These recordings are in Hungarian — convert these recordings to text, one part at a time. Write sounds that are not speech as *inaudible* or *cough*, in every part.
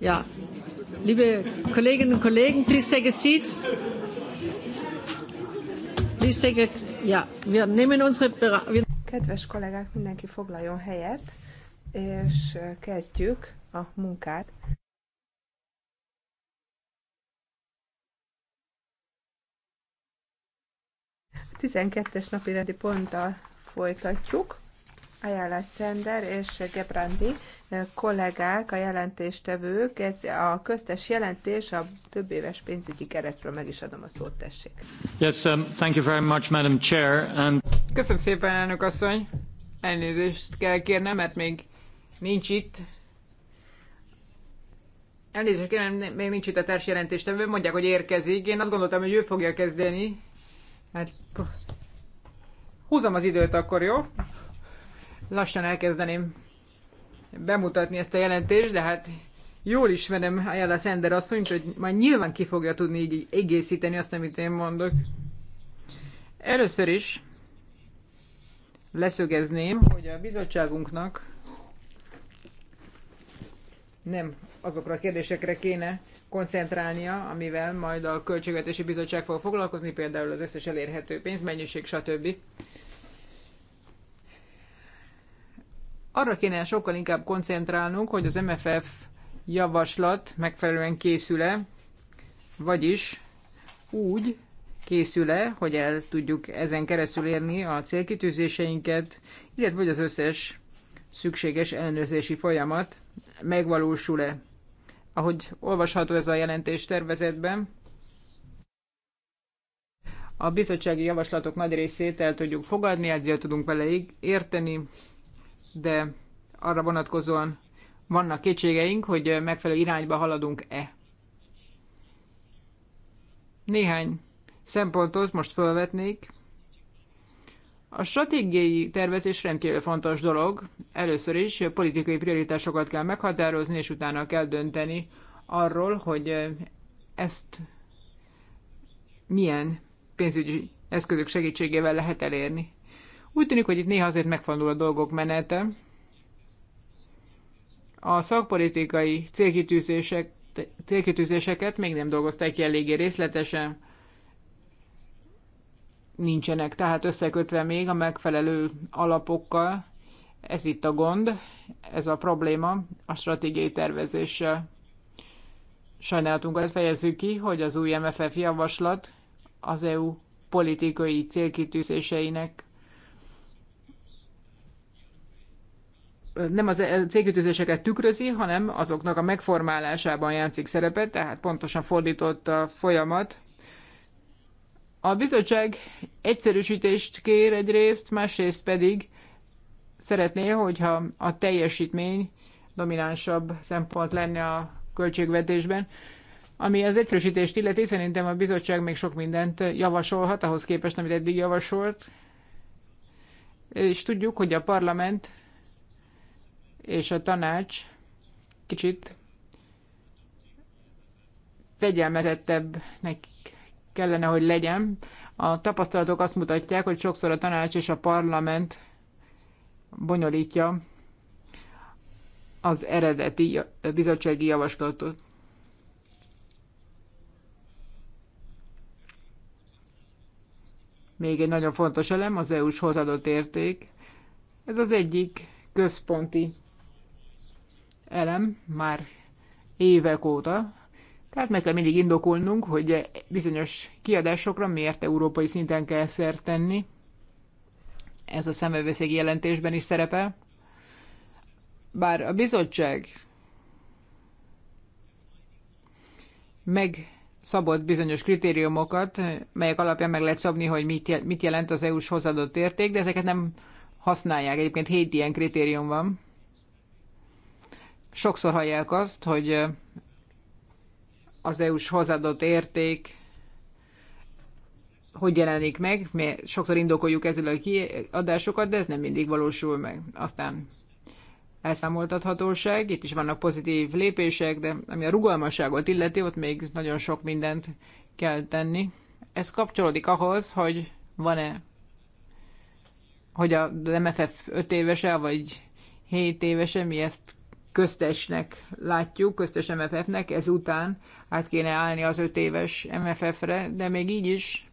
Ja, liebe Kolleginnen und Kollegen, please take a seat. Please take a, ja, wir nehmen unsere wir Kedves kollégák, mindenki foglaljon helyet, és kezdjük a munkát. A 12-es napi rendi ponttal folytatjuk. Ayala Sender és Gebrandi kollégák, a jelentéstevők. Ez a köztes jelentés a több éves pénzügyi keretről meg is adom a szót, tessék. Yes, um, thank you very much, Madam Chair. And... Köszönöm szépen, elnök asszony. Elnézést kell kérnem, mert még nincs itt. Elnézést kérnem, még nincs itt a jelentéstevő. Mondják, hogy érkezik. Én azt gondoltam, hogy ő fogja kezdeni. Hát húzom az időt akkor, jó? lassan elkezdeném bemutatni ezt a jelentést, de hát jól ismerem Ayala Sender asszonyt, hogy majd nyilván ki fogja tudni egészíteni azt, amit én mondok. Először is leszögezném, hogy a bizottságunknak nem azokra a kérdésekre kéne koncentrálnia, amivel majd a Költségvetési Bizottság fog foglalkozni, például az összes elérhető pénzmennyiség, stb. Arra kéne sokkal inkább koncentrálnunk, hogy az MFF javaslat megfelelően készül-e, vagyis úgy készül-e, hogy el tudjuk ezen keresztül érni a célkitűzéseinket, illetve hogy az összes szükséges ellenőrzési folyamat megvalósul-e. Ahogy olvasható ez a jelentés tervezetben, a bizottsági javaslatok nagy részét el tudjuk fogadni, ezért tudunk vele érteni, de arra vonatkozóan vannak kétségeink, hogy megfelelő irányba haladunk-e. Néhány szempontot most felvetnék. A stratégiai tervezés rendkívül fontos dolog. Először is politikai prioritásokat kell meghatározni, és utána kell dönteni arról, hogy ezt milyen pénzügyi eszközök segítségével lehet elérni. Úgy tűnik, hogy itt néha azért megfordul a dolgok menete. A szakpolitikai célkitűzések, célkitűzéseket még nem dolgozták ki eléggé részletesen, nincsenek tehát összekötve még a megfelelő alapokkal. Ez itt a gond, ez a probléma a stratégiai tervezéssel. Sajnálatunkat fejezzük ki, hogy az új MFF javaslat az EU politikai célkitűzéseinek nem az e- cégkötőzéseket tükrözi, hanem azoknak a megformálásában játszik szerepet, tehát pontosan fordított a folyamat. A bizottság egyszerűsítést kér egyrészt, másrészt pedig szeretné, hogyha a teljesítmény dominánsabb szempont lenne a költségvetésben. Ami az egyszerűsítést illeti, szerintem a bizottság még sok mindent javasolhat ahhoz képest, amit eddig javasolt. És tudjuk, hogy a parlament és a tanács kicsit fegyelmezettebbnek kellene, hogy legyen. A tapasztalatok azt mutatják, hogy sokszor a tanács és a parlament bonyolítja az eredeti bizottsági javaslatot. Még egy nagyon fontos elem az EU-s hozadott érték. Ez az egyik központi elem már évek óta, tehát meg kell mindig indokolnunk, hogy bizonyos kiadásokra miért európai szinten kell szert tenni. Ez a szemövőszégi jelentésben is szerepel. Bár a bizottság megszabott bizonyos kritériumokat, melyek alapján meg lehet szabni, hogy mit jelent az EU-s hozadott érték, de ezeket nem használják. Egyébként hét ilyen kritérium van. Sokszor hallják azt, hogy az EU-s hozzáadott érték hogy jelenik meg, mi sokszor indokoljuk ezzel a kiadásokat, de ez nem mindig valósul meg. Aztán elszámoltathatóság, itt is vannak pozitív lépések, de ami a rugalmasságot illeti, ott még nagyon sok mindent kell tenni. Ez kapcsolódik ahhoz, hogy van-e, hogy a MFF 5 évese, vagy 7 évese, mi ezt köztesnek látjuk, köztes MFF-nek, ezután át kéne állni az öt éves MFF-re, de még így is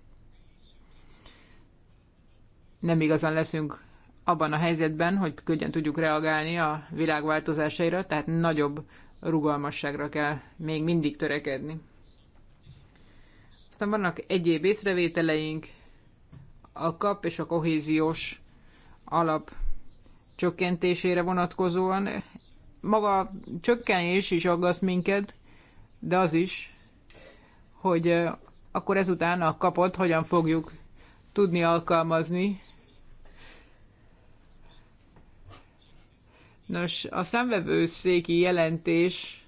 nem igazán leszünk abban a helyzetben, hogy könnyen tudjuk reagálni a világ változásaira, tehát nagyobb rugalmasságra kell még mindig törekedni. Aztán vannak egyéb észrevételeink, a kap és a kohéziós alap csökkentésére vonatkozóan maga csökkenés is aggaszt minket, de az is, hogy akkor ezután a kapott hogyan fogjuk tudni alkalmazni. Nos, a széki jelentés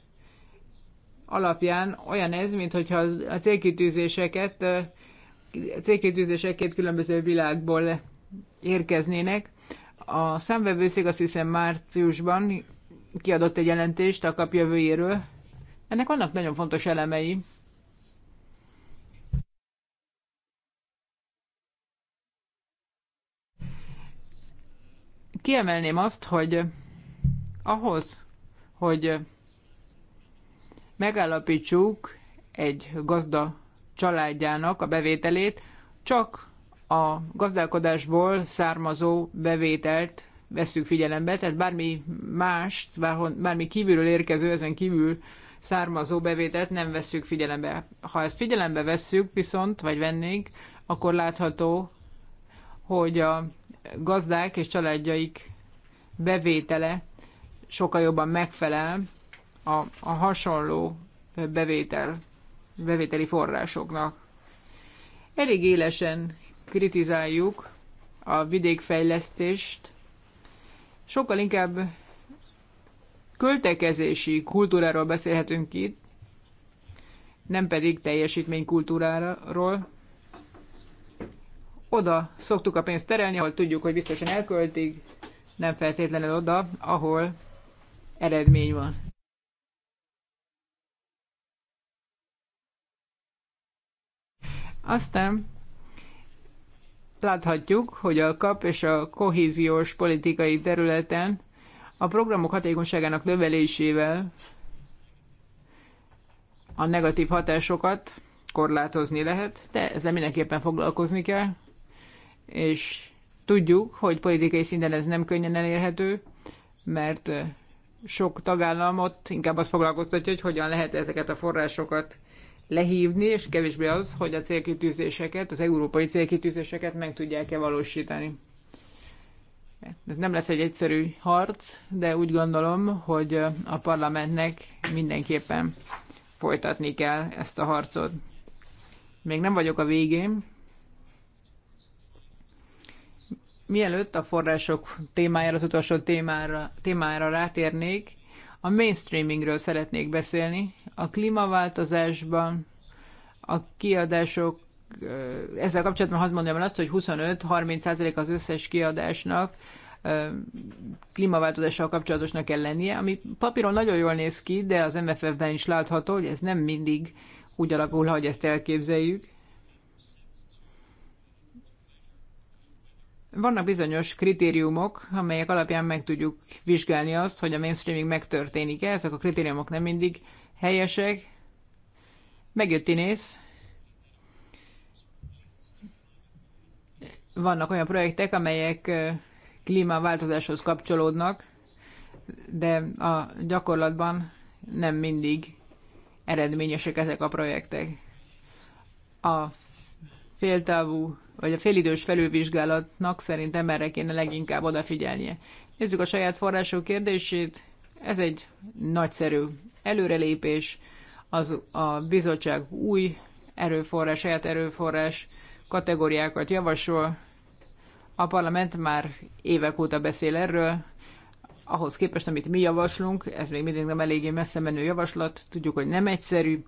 alapján olyan ez, mintha a célkitűzéseket, a célkitűzések két különböző világból érkeznének. A szemvevőszék azt hiszem márciusban kiadott egy jelentést a kap jövőjéről. Ennek vannak nagyon fontos elemei. Kiemelném azt, hogy ahhoz, hogy megállapítsuk egy gazda családjának a bevételét, csak a gazdálkodásból származó bevételt veszük figyelembe, tehát bármi mást, bármi kívülről érkező, ezen kívül származó bevételt nem veszük figyelembe. Ha ezt figyelembe vesszük viszont, vagy vennénk, akkor látható, hogy a gazdák és családjaik bevétele sokkal jobban megfelel a, a hasonló bevétel, bevételi forrásoknak. Elég élesen kritizáljuk a vidékfejlesztést, Sokkal inkább költekezési kultúráról beszélhetünk itt, nem pedig teljesítménykultúráról. Oda szoktuk a pénzt terelni, ahol tudjuk, hogy biztosan elköltik, nem feltétlenül oda, ahol eredmény van. Aztán Láthatjuk, hogy a kap és a kohéziós politikai területen a programok hatékonyságának növelésével a negatív hatásokat korlátozni lehet, de ezzel mindenképpen foglalkozni kell, és tudjuk, hogy politikai szinten ez nem könnyen elérhető, mert sok tagállamot inkább azt foglalkoztatja, hogy hogyan lehet ezeket a forrásokat lehívni, és kevésbé az, hogy a célkitűzéseket, az európai célkitűzéseket meg tudják-e valósítani. Ez nem lesz egy egyszerű harc, de úgy gondolom, hogy a parlamentnek mindenképpen folytatni kell ezt a harcot. Még nem vagyok a végén. Mielőtt a források témájára, az utolsó témára, témára rátérnék, a mainstreamingről szeretnék beszélni, a klímaváltozásban, a kiadások, eh, ezzel kapcsolatban azt mondjam el azt, hogy 25-30% az összes kiadásnak eh, klímaváltozással kapcsolatosnak kell lennie, ami papíron nagyon jól néz ki, de az MFF-ben is látható, hogy ez nem mindig úgy alakul, hogy ezt elképzeljük. Vannak bizonyos kritériumok, amelyek alapján meg tudjuk vizsgálni azt, hogy a mainstreaming megtörténik-e. Ezek a kritériumok nem mindig helyesek. Megjött Inész. Vannak olyan projektek, amelyek klímaváltozáshoz kapcsolódnak, de a gyakorlatban nem mindig eredményesek ezek a projektek. A féltávú, vagy a félidős felülvizsgálatnak szerintem erre kéne leginkább odafigyelnie. Nézzük a saját források kérdését. Ez egy nagyszerű előrelépés, az a bizottság új erőforrás, saját erőforrás kategóriákat javasol. A parlament már évek óta beszél erről, ahhoz képest, amit mi javaslunk, ez még mindig nem eléggé messze menő javaslat, tudjuk, hogy nem egyszerű,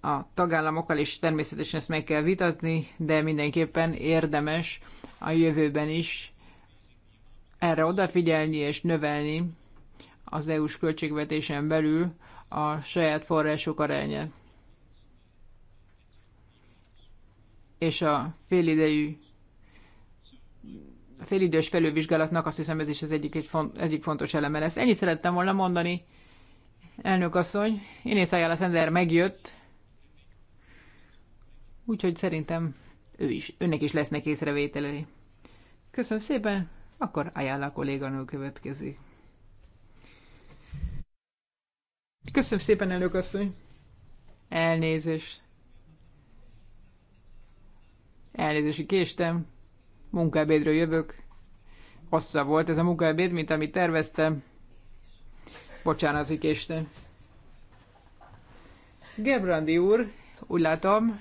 a tagállamokkal is természetesen ezt meg kell vitatni, de mindenképpen érdemes a jövőben is erre odafigyelni és növelni az EU-s költségvetésen belül a saját források aránya. És a félidejű a félidős felővizsgálatnak azt hiszem ez is az egyik, egy font, egyik fontos eleme lesz. Ennyit szerettem volna mondani, elnök asszony. Inés a Szender megjött, úgyhogy szerintem ő is, önnek is lesznek észrevételei. Köszönöm szépen, akkor Ayala kolléganő következik. Köszönöm szépen, elnök asszony. Elnézés. Elnézési késtem. Munkábédről jövök. Hosszabb volt ez a munkábéd, mint amit terveztem. Bocsánat, hogy késtem. Gebrandi úr, úgy látom,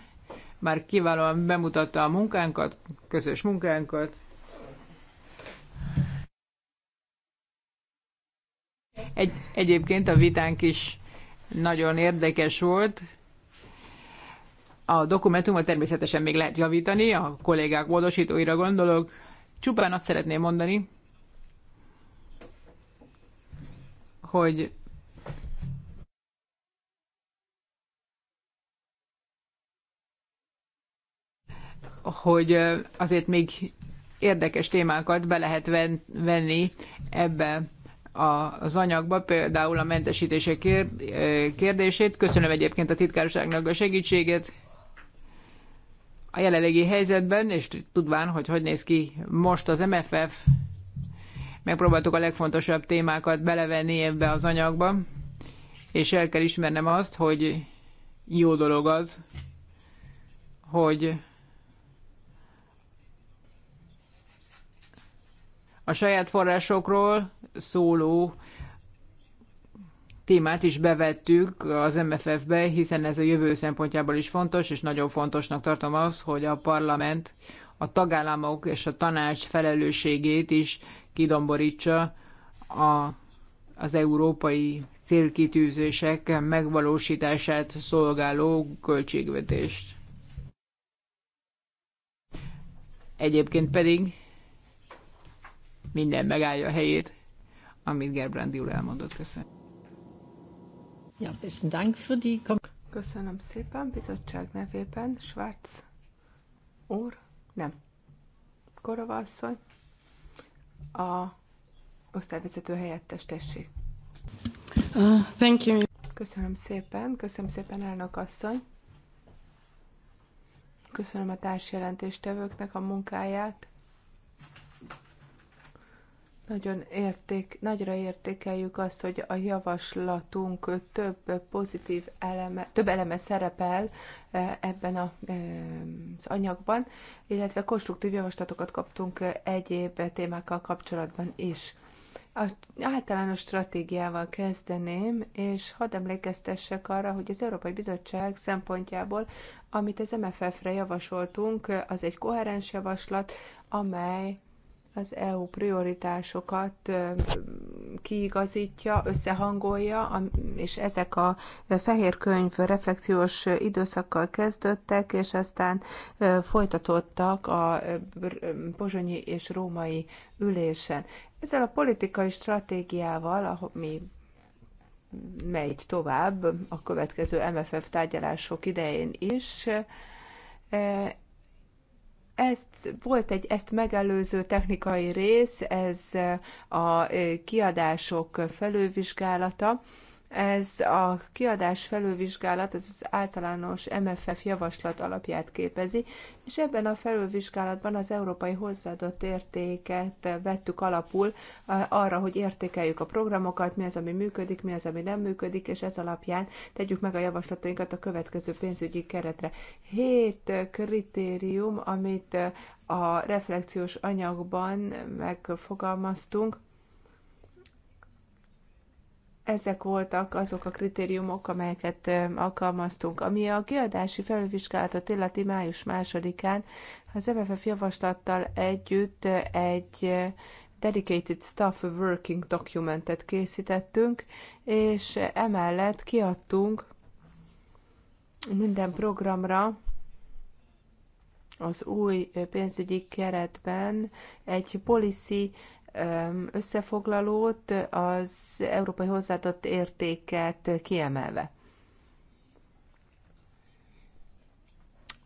már kiválóan bemutatta a munkánkat, közös munkánkat. Egy, egyébként a vitánk is nagyon érdekes volt. A dokumentumot természetesen még lehet javítani, a kollégák módosítóira gondolok. Csupán azt szeretném mondani, hogy hogy azért még érdekes témákat be lehet venni ebbe az anyagba, például a mentesítések kérdését. Köszönöm egyébként a titkárságnak a segítséget a jelenlegi helyzetben, és tudván, hogy hogy néz ki most az MFF, megpróbáltuk a legfontosabb témákat belevenni ebbe az anyagba, és el kell ismernem azt, hogy jó dolog az, hogy a saját forrásokról szóló témát is bevettük az MFF-be, hiszen ez a jövő szempontjából is fontos, és nagyon fontosnak tartom az, hogy a parlament a tagállamok és a tanács felelősségét is kidomborítsa a, az európai célkitűzések megvalósítását szolgáló költségvetést. Egyébként pedig minden megállja a helyét amit Gerbrandi úr elmondott. Köszönöm. Ja, besten Dank für die Köszönöm szépen, bizottság nevében, Schwarz úr, nem, Korova a osztályvezető helyettes tessék. Uh, thank you. Köszönöm szépen, köszönöm szépen, elnök asszony. Köszönöm a társjelentéstevőknek a munkáját. Nagyon érték, nagyra értékeljük azt, hogy a javaslatunk több pozitív eleme, több eleme szerepel eh, ebben a, eh, az anyagban, illetve konstruktív javaslatokat kaptunk eh, egyéb témákkal kapcsolatban is. A általános stratégiával kezdeném, és hadd emlékeztessek arra, hogy az Európai Bizottság szempontjából, amit az MFF-re javasoltunk, az egy koherens javaslat, amely az EU prioritásokat kiigazítja, összehangolja, és ezek a fehér könyv reflexiós időszakkal kezdődtek, és aztán folytatottak a pozsonyi és római ülésen. Ezzel a politikai stratégiával, ami megy tovább a következő MFF tárgyalások idején is, ezt volt egy ezt megelőző technikai rész, ez eh, a eh, kiadások felővizsgálata, ez a kiadás felülvizsgálat, ez az általános MFF javaslat alapját képezi, és ebben a felülvizsgálatban az európai hozzáadott értéket vettük alapul arra, hogy értékeljük a programokat, mi az, ami működik, mi az, ami nem működik, és ez alapján tegyük meg a javaslatainkat a következő pénzügyi keretre. Hét kritérium, amit a reflexiós anyagban megfogalmaztunk, ezek voltak azok a kritériumok, amelyeket alkalmaztunk. Ami a kiadási felülvizsgálatot illeti május másodikán, az MFF javaslattal együtt egy Dedicated Staff Working Documentet készítettünk, és emellett kiadtunk minden programra az új pénzügyi keretben egy policy összefoglalót az európai hozzáadott értéket kiemelve.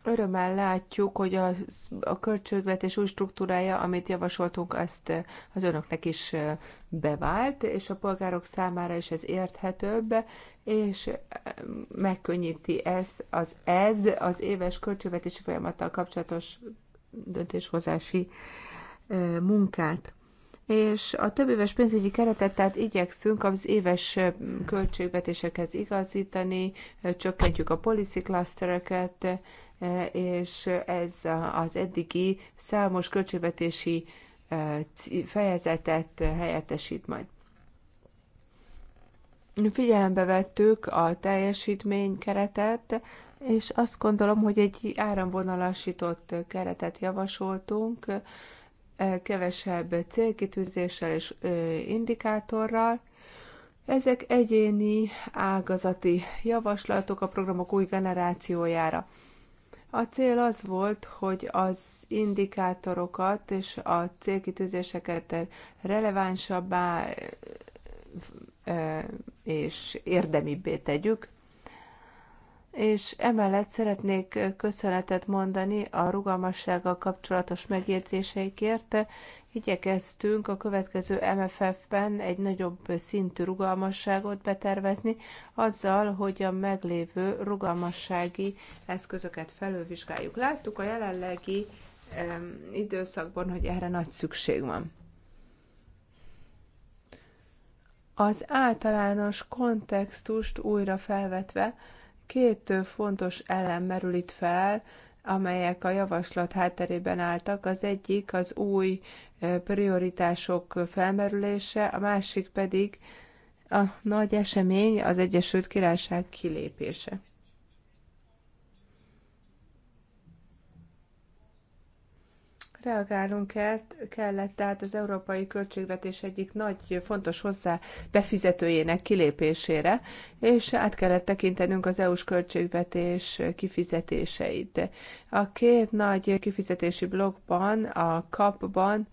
Örömmel látjuk, hogy a, a költségvetés új struktúrája, amit javasoltunk, azt az önöknek is bevált, és a polgárok számára is ez érthetőbb, és megkönnyíti ez az, ez az éves költségvetési folyamattal kapcsolatos döntéshozási munkát és a éves pénzügyi keretet tehát igyekszünk az éves költségvetésekhez igazítani, csökkentjük a policy clustereket, és ez az eddigi számos költségvetési fejezetet helyettesít majd. Figyelembe vettük a teljesítmény keretet, és azt gondolom, hogy egy áramvonalasított keretet javasoltunk, kevesebb célkitűzéssel és indikátorral. Ezek egyéni ágazati javaslatok a programok új generációjára. A cél az volt, hogy az indikátorokat és a célkitűzéseket relevánsabbá és érdemibbé tegyük, és emellett szeretnék köszönetet mondani a rugalmassággal kapcsolatos megjegyzéseikért. Igyekeztünk a következő MFF-ben egy nagyobb szintű rugalmasságot betervezni, azzal, hogy a meglévő rugalmassági eszközöket felülvizsgáljuk. Láttuk a jelenlegi időszakban, hogy erre nagy szükség van. Az általános kontextust újra felvetve, Két fontos elem merül itt fel, amelyek a javaslat hátterében álltak. Az egyik az új prioritások felmerülése, a másik pedig a nagy esemény, az Egyesült Királyság kilépése. Reagálnunk kellett tehát az európai költségvetés egyik nagy, fontos hozzá befizetőjének kilépésére, és át kellett tekintenünk az EU-s költségvetés kifizetéseit. A két nagy kifizetési blokkban, a CAP-ban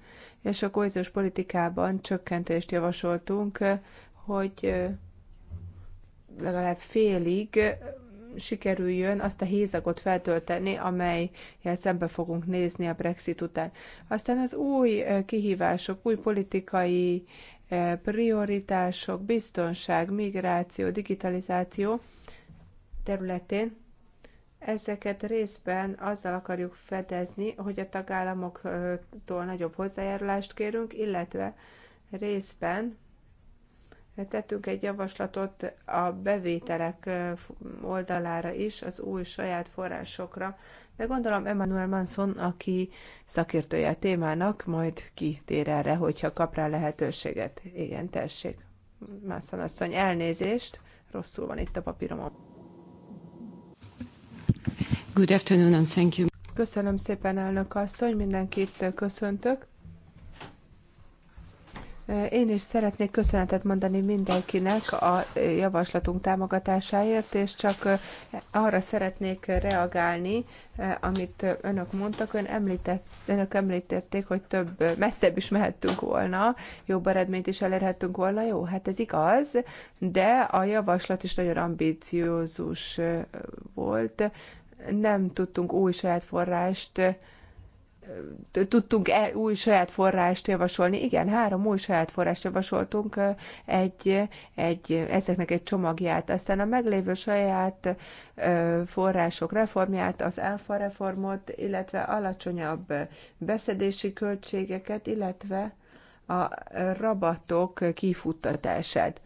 és a kohéziós politikában csökkentést javasoltunk, hogy legalább félig sikerüljön azt a hézagot feltölteni, amelyel szembe fogunk nézni a Brexit után. Aztán az új kihívások, új politikai prioritások, biztonság, migráció, digitalizáció területén Ezeket részben azzal akarjuk fedezni, hogy a tagállamoktól nagyobb hozzájárulást kérünk, illetve részben Tettünk egy javaslatot a bevételek oldalára is, az új saját forrásokra, de gondolom Emmanuel Manson, aki szakértője a témának, majd kitér erre, hogyha kap rá lehetőséget. Igen, tessék. Manson asszony, elnézést, rosszul van itt a papírom. Good afternoon and thank you. Köszönöm szépen, elnök asszony, mindenkit köszöntök. Én is szeretnék köszönetet mondani mindenkinek a javaslatunk támogatásáért, és csak arra szeretnék reagálni, amit önök mondtak. Ön említett, önök említették, hogy több, messzebb is mehettünk volna, jobb eredményt is elérhettünk volna. Jó, hát ez igaz, de a javaslat is nagyon ambiciózus volt. Nem tudtunk új saját forrást tudtunk e új saját forrást javasolni. Igen, három új saját forrást javasoltunk, egy, egy, ezeknek egy csomagját. Aztán a meglévő saját források reformját, az ÁFA reformot, illetve alacsonyabb beszedési költségeket, illetve a rabatok kifuttatását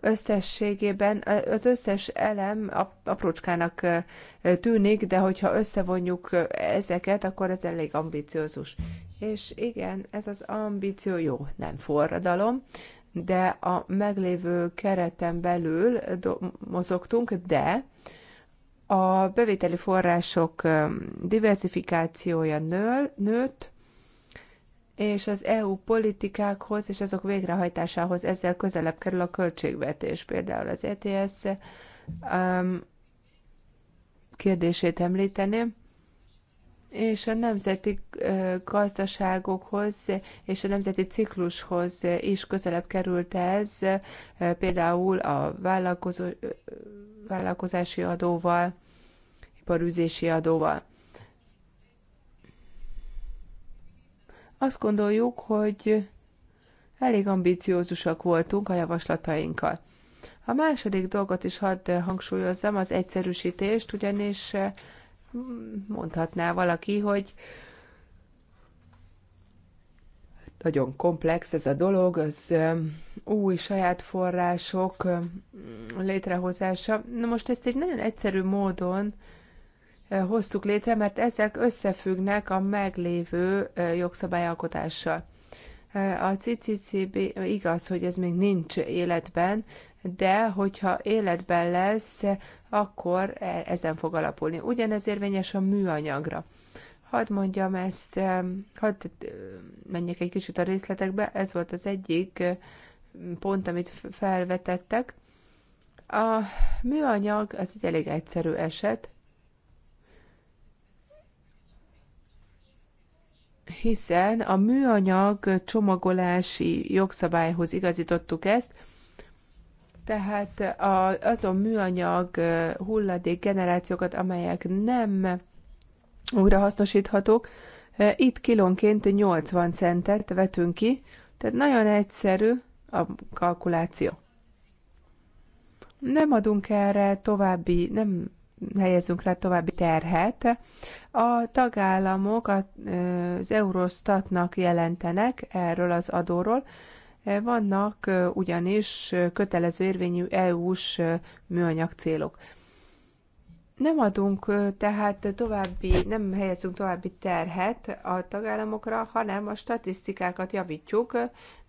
összességében az összes elem aprócskának tűnik, de hogyha összevonjuk ezeket, akkor ez elég ambiciózus. És igen, ez az ambíció jó, nem forradalom, de a meglévő kereten belül mozogtunk, de a bevételi források diversifikációja nő, nőtt, és az EU politikákhoz és azok végrehajtásához ezzel közelebb kerül a költségvetés. Például az ETS um, kérdését említeném, és a nemzeti gazdaságokhoz és a nemzeti ciklushoz is közelebb került ez, például a vállalkozó, vállalkozási adóval, iparűzési adóval. Azt gondoljuk, hogy elég ambiciózusak voltunk a javaslatainkkal. A második dolgot is hadd hangsúlyozzam, az egyszerűsítést, ugyanis eh, mondhatná valaki, hogy nagyon komplex ez a dolog, az eh, új saját források eh, létrehozása. Na most ezt egy nagyon egyszerű módon Eh, hoztuk létre, mert ezek összefüggnek a meglévő eh, jogszabályalkotással. Eh, a CCCB igaz, hogy ez még nincs életben, de hogyha életben lesz, akkor e, ezen fog alapulni. Ugyanez érvényes a műanyagra. Hadd mondjam ezt, hadd menjek egy kicsit a részletekbe, ez volt az egyik pont, amit felvetettek. A műanyag az egy elég egyszerű eset, hiszen a műanyag csomagolási jogszabályhoz igazítottuk ezt, tehát azon műanyag hulladék generációkat, amelyek nem újrahasznosíthatók, itt kilónként 80 centet vetünk ki, tehát nagyon egyszerű a kalkuláció. Nem adunk erre további, nem helyezünk rá további terhet. A tagállamok az Eurostatnak jelentenek erről az adóról, vannak ugyanis kötelező érvényű EU-s műanyag célok. Nem adunk tehát további, nem helyezünk további terhet a tagállamokra, hanem a statisztikákat javítjuk,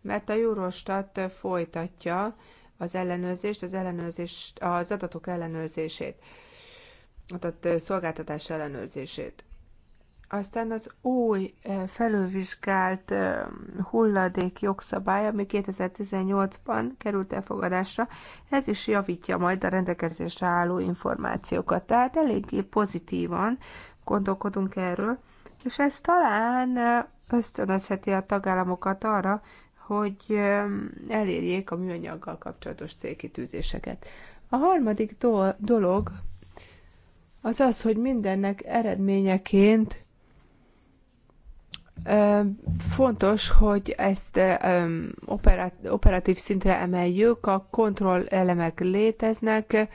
mert a Eurostat folytatja az ellenőrzést, az, ellenőrzést, az adatok ellenőrzését tehát szolgáltatás ellenőrzését. Aztán az új felülvizsgált hulladék jogszabály, ami 2018-ban került elfogadásra, ez is javítja majd a rendelkezésre álló információkat. Tehát eléggé pozitívan gondolkodunk erről, és ez talán ösztönözheti a tagállamokat arra, hogy elérjék a műanyaggal kapcsolatos célkitűzéseket. A harmadik dolog, az az, hogy mindennek eredményeként fontos, hogy ezt operatív szintre emeljük, a kontroll elemek léteznek,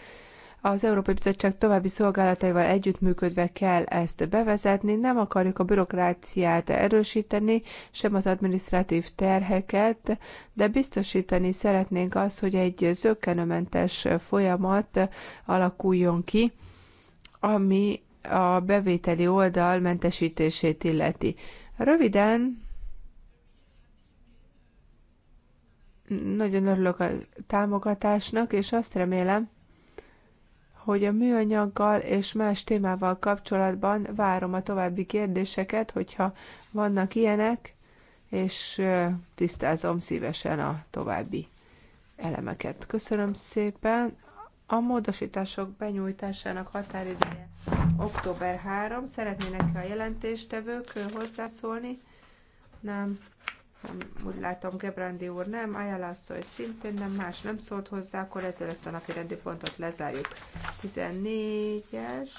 az Európai Bizottság további szolgálataival együttműködve kell ezt bevezetni, nem akarjuk a bürokráciát erősíteni, sem az administratív terheket, de biztosítani szeretnénk azt, hogy egy zöggenőmentes folyamat alakuljon ki, ami a bevételi oldal mentesítését illeti. Röviden, nagyon örülök a támogatásnak, és azt remélem, hogy a műanyaggal és más témával kapcsolatban várom a további kérdéseket, hogyha vannak ilyenek, és tisztázom szívesen a további elemeket. Köszönöm szépen. A módosítások benyújtásának határideje október 3. Szeretnének a jelentéstevők hozzászólni? Nem. nem. Úgy látom, Gebrandi úr nem, Ayala asszony szintén nem, más nem szólt hozzá, akkor ezzel ezt a napi rendi pontot lezárjuk. 14-es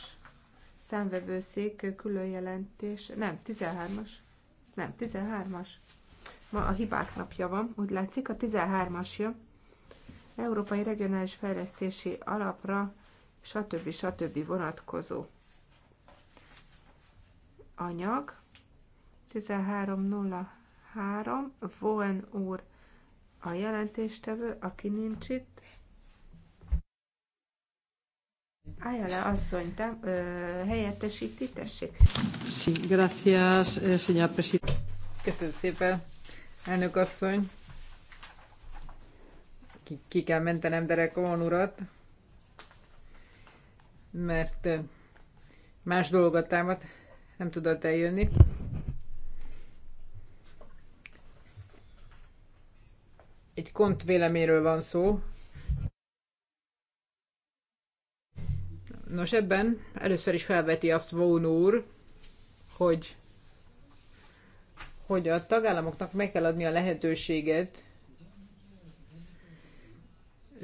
számvevőszék külön jelentés, nem, 13-as, nem, 13-as. Ma a hibák napja van, úgy látszik, a 13-as jön. Európai Regionális Fejlesztési Alapra, stb. stb. vonatkozó anyag. 1303, Voen úr a jelentéstevő, aki nincs itt. le, asszony te, ö, helyettesíti, tessék. Sí, gracias, eh, señora presidente. Köszönöm szépen, elnök asszony ki, ki kell mentenem Derekon urat, mert más dolgot támad, nem tudott eljönni. Egy kont véleméről van szó. Nos, ebben először is felveti azt Vaughn úr, hogy, hogy a tagállamoknak meg kell adni a lehetőséget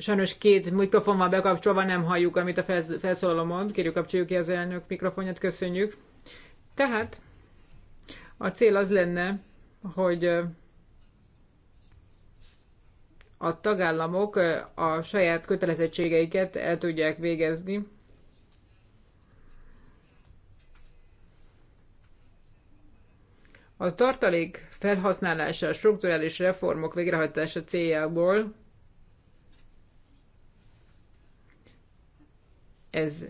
Sajnos két mikrofon van bekapcsolva, nem halljuk, amit a felszólaló mond. Kérjük, kapcsoljuk ki az elnök mikrofonját, köszönjük. Tehát a cél az lenne, hogy a tagállamok a saját kötelezettségeiket el tudják végezni. A tartalék felhasználása a strukturális reformok végrehajtása céljából ez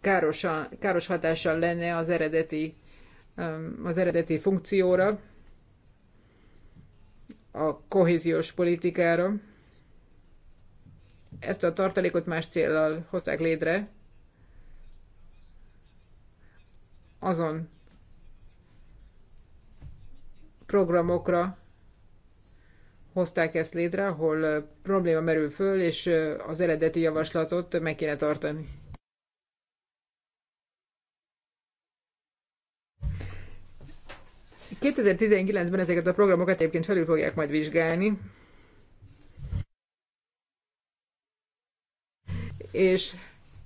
káros, káros hatással lenne az eredeti, um, az eredeti funkcióra, a kohéziós politikára. Ezt a tartalékot más célral hozták létre, azon programokra hozták ezt létre, ahol probléma merül föl, és az eredeti javaslatot meg kéne tartani. ...2019-ben ezeket a programokat egyébként felül fogják majd vizsgálni. És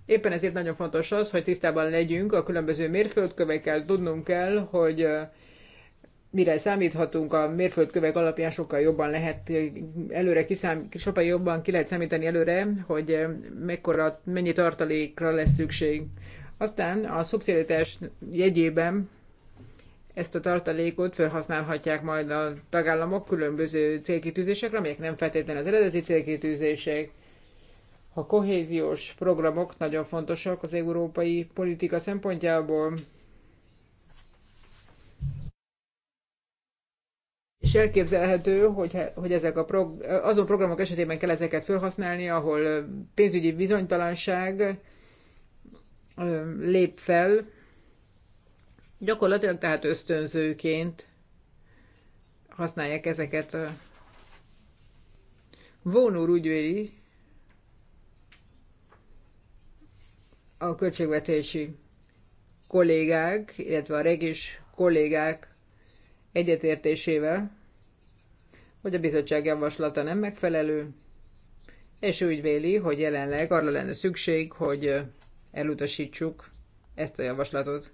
éppen ezért nagyon fontos az, hogy tisztában legyünk a különböző mérföldkövekkel, tudnunk kell, hogy mire számíthatunk, a mérföldkövek alapján sokkal jobban lehet előre kiszám, sokkal jobban ki lehet számítani előre, hogy mekkora, mennyi tartalékra lesz szükség. Aztán a szubszidiaritás jegyében ezt a tartalékot felhasználhatják majd a tagállamok különböző célkitűzésekre, amelyek nem feltétlenül az eredeti célkitűzések. A kohéziós programok nagyon fontosak az európai politika szempontjából, És elképzelhető, hogy, hogy ezek a prog- azon programok esetében kell ezeket felhasználni, ahol pénzügyi bizonytalanság lép fel, gyakorlatilag tehát ösztönzőként használják ezeket. a úr úgy véli, a költségvetési kollégák, illetve a regis kollégák egyetértésével, hogy a bizottság javaslata nem megfelelő, és úgy véli, hogy jelenleg arra lenne szükség, hogy elutasítsuk ezt a javaslatot.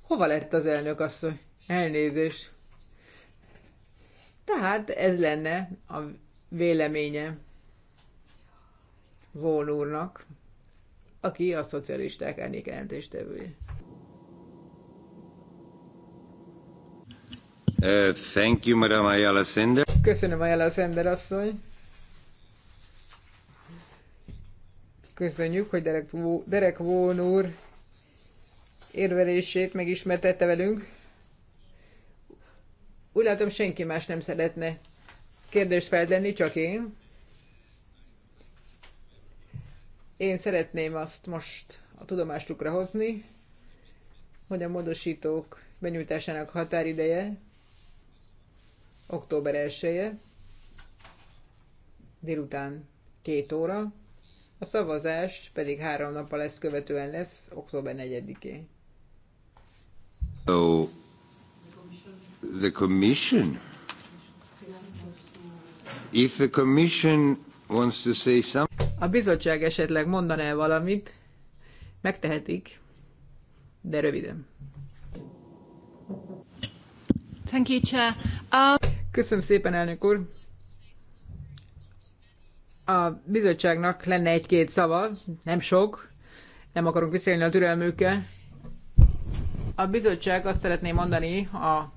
Hova lett az elnök asszony? Elnézést. Tehát ez lenne a véleménye Vón úrnak, aki a szocialisták elnék jelentéstevője. Uh, thank you, Madam Ayala Sender. Köszönöm, Ayala Sender asszony. Köszönjük, hogy Derek, Vó, Derek Vón úr érvelését megismertette velünk. Úgy látom, senki más nem szeretne kérdést feltenni, csak én. Én szeretném azt most a tudomástukra hozni, hogy a módosítók benyújtásának határideje október 1 -e, délután két óra, a szavazás pedig három nappal ezt követően lesz, október 4-én. So, the commission, if the commission wants to say something... A bizottság esetleg mondaná el valamit, megtehetik, de röviden. Thank you, Chair. Um... Köszönöm szépen, elnök úr. A bizottságnak lenne egy-két szava, nem sok, nem akarunk visszélni a türelmükkel. A bizottság azt szeretné mondani a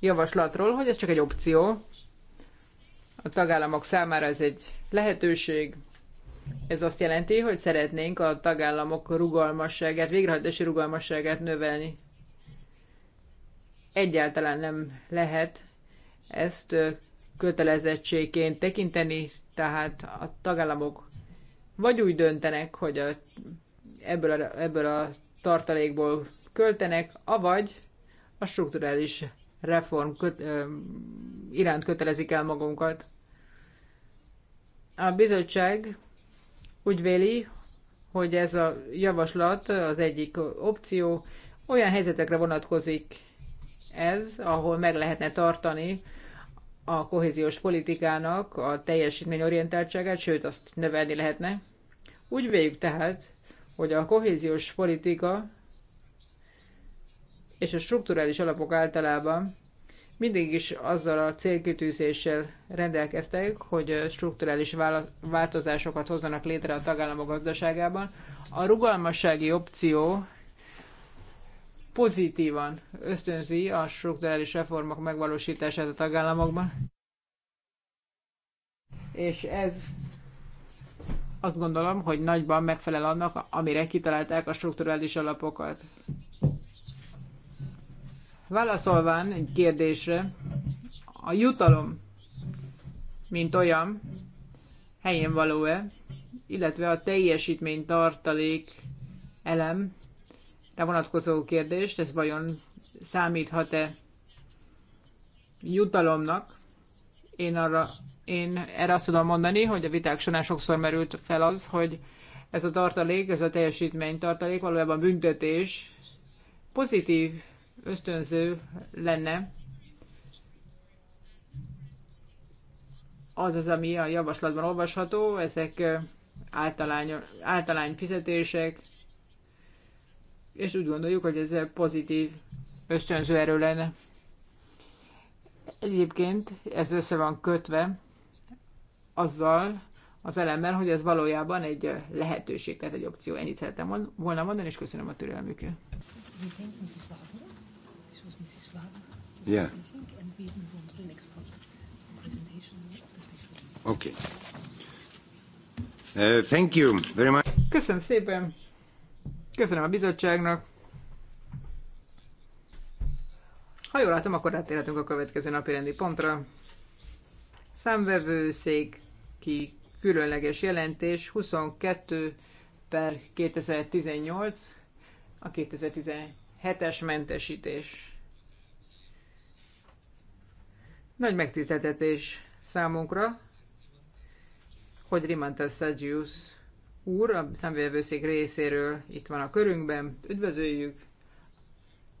javaslatról, hogy ez csak egy opció. A tagállamok számára ez egy lehetőség. Ez azt jelenti, hogy szeretnénk a tagállamok rugalmasságát, végrehajtási rugalmasságát növelni. Egyáltalán nem lehet ezt kötelezettségként tekinteni, tehát a tagállamok vagy úgy döntenek, hogy a, ebből, a, ebből a tartalékból költenek, avagy a strukturális reform köt, ö, iránt kötelezik el magunkat. A bizottság úgy véli, hogy ez a javaslat az egyik opció, olyan helyzetekre vonatkozik ez, ahol meg lehetne tartani a kohéziós politikának a teljesítményorientáltságát, sőt azt növelni lehetne. Úgy véljük tehát, hogy a kohéziós politika és a strukturális alapok általában mindig is azzal a célkitűzéssel rendelkeztek, hogy strukturális változásokat hozzanak létre a tagállamok gazdaságában. A rugalmassági opció pozitívan ösztönzi a strukturális reformok megvalósítását a tagállamokban. És ez azt gondolom, hogy nagyban megfelel annak, amire kitalálták a strukturális alapokat. Válaszolván egy kérdésre, a jutalom, mint olyan, helyén való-e, illetve a teljesítmény tartalék elem vonatkozó kérdést, ez vajon számíthat-e jutalomnak? Én, arra, én erre azt tudom mondani, hogy a viták során sokszor merült fel az, hogy ez a tartalék, ez a teljesítmény tartalék valójában büntetés pozitív, ösztönző lenne, az az, ami a javaslatban olvasható, ezek általány, általány fizetések, és úgy gondoljuk, hogy ez pozitív ösztönző erő lenne. Egyébként ez össze van kötve azzal az elemmel, hogy ez valójában egy lehetőség, tehát egy opció. Ennyit szerettem volna mondani, és köszönöm a türelmüket. Yeah. Okay. Uh, thank you very much. Köszönöm szépen. Köszönöm a bizottságnak. Ha jól látom, akkor átérhetünk a következő napi rendi pontra. Számvevőszék ki különleges jelentés 22 per 2018, a 2017-es mentesítés. Nagy megtiszteltetés számunkra, hogy Rimantas Sagius úr, a számvevőszék részéről itt van a körünkben. Üdvözöljük!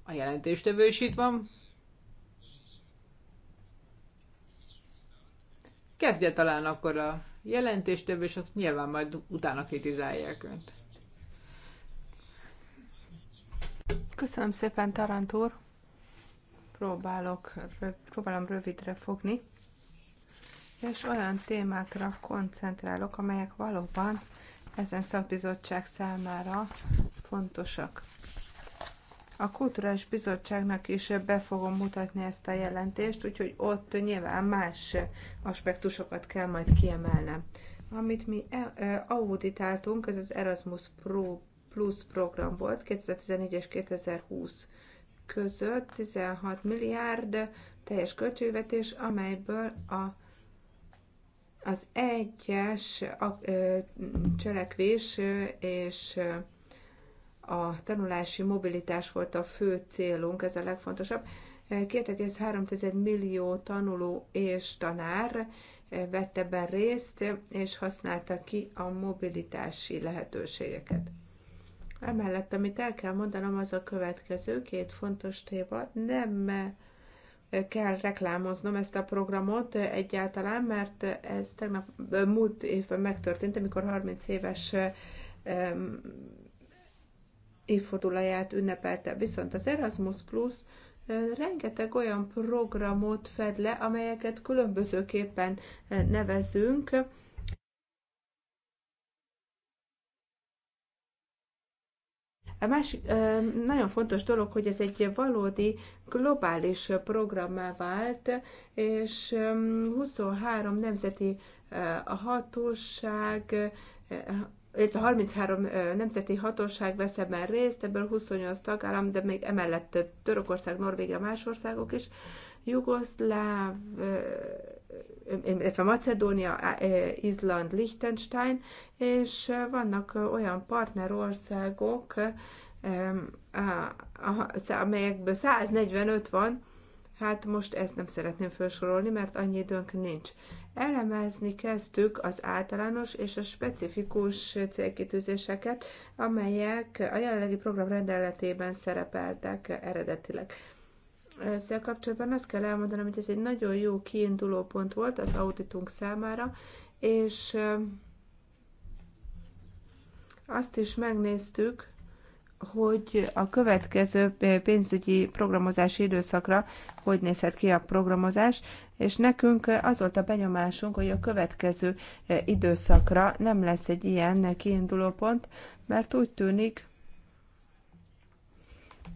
A jelentéstevő is itt van. Kezdje talán akkor a jelentéstevő, és azt nyilván majd utána kritizálják önt. Köszönöm szépen, Tarant úr. Próbálok, próbálom rövidre fogni, és olyan témákra koncentrálok, amelyek valóban ezen szakbizottság számára fontosak. A Kulturális Bizottságnak is be fogom mutatni ezt a jelentést, úgyhogy ott nyilván más aspektusokat kell majd kiemelnem. Amit mi e, e, auditáltunk, ez az Erasmus Pro Plus program volt 2014 és 2020 között, 16 milliárd teljes költségvetés, amelyből a az egyes cselekvés és a tanulási mobilitás volt a fő célunk, ez a legfontosabb. 2,3 millió tanuló és tanár vette ebben részt, és használta ki a mobilitási lehetőségeket. Emellett, amit el kell mondanom, az a következő két fontos téma. Nem kell reklámoznom ezt a programot egyáltalán, mert ez tegnap múlt évben megtörtént, amikor 30 éves évfordulóját ünnepelte. Viszont az Erasmus Plus rengeteg olyan programot fed le, amelyeket különbözőképpen nevezünk, A másik nagyon fontos dolog, hogy ez egy valódi globális programmá vált, és 23 nemzeti hatóság, illetve 33 nemzeti hatóság vesz ebben részt, ebből 28 tagállam, de még emellett Törökország, Norvégia, más országok is, Jugoszláv, illetve Macedónia, e, Izland, Liechtenstein, és e, vannak e, olyan partnerországok, amelyekből 145 van, hát most ezt nem szeretném felsorolni, mert annyi időnk nincs. Elemezni kezdtük az általános és a specifikus célkitűzéseket, amelyek a jelenlegi program rendeletében szerepeltek eredetileg. Ezzel kapcsolatban azt kell elmondanom, hogy ez egy nagyon jó kiinduló pont volt az auditunk számára, és azt is megnéztük, hogy a következő pénzügyi programozási időszakra hogy nézhet ki a programozás, és nekünk az volt a benyomásunk, hogy a következő időszakra nem lesz egy ilyen kiinduló pont, mert úgy tűnik,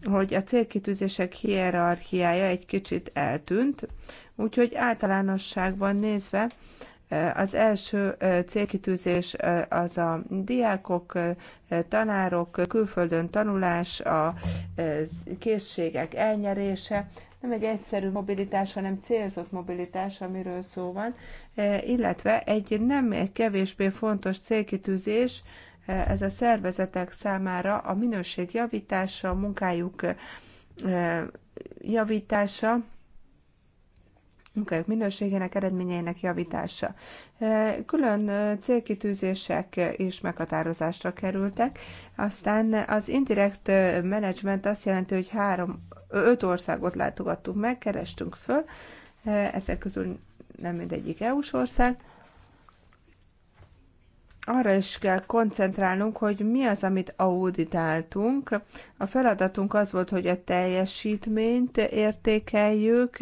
hogy a célkitűzések hierarchiája egy kicsit eltűnt, úgyhogy általánosságban nézve az első célkitűzés az a diákok, tanárok, külföldön tanulás, a készségek elnyerése, nem egy egyszerű mobilitás, hanem célzott mobilitás, amiről szó van, illetve egy nem egy kevésbé fontos célkitűzés, ez a szervezetek számára a minőség javítása, a munkájuk javítása, munkájuk minőségének, eredményeinek javítása. Külön célkitűzések is meghatározásra kerültek. Aztán az indirekt management azt jelenti, hogy három, öt országot látogattunk meg, kerestünk föl, ezek közül nem mindegyik EU-s ország, arra is kell koncentrálnunk, hogy mi az, amit auditáltunk. A feladatunk az volt, hogy a teljesítményt értékeljük.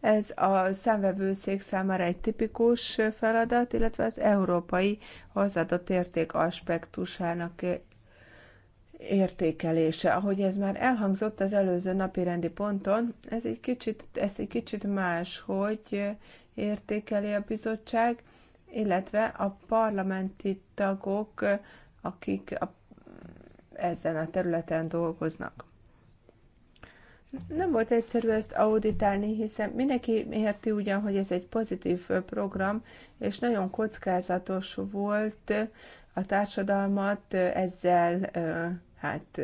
Ez a számvevőszék számára egy tipikus feladat, illetve az európai hozzáadott érték aspektusának értékelése. Ahogy ez már elhangzott az előző napi rendi ponton, ez egy kicsit, ez egy kicsit más, hogy értékeli a bizottság illetve a parlamenti tagok, akik a, ezen a területen dolgoznak. Nem volt egyszerű ezt auditálni, hiszen mindenki érti ugyan, hogy ez egy pozitív program, és nagyon kockázatos volt a társadalmat ezzel, hát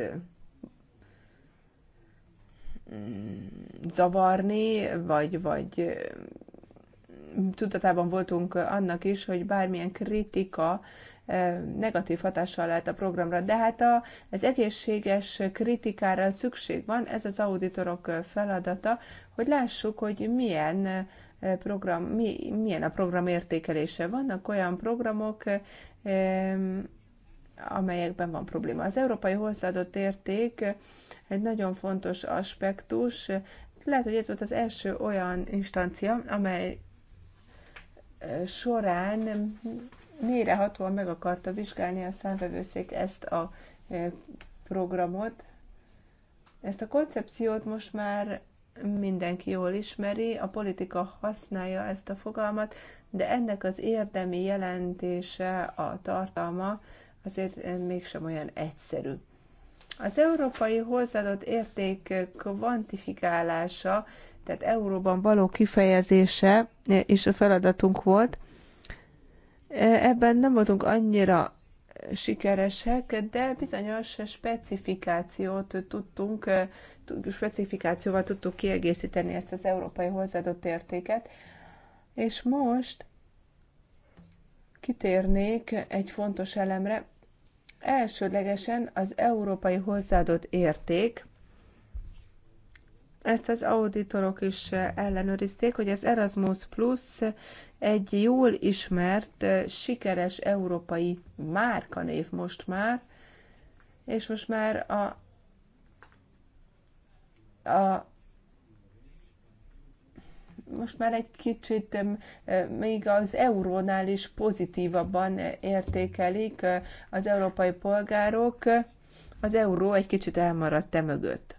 zavarni, vagy, vagy tudatában voltunk annak is, hogy bármilyen kritika eh, negatív hatással lehet a programra. De hát a, az egészséges kritikára szükség van, ez az auditorok feladata, hogy lássuk, hogy milyen eh, program, mi, milyen a program értékelése. Vannak olyan programok, eh, amelyekben van probléma. Az európai hozzáadott érték egy nagyon fontos aspektus. Lehet, hogy ez volt az első olyan instancia, amely során mélyrehatóan meg akarta vizsgálni a számvevőszék ezt a e, programot. Ezt a koncepciót most már mindenki jól ismeri, a politika használja ezt a fogalmat, de ennek az érdemi jelentése, a tartalma azért mégsem olyan egyszerű. Az európai hozzáadott érték kvantifikálása tehát euróban való kifejezése is eh, a feladatunk volt. Eh, ebben nem voltunk annyira sikeresek, de bizonyos specifikációt tudtunk, eh, specifikációval tudtuk kiegészíteni ezt az európai hozzáadott értéket. És most kitérnék egy fontos elemre. Elsődlegesen az európai hozzáadott érték ezt az auditorok is ellenőrizték, hogy az Erasmus Plus egy jól ismert, sikeres európai márkanév most már, és most már a, a most már egy kicsit még az eurónál is pozitívabban értékelik az európai polgárok. Az euró egy kicsit elmaradt e mögött.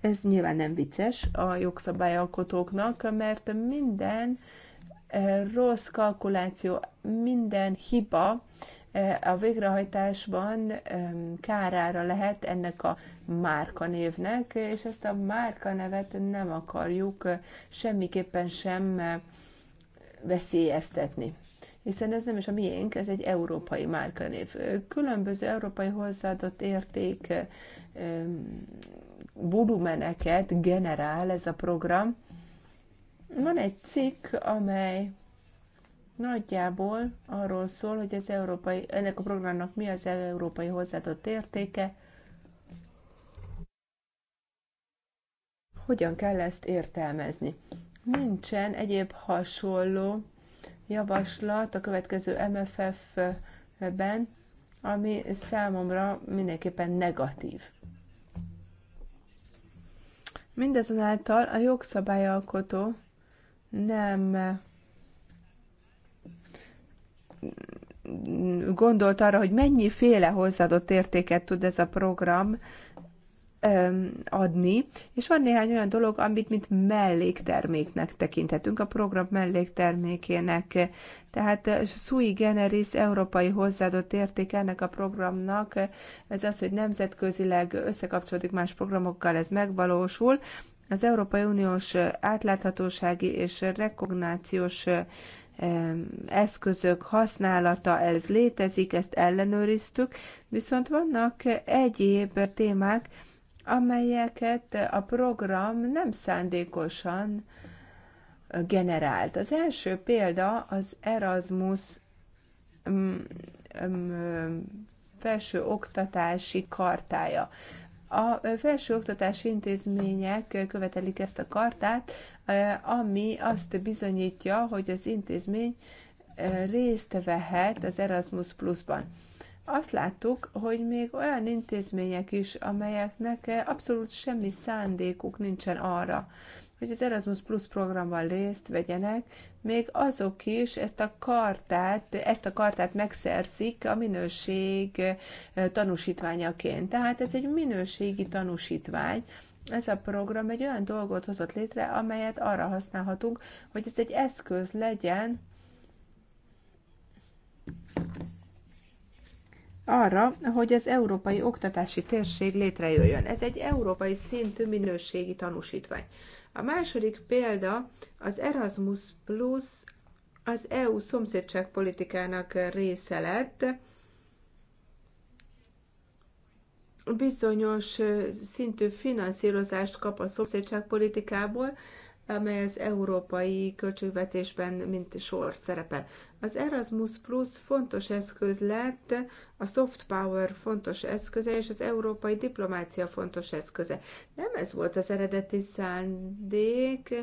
Ez nyilván nem vicces a jogszabályalkotóknak, mert minden eh, rossz kalkuláció, minden hiba eh, a végrehajtásban kárára lehet ennek a márkanévnek, és ezt a márkanevet nem akarjuk eh, semmiképpen sem veszélyeztetni hiszen ez nem is a miénk, ez egy európai márkanév. Különböző európai hozzáadott érték volumeneket generál ez a program. Van egy cikk, amely nagyjából arról szól, hogy az európai, ennek a programnak mi az európai hozzáadott értéke, hogyan kell ezt értelmezni. Nincsen egyéb hasonló javaslat a következő MFF-ben, ami számomra mindenképpen negatív. Mindazonáltal a jogszabályalkotó nem gondolt arra, hogy mennyiféle hozzáadott értéket tud ez a program adni, és van néhány olyan dolog, amit mint mellékterméknek tekinthetünk, a program melléktermékének. Tehát sui generis európai hozzáadott érték ennek a programnak, ez az, hogy nemzetközileg összekapcsolódik más programokkal, ez megvalósul. Az Európai Uniós átláthatósági és rekognációs eszközök használata, ez létezik, ezt ellenőriztük, viszont vannak egyéb témák, amelyeket a program nem szándékosan generált. Az első példa az Erasmus mm, mm, felső oktatási kartája. A felsőoktatási intézmények követelik ezt a kartát, eh, ami azt bizonyítja, hogy az intézmény eh, részt vehet az Erasmus Plus-ban azt láttuk, hogy még olyan intézmények is, amelyeknek abszolút semmi szándékuk nincsen arra, hogy az Erasmus Plus programban részt vegyenek, még azok is ezt a kartát, ezt a kartát megszerzik a minőség eh, tanúsítványaként. Tehát ez egy minőségi tanúsítvány, ez a program egy olyan dolgot hozott létre, amelyet arra használhatunk, hogy ez egy eszköz legyen arra, hogy az európai oktatási térség létrejöjjön. Ez egy európai szintű minőségi tanúsítvány. A második példa az Erasmus Plus az EU szomszédságpolitikának része lett, bizonyos szintű finanszírozást kap a szomszédságpolitikából, politikából, amely az európai költségvetésben mint sor szerepel. Az Erasmus Plus fontos eszköz lett, a soft power fontos eszköze, és az európai diplomácia fontos eszköze. Nem ez volt az eredeti szándék,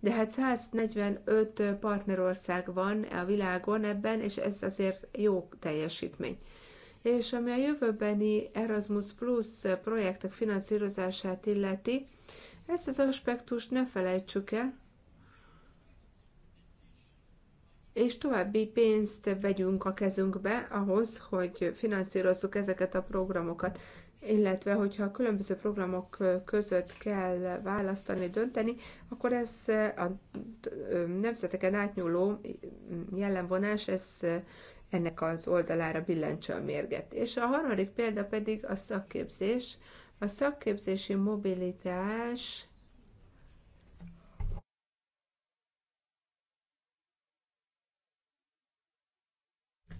de hát 145 partnerország van a világon ebben, és ez azért jó teljesítmény. És ami a jövőbeni Erasmus Plus projektek finanszírozását illeti, ezt az aspektust ne felejtsük el, és további pénzt vegyünk a kezünkbe ahhoz, hogy finanszírozzuk ezeket a programokat, illetve hogyha a különböző programok között kell választani, dönteni, akkor ez a nemzeteken átnyúló jellemvonás, ez ennek az oldalára billentse a mérget. És a harmadik példa pedig a szakképzés, a szakképzési mobilitás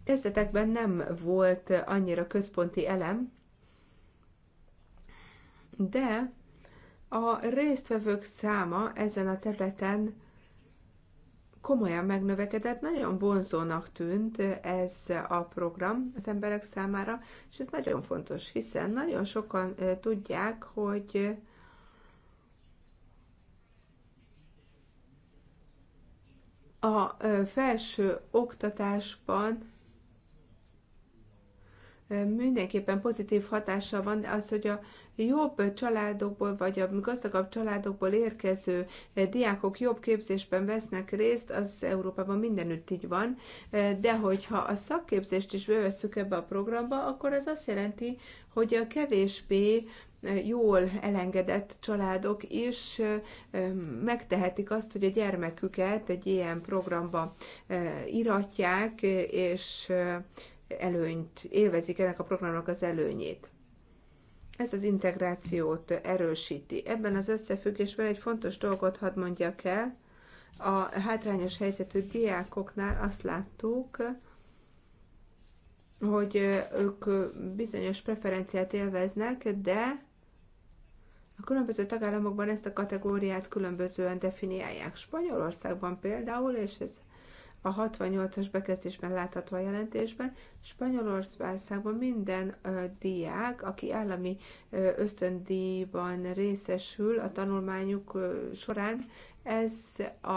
kezdetekben nem volt annyira központi elem, de a résztvevők száma ezen a területen komolyan megnövekedett, nagyon vonzónak tűnt ez a program az emberek számára, és ez nagyon fontos, hiszen nagyon sokan tudják, hogy a felső oktatásban mindenképpen pozitív hatása van az, hogy a jobb családokból, vagy a gazdagabb családokból érkező eh, diákok jobb képzésben vesznek részt, az Európában mindenütt így van, eh, de hogyha a szakképzést is bevesszük ebbe a programba, akkor ez azt jelenti, hogy a kevésbé eh, jól elengedett családok is megtehetik azt, hogy a gyermeküket egy ilyen programba iratják, és előnyt, élvezik ennek a programnak az előnyét. Ez az integrációt erősíti. Ebben az összefüggésben egy fontos dolgot hadd mondjak el. A hátrányos helyzetű diákoknál azt láttuk, hogy ők bizonyos preferenciát élveznek, de a különböző tagállamokban ezt a kategóriát különbözően definiálják. Spanyolországban például, és ez a 68-as bekezdésben látható a jelentésben, Spanyolországban minden ö, diák, aki állami ö, ösztöndíjban részesül a tanulmányuk ö, során, ez a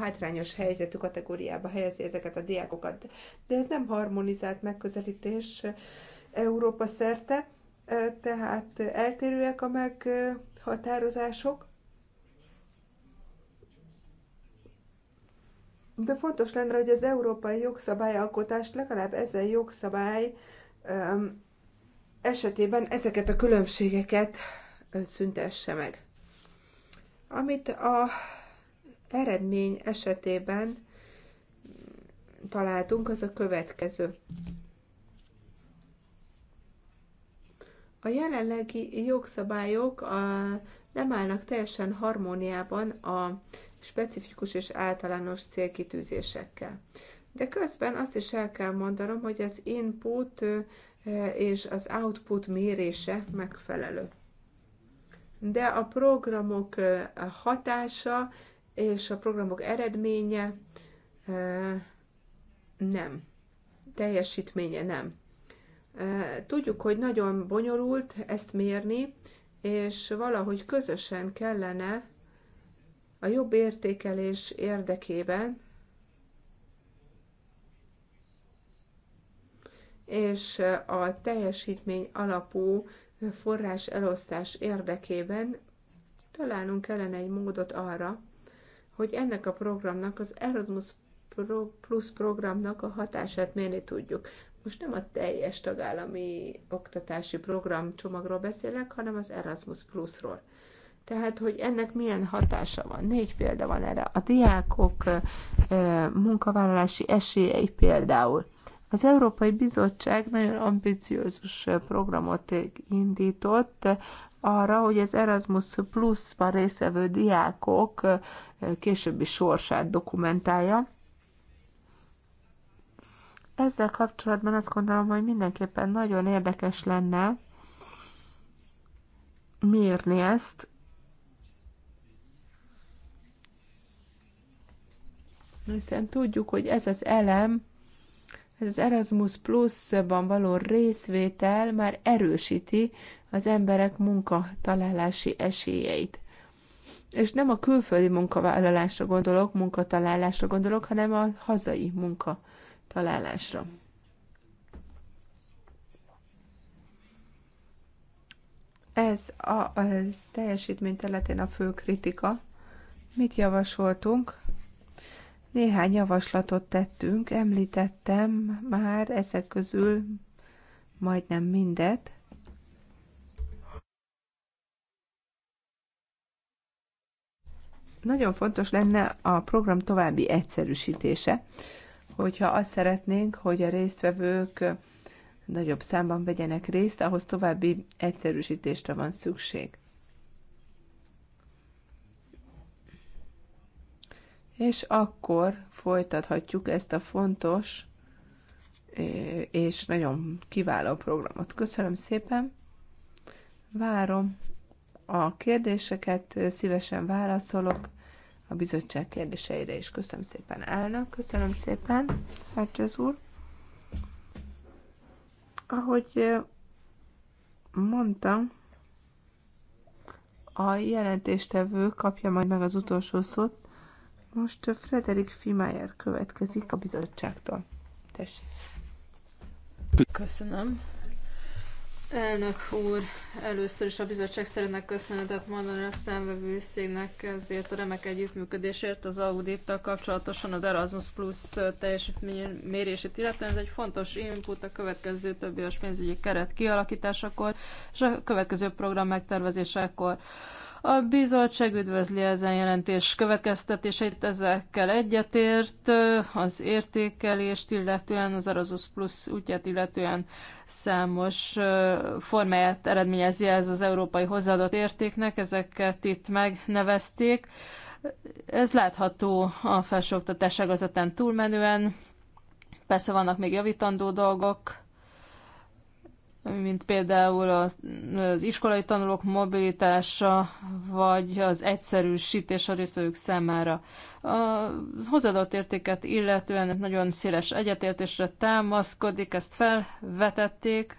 hátrányos helyzetű kategóriába helyezi ezeket a diákokat. De ez nem harmonizált megközelítés Európa szerte, tehát eltérőek a meghatározások, De fontos lenne, hogy az európai jogszabályalkotást legalább ezen jogszabály esetében ezeket a különbségeket szüntesse meg. Amit a eredmény esetében találtunk, az a következő. A jelenlegi jogszabályok a, nem állnak teljesen harmóniában a specifikus és általános célkitűzésekkel. De közben azt is el kell mondanom, hogy az input és az output mérése megfelelő. De a programok hatása és a programok eredménye nem. Teljesítménye nem. Tudjuk, hogy nagyon bonyolult ezt mérni, és valahogy közösen kellene a jobb értékelés érdekében és a teljesítmény alapú forrás elosztás érdekében találnunk kellene egy módot arra, hogy ennek a programnak, az Erasmus Plus programnak a hatását mérni tudjuk. Most nem a teljes tagállami oktatási program csomagról beszélek, hanem az Erasmus Plusról. Tehát, hogy ennek milyen hatása van. Négy példa van erre. A diákok munkavállalási esélyei például. Az Európai Bizottság nagyon ambiciózus programot indított arra, hogy az Erasmus Plus-ban részvevő diákok későbbi sorsát dokumentálja. Ezzel kapcsolatban azt gondolom, hogy mindenképpen nagyon érdekes lenne mérni ezt, hiszen tudjuk, hogy ez az elem, ez az Erasmus Plus-ban való részvétel már erősíti az emberek munkatalálási esélyeit. És nem a külföldi munkavállalásra gondolok, munkatalálásra gondolok, hanem a hazai munkatalálásra. Ez a, a teljesítmény területén a fő kritika. Mit javasoltunk? Néhány javaslatot tettünk, említettem már ezek közül majdnem mindet. Nagyon fontos lenne a program további egyszerűsítése, hogyha azt szeretnénk, hogy a résztvevők nagyobb számban vegyenek részt, ahhoz további egyszerűsítésre van szükség. és akkor folytathatjuk ezt a fontos és nagyon kiváló programot. Köszönöm szépen, várom a kérdéseket, szívesen válaszolok a bizottság kérdéseire is. Köszönöm szépen, elnök, köszönöm szépen, Szercsez úr. Ahogy mondtam, a jelentéstevő kapja majd meg az utolsó szót, most Frederik Fimeyer következik a bizottságtól. Tessék. Köszönöm. Elnök úr, először is a bizottság szeretne köszönetet mondani a számvevőszéknek ezért a remek együttműködésért az audittal kapcsolatosan az Erasmus Plus teljesítmény mérését illetően. Ez egy fontos input a következő többi pénzügyi keret kialakításakor és a következő program megtervezésekor. A bizottság üdvözli ezen jelentés következtetéseit, ezekkel egyetért az értékelést, illetően az Erasmus Plus útját, illetően számos formáját eredményezi ez az európai hozzáadott értéknek, ezeket itt megnevezték. Ez látható a felsőoktatás ágazatán túlmenően, persze vannak még javítandó dolgok, mint például az iskolai tanulók mobilitása, vagy az egyszerűsítés a résztvevők számára. A hozzáadott értéket illetően nagyon széles egyetértésre támaszkodik, ezt felvetették.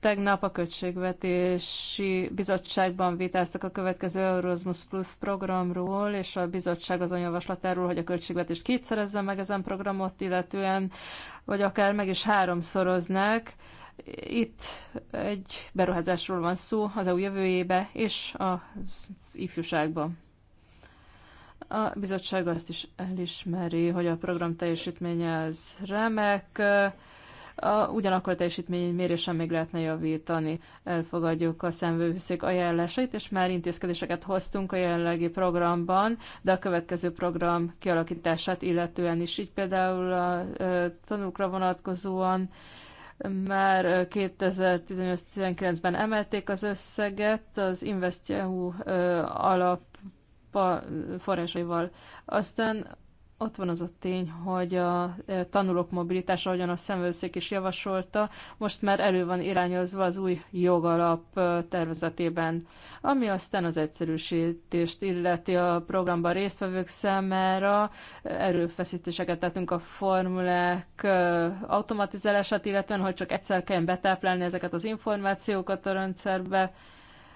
Tegnap a Költségvetési Bizottságban vitáztak a következő Eurozmus Plus programról, és a bizottság azon javaslatáról, hogy a költségvetést kétszerezze meg ezen programot, illetően, vagy akár meg is háromszoroznák itt egy beruházásról van szó az EU jövőjébe és az ifjúságban. A bizottság azt is elismeri, hogy a program teljesítménye az remek, a, ugyanakkor a teljesítmény mérésen még lehetne javítani. Elfogadjuk a szemvőszék ajánlásait, és már intézkedéseket hoztunk a jelenlegi programban, de a következő program kialakítását illetően is, így például a, a tanúkra vonatkozóan már 2018-19-ben emelték az összeget az InvestEU alap forrásaival. Aztán ott van az a tény, hogy a e, tanulók mobilitása, ahogyan a szemvőszék is javasolta, most már elő van irányozva az új jogalap e, tervezetében, ami aztán az egyszerűsítést illeti a programban résztvevők számára. E, erőfeszítéseket tettünk a formulák automatizálását, illetően, hogy csak egyszer kelljen betáplálni ezeket az információkat a rendszerbe,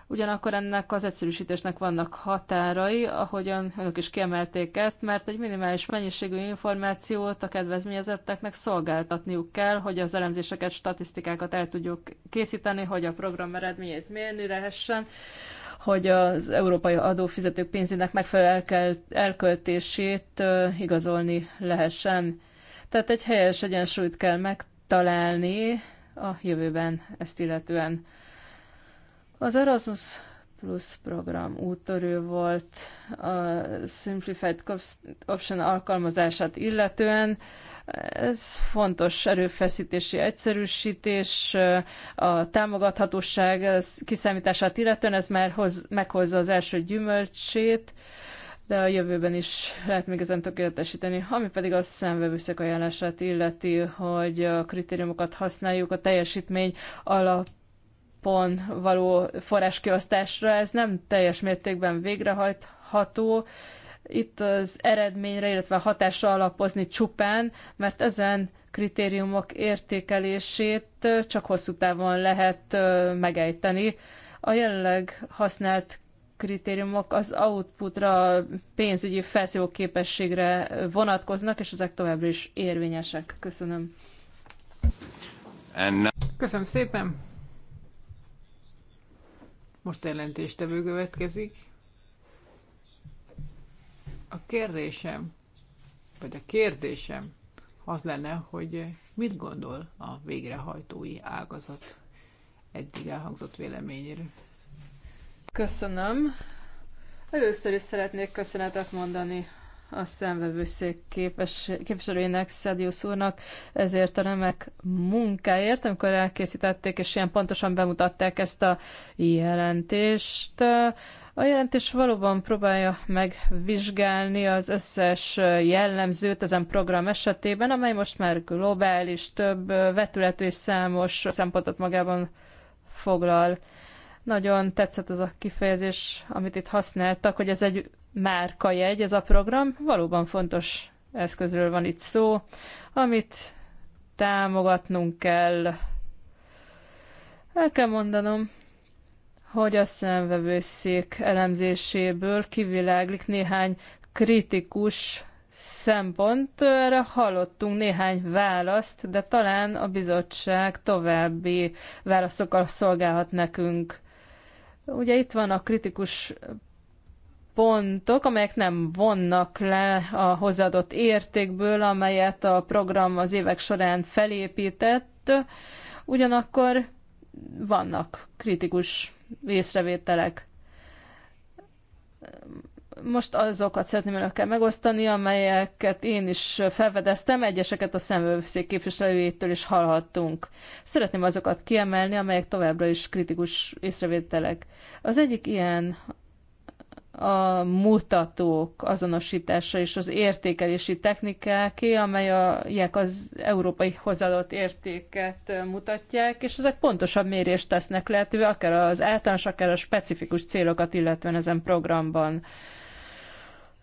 Ugyanakkor ennek az egyszerűsítésnek vannak határai, ahogyan önök is kiemelték ezt, mert egy minimális mennyiségű információt a kedvezményezetteknek szolgáltatniuk kell, hogy az elemzéseket, statisztikákat el tudjuk készíteni, hogy a program eredményét mérni lehessen hogy az európai adófizetők pénzének megfelelő elköltését igazolni lehessen. Tehát egy helyes egyensúlyt kell megtalálni a jövőben ezt illetően. Az Erasmus Plus program úttörő volt a Simplified Option alkalmazását illetően. Ez fontos erőfeszítési egyszerűsítés, a támogathatóság kiszámítását illetően, ez már hoz, meghozza az első gyümölcsét, de a jövőben is lehet még ezen tökéletesíteni. Ami pedig a szemvevőszek ajánlását illeti, hogy a kritériumokat használjuk a teljesítmény alap alapon való forráskiosztásra, ez nem teljes mértékben végrehajtható. Itt az eredményre, illetve a hatásra alapozni csupán, mert ezen kritériumok értékelését csak hosszú távon lehet megejteni. A jelenleg használt kritériumok az outputra, pénzügyi felszívó képességre vonatkoznak, és ezek továbbra is érvényesek. Köszönöm. Köszönöm szépen. Most jelentéstevő következik. A kérdésem, vagy a kérdésem az lenne, hogy mit gondol a végrehajtói ágazat eddig elhangzott véleményéről. Köszönöm. Először is szeretnék köszönetet mondani a szemvevőszék képes, képviselőjének, Szediusz úrnak ezért a remek munkáért, amikor elkészítették és ilyen pontosan bemutatták ezt a jelentést. A jelentés valóban próbálja megvizsgálni az összes jellemzőt ezen program esetében, amely most már globális, több vetületű és számos szempontot magában foglal. Nagyon tetszett az a kifejezés, amit itt használtak, hogy ez egy márkajegy ez a program, valóban fontos eszközről van itt szó, amit támogatnunk kell. El kell mondanom, hogy a szemvevőszék elemzéséből kiviláglik néhány kritikus szempont. Erre hallottunk néhány választ, de talán a bizottság további válaszokkal szolgálhat nekünk. Ugye itt van a kritikus pontok, amelyek nem vonnak le a hozzáadott értékből, amelyet a program az évek során felépített, ugyanakkor vannak kritikus észrevételek. Most azokat szeretném önökkel megosztani, amelyeket én is felvedeztem, egyeseket a szemvőszék képviselőjétől is hallhattunk. Szeretném azokat kiemelni, amelyek továbbra is kritikus észrevételek. Az egyik ilyen a mutatók azonosítása és az értékelési technikáké, amelyek az európai hozzáadott értéket mutatják, és ezek pontosabb mérést tesznek lehetővé, akár az általános, akár a specifikus célokat illetően ezen programban.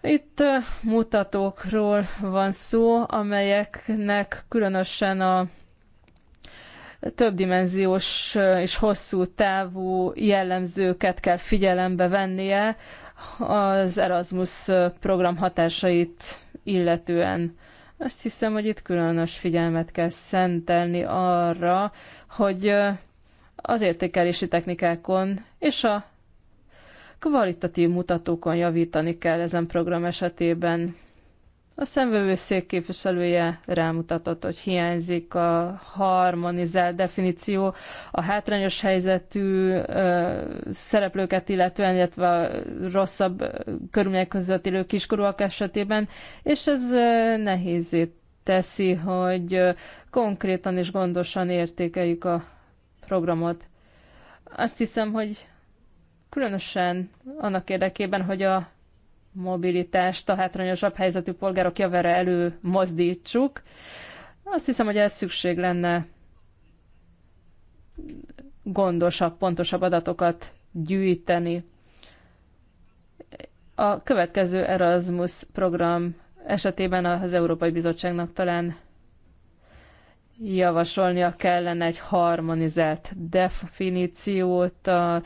Itt mutatókról van szó, amelyeknek különösen a többdimenziós és hosszú távú jellemzőket kell figyelembe vennie, az Erasmus program hatásait illetően. Azt hiszem, hogy itt különös figyelmet kell szentelni arra, hogy az értékelési technikákon és a kvalitatív mutatókon javítani kell ezen program esetében. A szemvevő székképviselője rámutatott, hogy hiányzik a harmonizált definíció a hátrányos helyzetű ö, szereplőket illetően, illetve a rosszabb körülmények között élő kiskorúak esetében, és ez nehézét teszi, hogy konkrétan és gondosan értékeljük a programot. Azt hiszem, hogy különösen annak érdekében, hogy a mobilitást a hátrányosabb helyzetű polgárok javára elő mozdítsuk. Azt hiszem, hogy ez szükség lenne gondosabb, pontosabb adatokat gyűjteni. A következő Erasmus program esetében az Európai Bizottságnak talán javasolnia kellene egy harmonizált definíciót a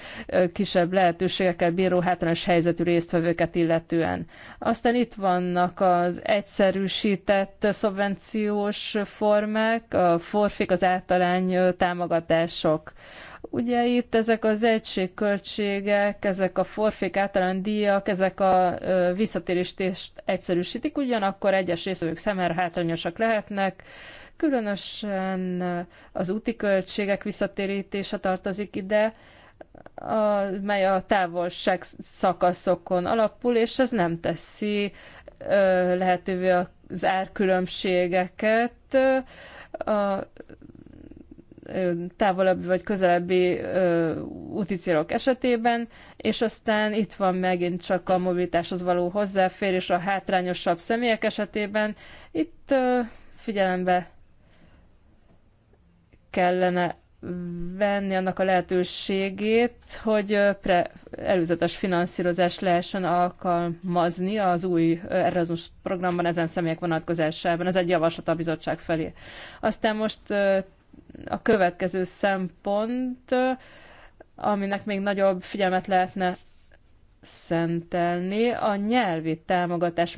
kisebb lehetőségekkel bíró hátrányos helyzetű résztvevőket illetően. Aztán itt vannak az egyszerűsített szubvenciós formák, a forfik, az általány támogatások. Ugye itt ezek az egységköltségek, ezek a forfék általán díjak, ezek a visszatérítést egyszerűsítik, ugyanakkor egyes részvevők szemére hátrányosak lehetnek, Különösen az úti költségek visszatérítése tartozik ide, a, mely a távolság szakaszokon alapul, és ez nem teszi ö, lehetővé az árkülönbségeket. A távolabbi vagy közelebbi úti célok esetében, és aztán itt van megint csak a mobilitáshoz való hozzáférés a hátrányosabb személyek esetében. Itt ö, figyelembe kellene venni annak a lehetőségét, hogy pre, előzetes finanszírozást lehessen alkalmazni az új Erasmus programban ezen személyek vonatkozásában. Ez egy javaslat a bizottság felé. Aztán most a következő szempont, aminek még nagyobb figyelmet lehetne szentelni. A nyelvi támogatás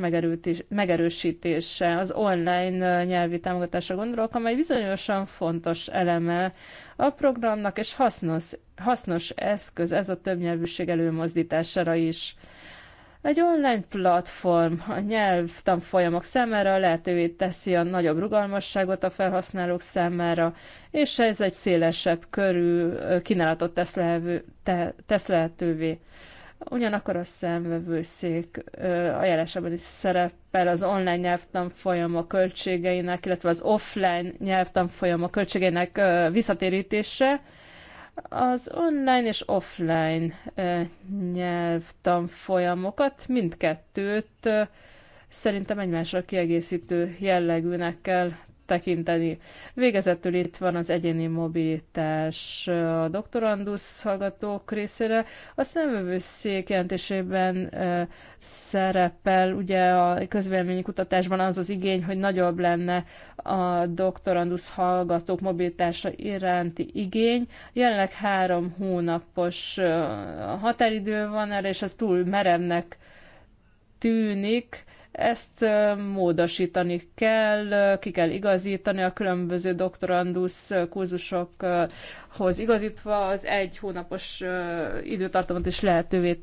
megerősítése, az online nyelvi támogatásra gondolok, amely bizonyosan fontos eleme a programnak, és hasznos, hasznos eszköz ez a többnyelvűség előmozdítására is. Egy online platform a nyelvtanfolyamok számára lehetővé teszi a nagyobb rugalmasságot a felhasználók számára, és ez egy szélesebb körű kínálatot tesz, lehető, tesz lehetővé. Ugyanakkor a számvevőszék ajánlásában is szerepel az online nyelvtanfolyama költségeinek, illetve az offline nyelvtanfolyama költségeinek visszatérítése. Az online és offline nyelvtanfolyamokat mindkettőt szerintem egymásra kiegészítő jellegűnek kell tekinteni. Végezetül itt van az egyéni mobilitás a doktorandusz hallgatók részére. A szék jelentésében szerepel ugye a közvélemény kutatásban az az igény, hogy nagyobb lenne a doktorandusz hallgatók mobilitása iránti igény. Jelenleg három hónapos határidő van erre, és ez túl merevnek tűnik ezt módosítani kell, ki kell igazítani a különböző doktorandusz kurzusokhoz igazítva, az egy hónapos időtartamot is lehetővé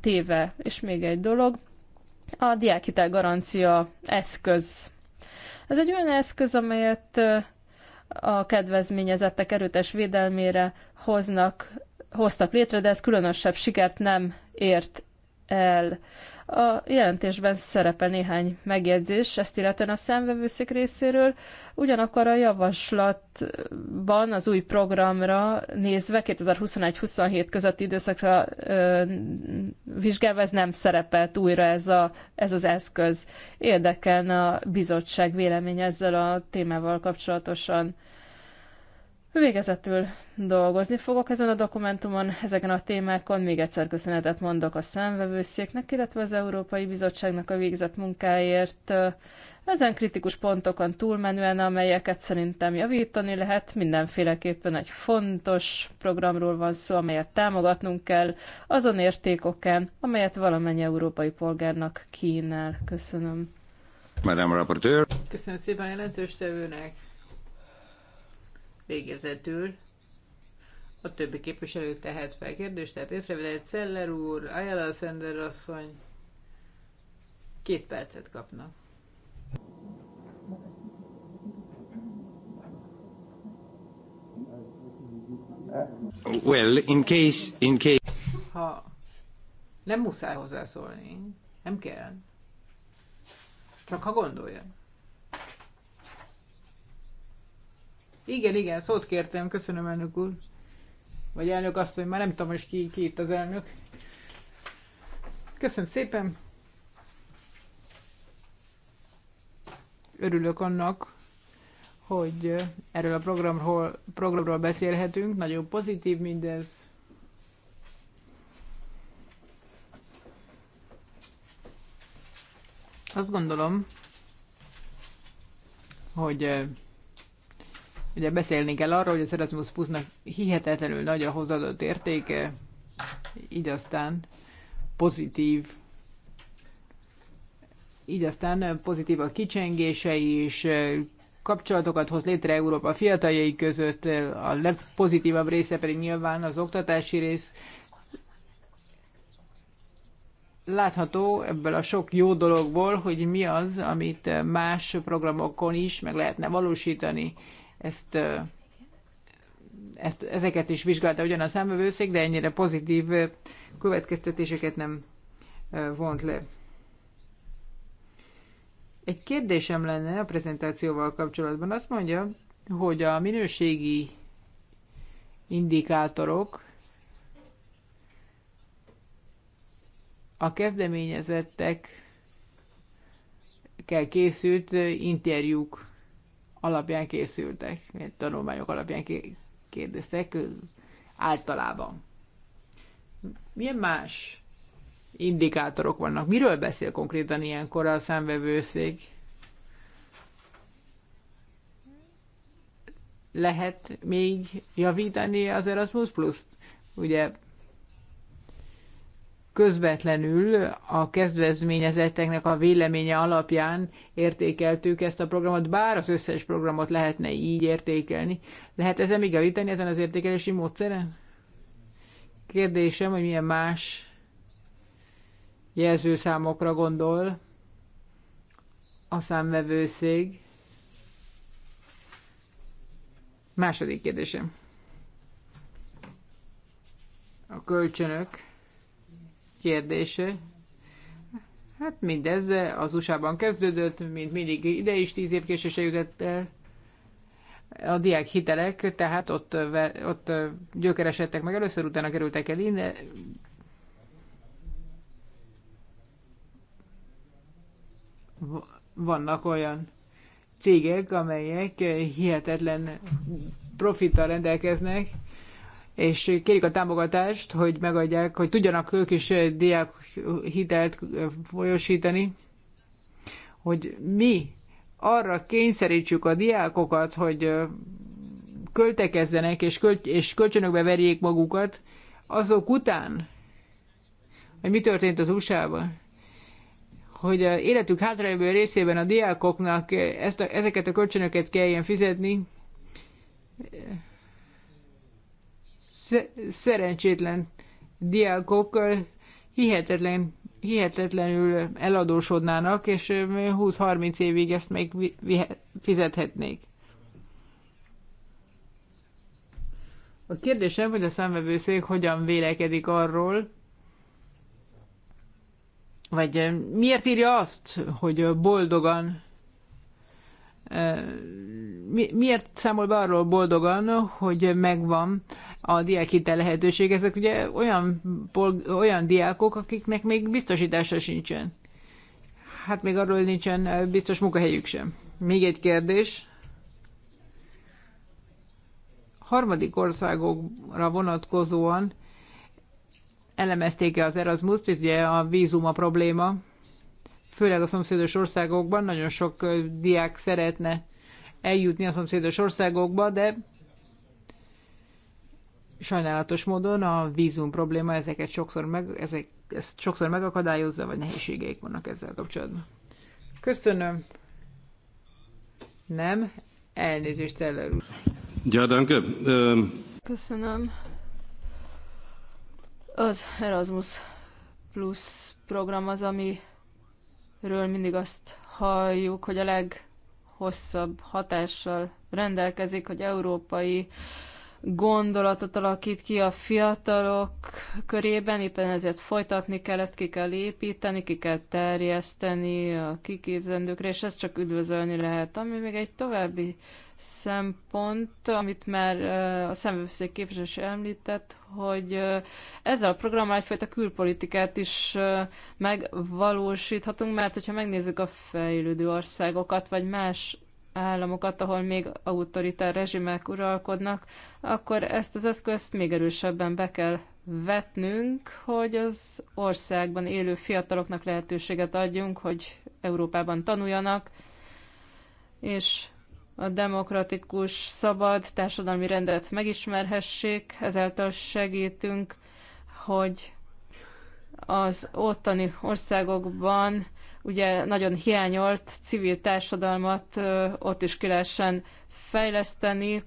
téve. És még egy dolog, a diákhitel garancia eszköz. Ez egy olyan eszköz, amelyet a kedvezményezettek erőtes védelmére hoznak, hoztak létre, de ez különösebb sikert nem ért el. A jelentésben szerepel néhány megjegyzés, ezt illetően a szemvevőszék részéről, ugyanakkor a javaslatban az új programra nézve 2021-27 közötti időszakra ö, vizsgálva ez nem szerepelt újra ez, a, ez az eszköz. Érdekelne a bizottság vélemény ezzel a témával kapcsolatosan. Végezetül dolgozni fogok ezen a dokumentumon, ezeken a témákon még egyszer köszönetet mondok a számvevőszéknek, illetve az Európai Bizottságnak a végzett munkáért. Ezen kritikus pontokon túlmenően, amelyeket szerintem javítani lehet, mindenféleképpen egy fontos programról van szó, amelyet támogatnunk kell, azon értékoken, amelyet valamennyi európai polgárnak kínál. Köszönöm. Madame Rapporteur. Köszönöm szépen a jelentőstevőnek. Végezetül a többi képviselő tehet fel kérdést, tehát egy Celler úr, Ayala Sender asszony, két percet kapnak. Well, in case, in case... Ha nem muszáj hozzászólni, nem kell. Csak ha gondolja. Igen, igen, szót kértem, köszönöm elnök úr. Vagy elnök azt, hogy már nem tudom, hogy ki, ki itt az elnök. Köszönöm szépen. Örülök annak, hogy erről a programról, programról beszélhetünk. Nagyon pozitív mindez. Azt gondolom, hogy Ugye beszélni kell arról, hogy az Erasmus Plusnak hihetetlenül nagy a hozadott értéke, így aztán pozitív így aztán pozitív a kicsengése is, kapcsolatokat hoz létre Európa fiataljai között, a legpozitívabb része pedig nyilván az oktatási rész. Látható ebből a sok jó dologból, hogy mi az, amit más programokon is meg lehetne valósítani, ezt, ezt, ezeket is vizsgálta ugyan a számövőszék, de ennyire pozitív következtetéseket nem vont le. Egy kérdésem lenne a prezentációval kapcsolatban. Azt mondja, hogy a minőségi indikátorok a kezdeményezettek készült interjúk alapján készültek, tanulmányok alapján kérdeztek általában. Milyen más indikátorok vannak? Miről beszél konkrétan ilyenkor a számvevőszék? Lehet még javítani az Erasmus Plus-t? Ugye közvetlenül a kezdvezményezetteknek a véleménye alapján értékeltük ezt a programot, bár az összes programot lehetne így értékelni. Lehet ezen még javítani, ezen az értékelési módszeren? Kérdésem, hogy milyen más jelzőszámokra gondol a számvevőszég. Második kérdésem. A kölcsönök kérdése. Hát mindez az USA-ban kezdődött, mint mindig ide is tíz év késése jutott el. A diák hitelek, tehát ott, ott gyökeresedtek meg először, utána kerültek el innen. Vannak olyan cégek, amelyek hihetetlen profittal rendelkeznek, és kérik a támogatást, hogy megadják, hogy tudjanak ők is diák hitelt eh, folyosítani, hogy mi arra kényszerítsük a diákokat, hogy eh, költekezzenek és, köl- és kölcsönökbe verjék magukat, azok után, hogy mi történt az USA-ban, hogy a eh, életük hátralévő részében a diákoknak ezt a, ezeket a kölcsönöket kelljen fizetni, szerencsétlen diákok hihetetlen, hihetetlenül eladósodnának, és 20-30 évig ezt még fizethetnék. A kérdésem, hogy a számvevőszék hogyan vélekedik arról, vagy miért írja azt, hogy boldogan, miért számol be arról boldogan, hogy megvan a diákhitel lehetőség. Ezek ugye olyan, olyan diákok, akiknek még biztosítása sincsen. Hát még arról nincsen eh, biztos munkahelyük sem. Még egy kérdés. Harmadik országokra vonatkozóan elemezték-e az Erasmus-t, ugye a vízum a probléma, főleg a szomszédos országokban, nagyon sok eh, diák szeretne eljutni a szomszédos országokba, de sajnálatos módon a vízum probléma ezeket sokszor meg, ezek, ezt sokszor megakadályozza, vagy nehézségeik vannak ezzel kapcsolatban. Köszönöm. Nem? Elnézést, Teller úr. Ja, danke. Um... Köszönöm. Az Erasmus Plus program az, amiről mindig azt halljuk, hogy a leghosszabb hatással rendelkezik, hogy európai uh, gondolatot alakít ki a fiatalok körében, éppen ezért folytatni kell, ezt ki kell építeni, ki kell terjeszteni a kiképzendőkre, és ezt csak üdvözölni lehet. Ami még egy további szempont, amit már a szemvőszék képviselő említett, hogy ezzel a programmal egyfajta külpolitikát is megvalósíthatunk, mert hogyha megnézzük a fejlődő országokat, vagy más államokat, ahol még autoritár rezsimek uralkodnak, akkor ezt az eszközt még erősebben be kell vetnünk, hogy az országban élő fiataloknak lehetőséget adjunk, hogy Európában tanuljanak, és a demokratikus, szabad társadalmi rendet megismerhessék, ezáltal segítünk, hogy az ottani országokban ugye nagyon hiányolt civil társadalmat ott is ki lehessen fejleszteni.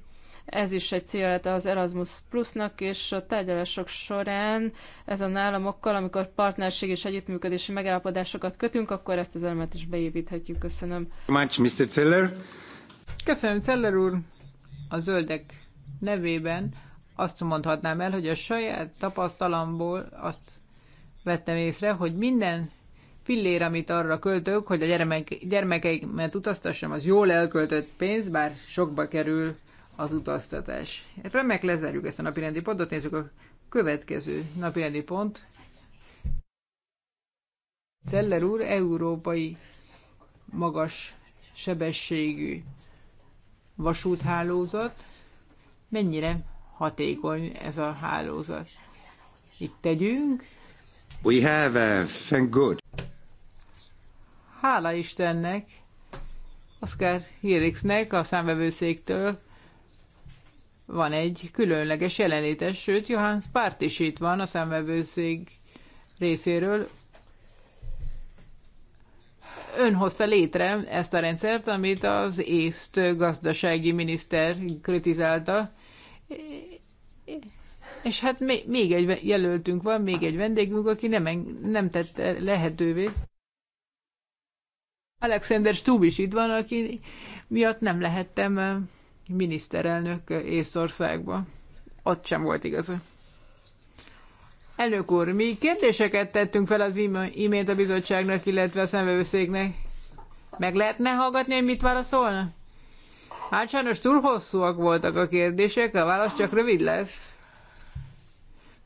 Ez is egy lett az Erasmus Plusnak, és a tárgyalások során ezen államokkal, amikor partnerség és együttműködési megállapodásokat kötünk, akkor ezt az elemet is beépíthetjük. Köszönöm. Much, Mr. Zeller. Köszönöm, Zeller úr. A zöldek nevében azt mondhatnám el, hogy a saját tapasztalamból azt vettem észre, hogy minden fillér, amit arra költök, hogy a gyermek, gyermekeimet utaztassam, az jól elköltött pénz, bár sokba kerül az utaztatás. Remek, lezárjuk ezt a napirendi pontot, nézzük a következő napirendi pont. Celler úr, európai magas sebességű vasúthálózat. Mennyire hatékony ez a hálózat? Itt tegyünk. We have, a, thank God hála Istennek, Oscar Hirixnek a számvevőszéktől van egy különleges jelenlétes, sőt, Johann Spart is itt van a számvevőszék részéről. Ön hozta létre ezt a rendszert, amit az észt gazdasági miniszter kritizálta. És hát még egy jelöltünk van, még egy vendégünk, aki nem, nem tette lehetővé. Alexander Stubb is itt van, aki miatt nem lehettem eh, miniszterelnök Észországba. Ott sem volt igaza. Elnök úr, mi kérdéseket tettünk fel az imént a bizottságnak, illetve a szemvevőszéknek. Meg lehetne hallgatni, hogy mit válaszolna? Hát sajnos túl hosszúak voltak a kérdések, a válasz csak rövid lesz.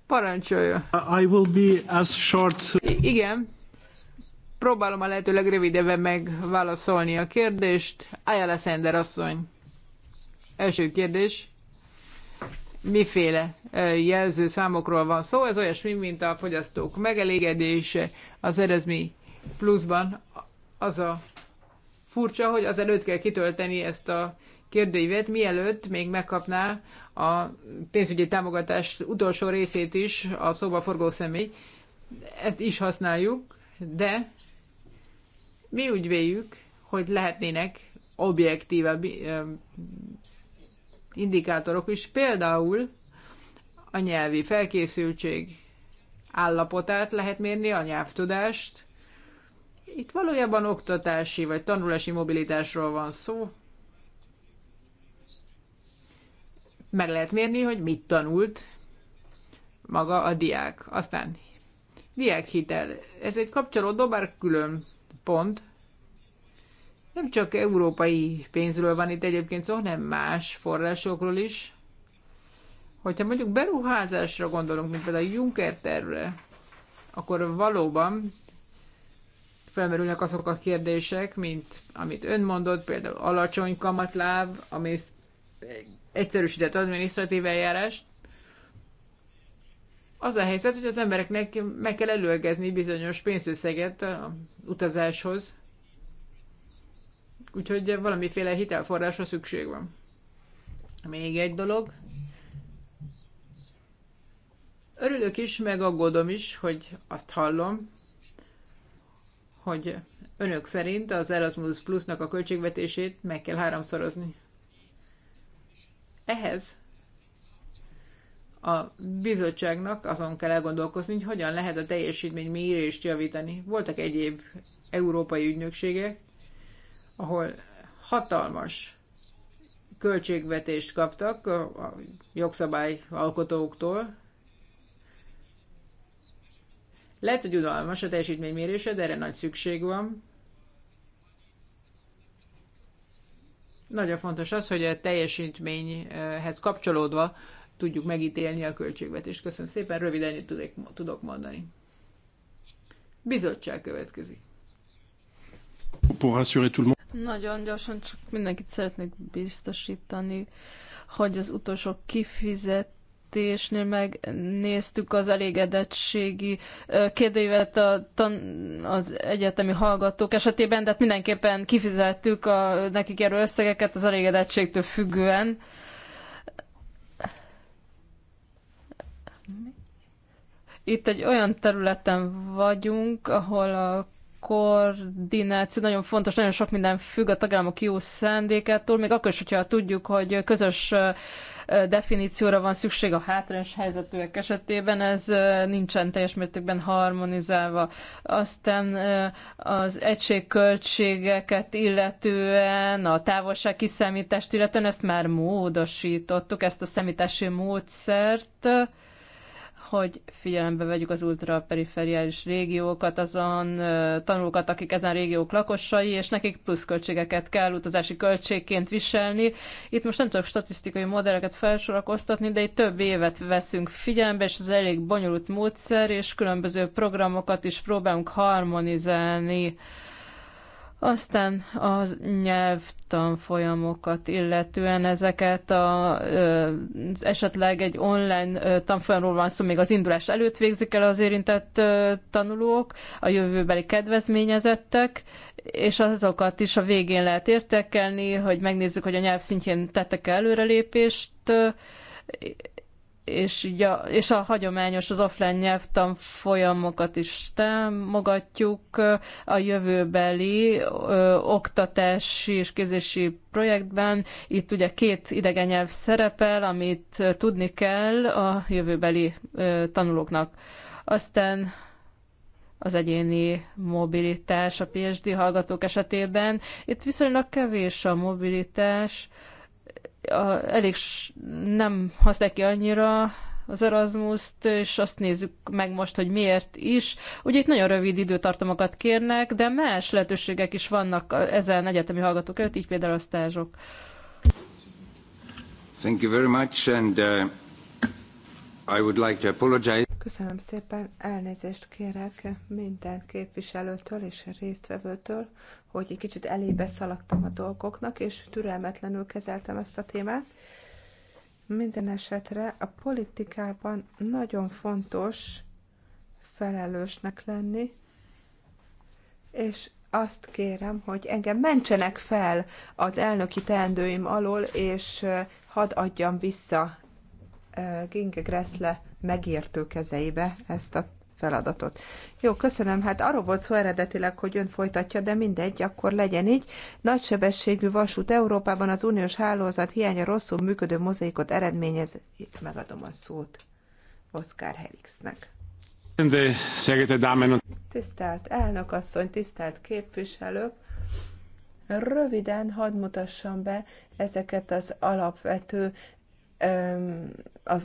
Parancsolja. I will be as short. igen, Próbálom a lehető legrövidebben megválaszolni a kérdést. Ayala Sender asszony. Első kérdés. Miféle jelző számokról van szó? Ez olyasmi, mint a fogyasztók megelégedése. Az eredmény pluszban az a furcsa, hogy az előtt kell kitölteni ezt a kérdőívet, mielőtt még megkapná a pénzügyi támogatás utolsó részét is a szóba forgó személy. Ezt is használjuk, de mi úgy véljük, hogy lehetnének objektívebb indikátorok is, például a nyelvi felkészültség állapotát lehet mérni, a nyelvtudást. Itt valójában oktatási vagy tanulási mobilitásról van szó. Meg lehet mérni, hogy mit tanult maga a diák. Aztán diákhitel. Ez egy kapcsolódó, bár külön pont. Nem csak európai pénzről van itt egyébként szó, hanem más forrásokról is. Hogyha mondjuk beruházásra gondolunk, mint például a Juncker tervre, akkor valóban felmerülnek azok a kérdések, mint amit ön mondott, például alacsony kamatláb, ami egyszerűsített adminisztratív eljárást, az a helyzet, hogy az embereknek meg kell előlegezni bizonyos pénzösszeget az utazáshoz, úgyhogy valamiféle hitelforrásra szükség van. Még egy dolog. Örülök is, meg aggódom is, hogy azt hallom, hogy önök szerint az Erasmus Plusnak a költségvetését meg kell háromszorozni. Ehhez a bizottságnak azon kell elgondolkozni, hogy hogyan lehet a teljesítmény mérést javítani. Voltak egyéb európai ügynökségek, ahol hatalmas költségvetést kaptak a jogszabály alkotóktól. Lehet, hogy unalmas a teljesítménymérése, de erre nagy szükség van. Nagyon fontos az, hogy a teljesítményhez kapcsolódva tudjuk megítélni a költségvetést. Köszönöm szépen, röviden tudok mondani. Bizottság következik. Nagyon gyorsan csak mindenkit szeretnék biztosítani, hogy az utolsó kifizet és megnéztük az elégedettségi kérdőívet a tan- az egyetemi hallgatók esetében, de hát mindenképpen kifizettük a nekik erő összegeket az elégedettségtől függően. Itt egy olyan területen vagyunk, ahol a koordináció nagyon fontos, nagyon sok minden függ a tagállamok jó szándékától, még akkor is, hogyha tudjuk, hogy közös definícióra van szükség a hátrányos helyzetűek esetében, ez nincsen teljes mértékben harmonizálva. Aztán az egységköltségeket illetően, a távolság kiszámítást illetően ezt már módosítottuk, ezt a számítási módszert, hogy figyelembe vegyük az ultraperiferiális régiókat, azon tanulókat, akik ezen régiók lakosai, és nekik plusz költségeket kell utazási költségként viselni. Itt most nem tudok statisztikai modelleket felsorakoztatni, de itt több évet veszünk figyelembe, és ez elég bonyolult módszer, és különböző programokat is próbálunk harmonizálni. Aztán a nyelvtanfolyamokat illetően ezeket a, az esetleg egy online tanfolyamról van szó, még az indulás előtt végzik el az érintett tanulók, a jövőbeli kedvezményezettek, és azokat is a végén lehet értekelni, hogy megnézzük, hogy a nyelv szintjén tettek -e előrelépést, és, ja, és a hagyományos, az offline nyelvtan folyamokat is támogatjuk, a jövőbeli ö, oktatási és képzési projektben. Itt ugye két idegen nyelv szerepel, amit tudni kell a jövőbeli ö, tanulóknak. Aztán az egyéni mobilitás a PhD hallgatók esetében. Itt viszonylag kevés a mobilitás, ö, a, elég nem használják ki annyira az Erasmus-t, és azt nézzük meg most, hogy miért is. Ugye itt nagyon rövid időtartamokat kérnek, de más lehetőségek is vannak ezen egyetemi hallgatók előtt, így például a stázsok. Thank you very much, and uh, I would like to apologize. Köszönöm szépen, elnézést kérek minden képviselőtől és résztvevőtől, hogy egy kicsit elébe szaladtam a dolgoknak, és türelmetlenül kezeltem ezt a témát. Minden esetre a politikában nagyon fontos felelősnek lenni, és azt kérem, hogy engem mentsenek fel az elnöki teendőim alól, és hadd adjam vissza Ginge Gressle megértő kezeibe ezt a feladatot. Jó, köszönöm. Hát arról volt szó eredetileg, hogy ön folytatja, de mindegy, akkor legyen így. Nagysebességű vasút Európában az uniós hálózat hiánya rosszul működő mozaikot eredményez. Itt megadom a szót Oszkár Helixnek. Tisztelt elnök asszony, tisztelt képviselők! Röviden hadd mutassam be ezeket az alapvető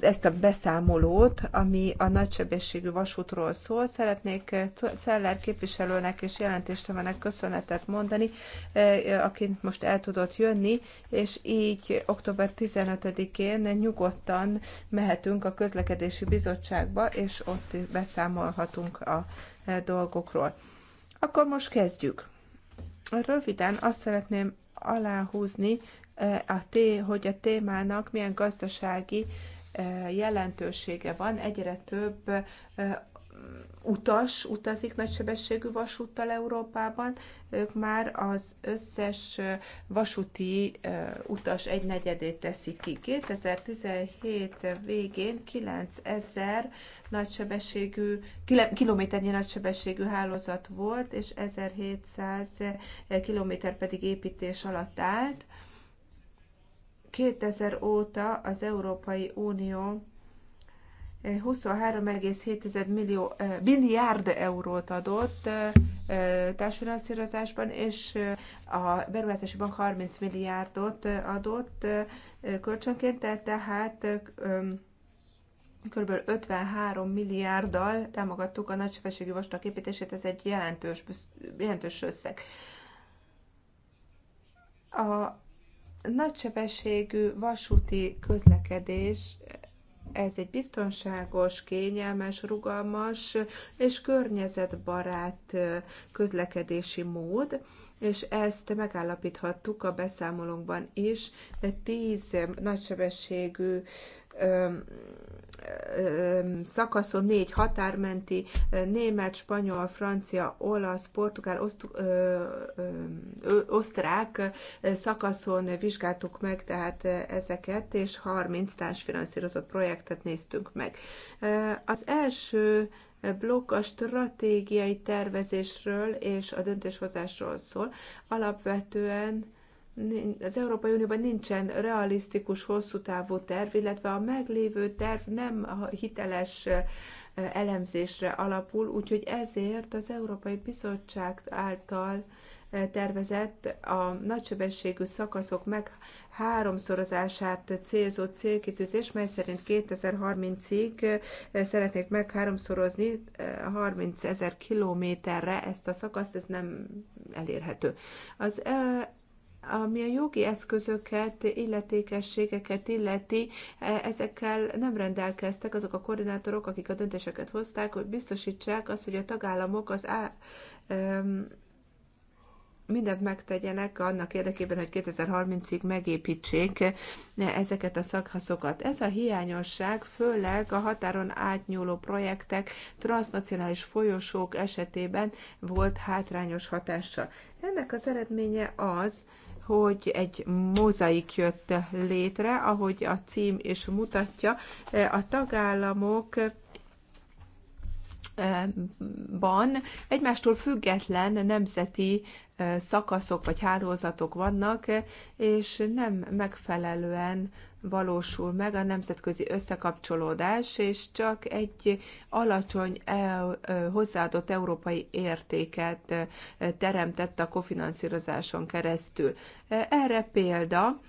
ezt a beszámolót, ami a nagysebességű vasútról szól. Szeretnék eh, Celler képviselőnek és jelentéstevenek köszönetet mondani, eh, akint most el tudott jönni, és így október 15-én nyugodtan mehetünk a közlekedési bizottságba, és ott beszámolhatunk a eh, dolgokról. Akkor most kezdjük. Röviden azt szeretném aláhúzni, a té, hogy a témának milyen gazdasági jelentősége van. Egyre több utas utazik nagysebességű vasúttal Európában, ők már az összes vasúti utas egy negyedét teszik ki. 2017 végén 9000 nagysebességű, kilométernyi nagysebességű hálózat volt, és 1700 kilométer pedig építés alatt állt 2000 óta az Európai Unió 23,7 eh, millió, eh, milliárd eurót adott eh, társfinanszírozásban, és a beruházási bank 30 milliárdot adott kölcsönként, tehát kb. 53 milliárddal támogattuk a nagysebességű vasútak építését, ez egy jelentős, jelentős összeg. A nagysebességű vasúti közlekedés ez egy biztonságos, kényelmes, rugalmas és környezetbarát közlekedési mód, és ezt megállapíthattuk a beszámolónkban is. Tíz nagysebességű szakaszon négy határmenti német, spanyol, francia, olasz, portugál, oszt, ö, ö, osztrák szakaszon vizsgáltuk meg tehát ezeket, és 30 társfinanszírozott projektet néztünk meg. Az első blokk a stratégiai tervezésről és a döntéshozásról szól. Alapvetően az Európai Unióban nincsen realisztikus, hosszú távú terv, illetve a meglévő terv nem a hiteles elemzésre alapul, úgyhogy ezért az Európai Bizottság által tervezett a nagysebességű szakaszok meg háromszorozását célzó célkitűzés, mely szerint 2030-ig szeretnék meg háromszorozni 30 ezer kilométerre ezt a szakaszt, ez nem elérhető. Az ami a jogi eszközöket, illetékességeket illeti, e, ezekkel nem rendelkeztek azok a koordinátorok, akik a döntéseket hozták, hogy biztosítsák azt, hogy a tagállamok az á, mindent megtegyenek annak érdekében, hogy 2030-ig megépítsék ezeket a szakaszokat. Ez a hiányosság főleg a határon átnyúló projektek, transnacionális folyosók esetében volt hátrányos hatása. Ennek az eredménye az, hogy egy mozaik jött létre, ahogy a cím is mutatja. A tagállamok van. Eh, egymástól független nemzeti eh, szakaszok vagy hálózatok vannak, eh, és nem megfelelően valósul meg a nemzetközi összekapcsolódás, és csak egy alacsony hozzáadott európai értéket teremtett a kofinanszírozáson keresztül. Erre példa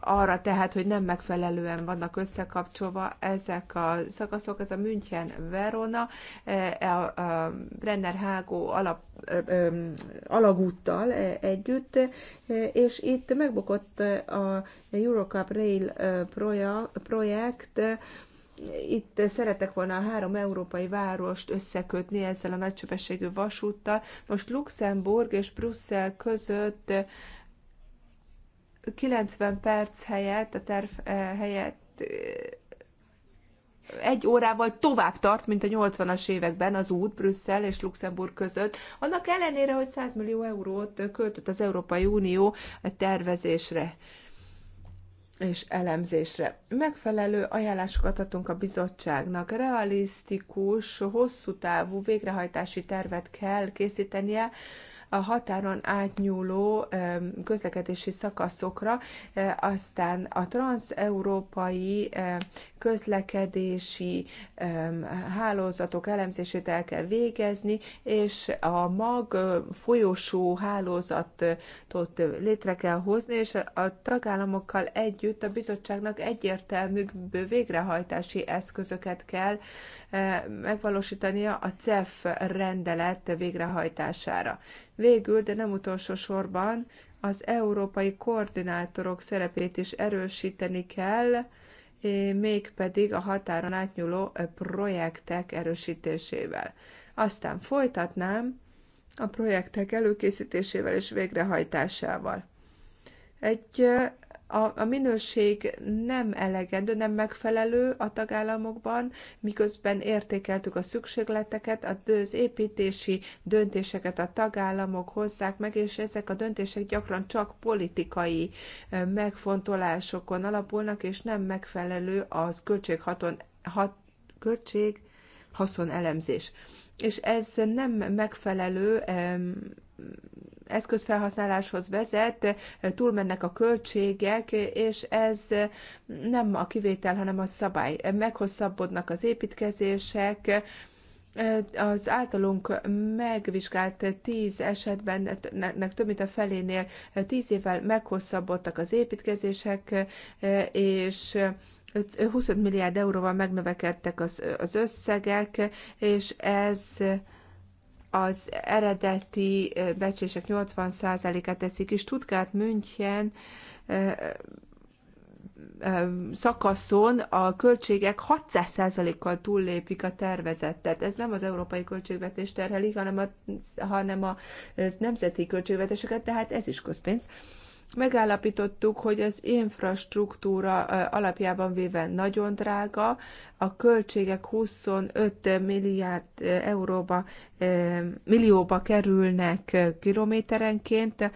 arra tehát, hogy nem megfelelően vannak összekapcsolva ezek a szakaszok, ez a München Verona, eh, a Brenner Hágó alap, eh, alagúttal eh, együtt, és itt megbukott a Eurocup Rail projekt, itt szeretek volna a három európai várost összekötni ezzel a nagysebességű vasúttal. Most Luxemburg és Brüsszel között 90 perc helyett, a terv eh, helyett eh, egy órával tovább tart, mint a 80-as években az út Brüsszel és Luxemburg között, annak ellenére, hogy 100 millió eurót költött az Európai Unió a tervezésre és elemzésre. Megfelelő ajánlásokat adtunk a bizottságnak. Realisztikus, hosszú távú végrehajtási tervet kell készítenie, a határon átnyúló közlekedési szakaszokra, e, aztán a transeurópai e, közlekedési hálózatok elemzését el kell végezni, és a mag folyosó hálózatot létre kell hozni, és a tagállamokkal együtt a bizottságnak egyértelmű végrehajtási eszközöket kell Eh, megvalósítania a CEF rendelet végrehajtására. Végül, de nem utolsó sorban, az európai koordinátorok szerepét is erősíteni kell, eh, mégpedig a határon átnyúló eh, projektek erősítésével. Aztán folytatnám a projektek előkészítésével és végrehajtásával. Egy a, a minőség nem elegendő, nem megfelelő a tagállamokban, miközben értékeltük a szükségleteket, az építési döntéseket a tagállamok hozzák meg, és ezek a döntések gyakran csak politikai megfontolásokon alapulnak, és nem megfelelő az költséghaton, hat, költség haszon elemzés. És ez nem megfelelő eszközfelhasználáshoz vezet, túlmennek a költségek, és ez nem a kivétel, hanem a szabály. Meghosszabbodnak az építkezések, az általunk megvizsgált tíz esetben, nek több mint a felénél tíz évvel meghosszabbodtak az építkezések, és 25 milliárd euróval megnövekedtek az, az összegek, és ez az eredeti becsések 80%-át teszik és Stuttgart, München szakaszon a költségek 600%-kal túllépik a tervezettet. Ez nem az európai költségvetés terhelik, hanem a, hanem a nemzeti költségvetéseket, tehát ez is közpénz megállapítottuk, hogy az infrastruktúra alapjában véve nagyon drága, a költségek 25 milliárd euróba, millióba kerülnek kilométerenként,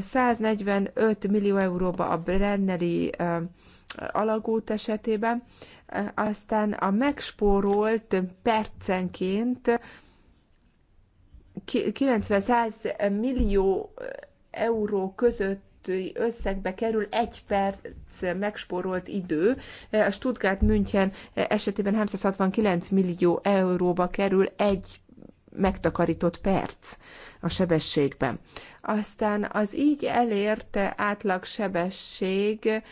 145 millió euróba a Brenneri alagút esetében, aztán a megspórolt percenként 90-100 millió euró között összegbe kerül egy perc megspórolt idő. A Stuttgart München esetében 369 millió euróba kerül egy megtakarított perc a sebességben. Aztán az így elért átlagsebesség sebesség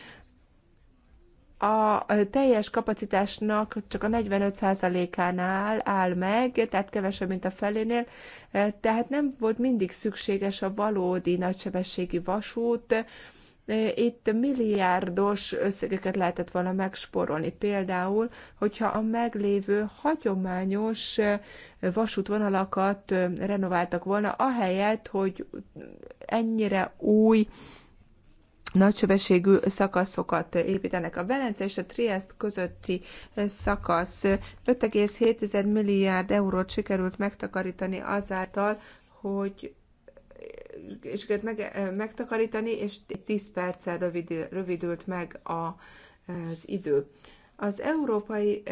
a teljes kapacitásnak csak a 45%-ánál áll meg, tehát kevesebb, mint a felénél, tehát nem volt mindig szükséges a valódi nagysebességi vasút, itt milliárdos összegeket lehetett volna megsporolni. Például, hogyha a meglévő hagyományos vasútvonalakat renováltak volna, ahelyett, hogy ennyire új nagysebességű szakaszokat építenek. A Velence és a Triest közötti szakasz 5,7 milliárd eurót sikerült megtakarítani azáltal, hogy és meg, megtakarítani, és 10 perccel rövid, rövidült meg a, az idő. Az Európai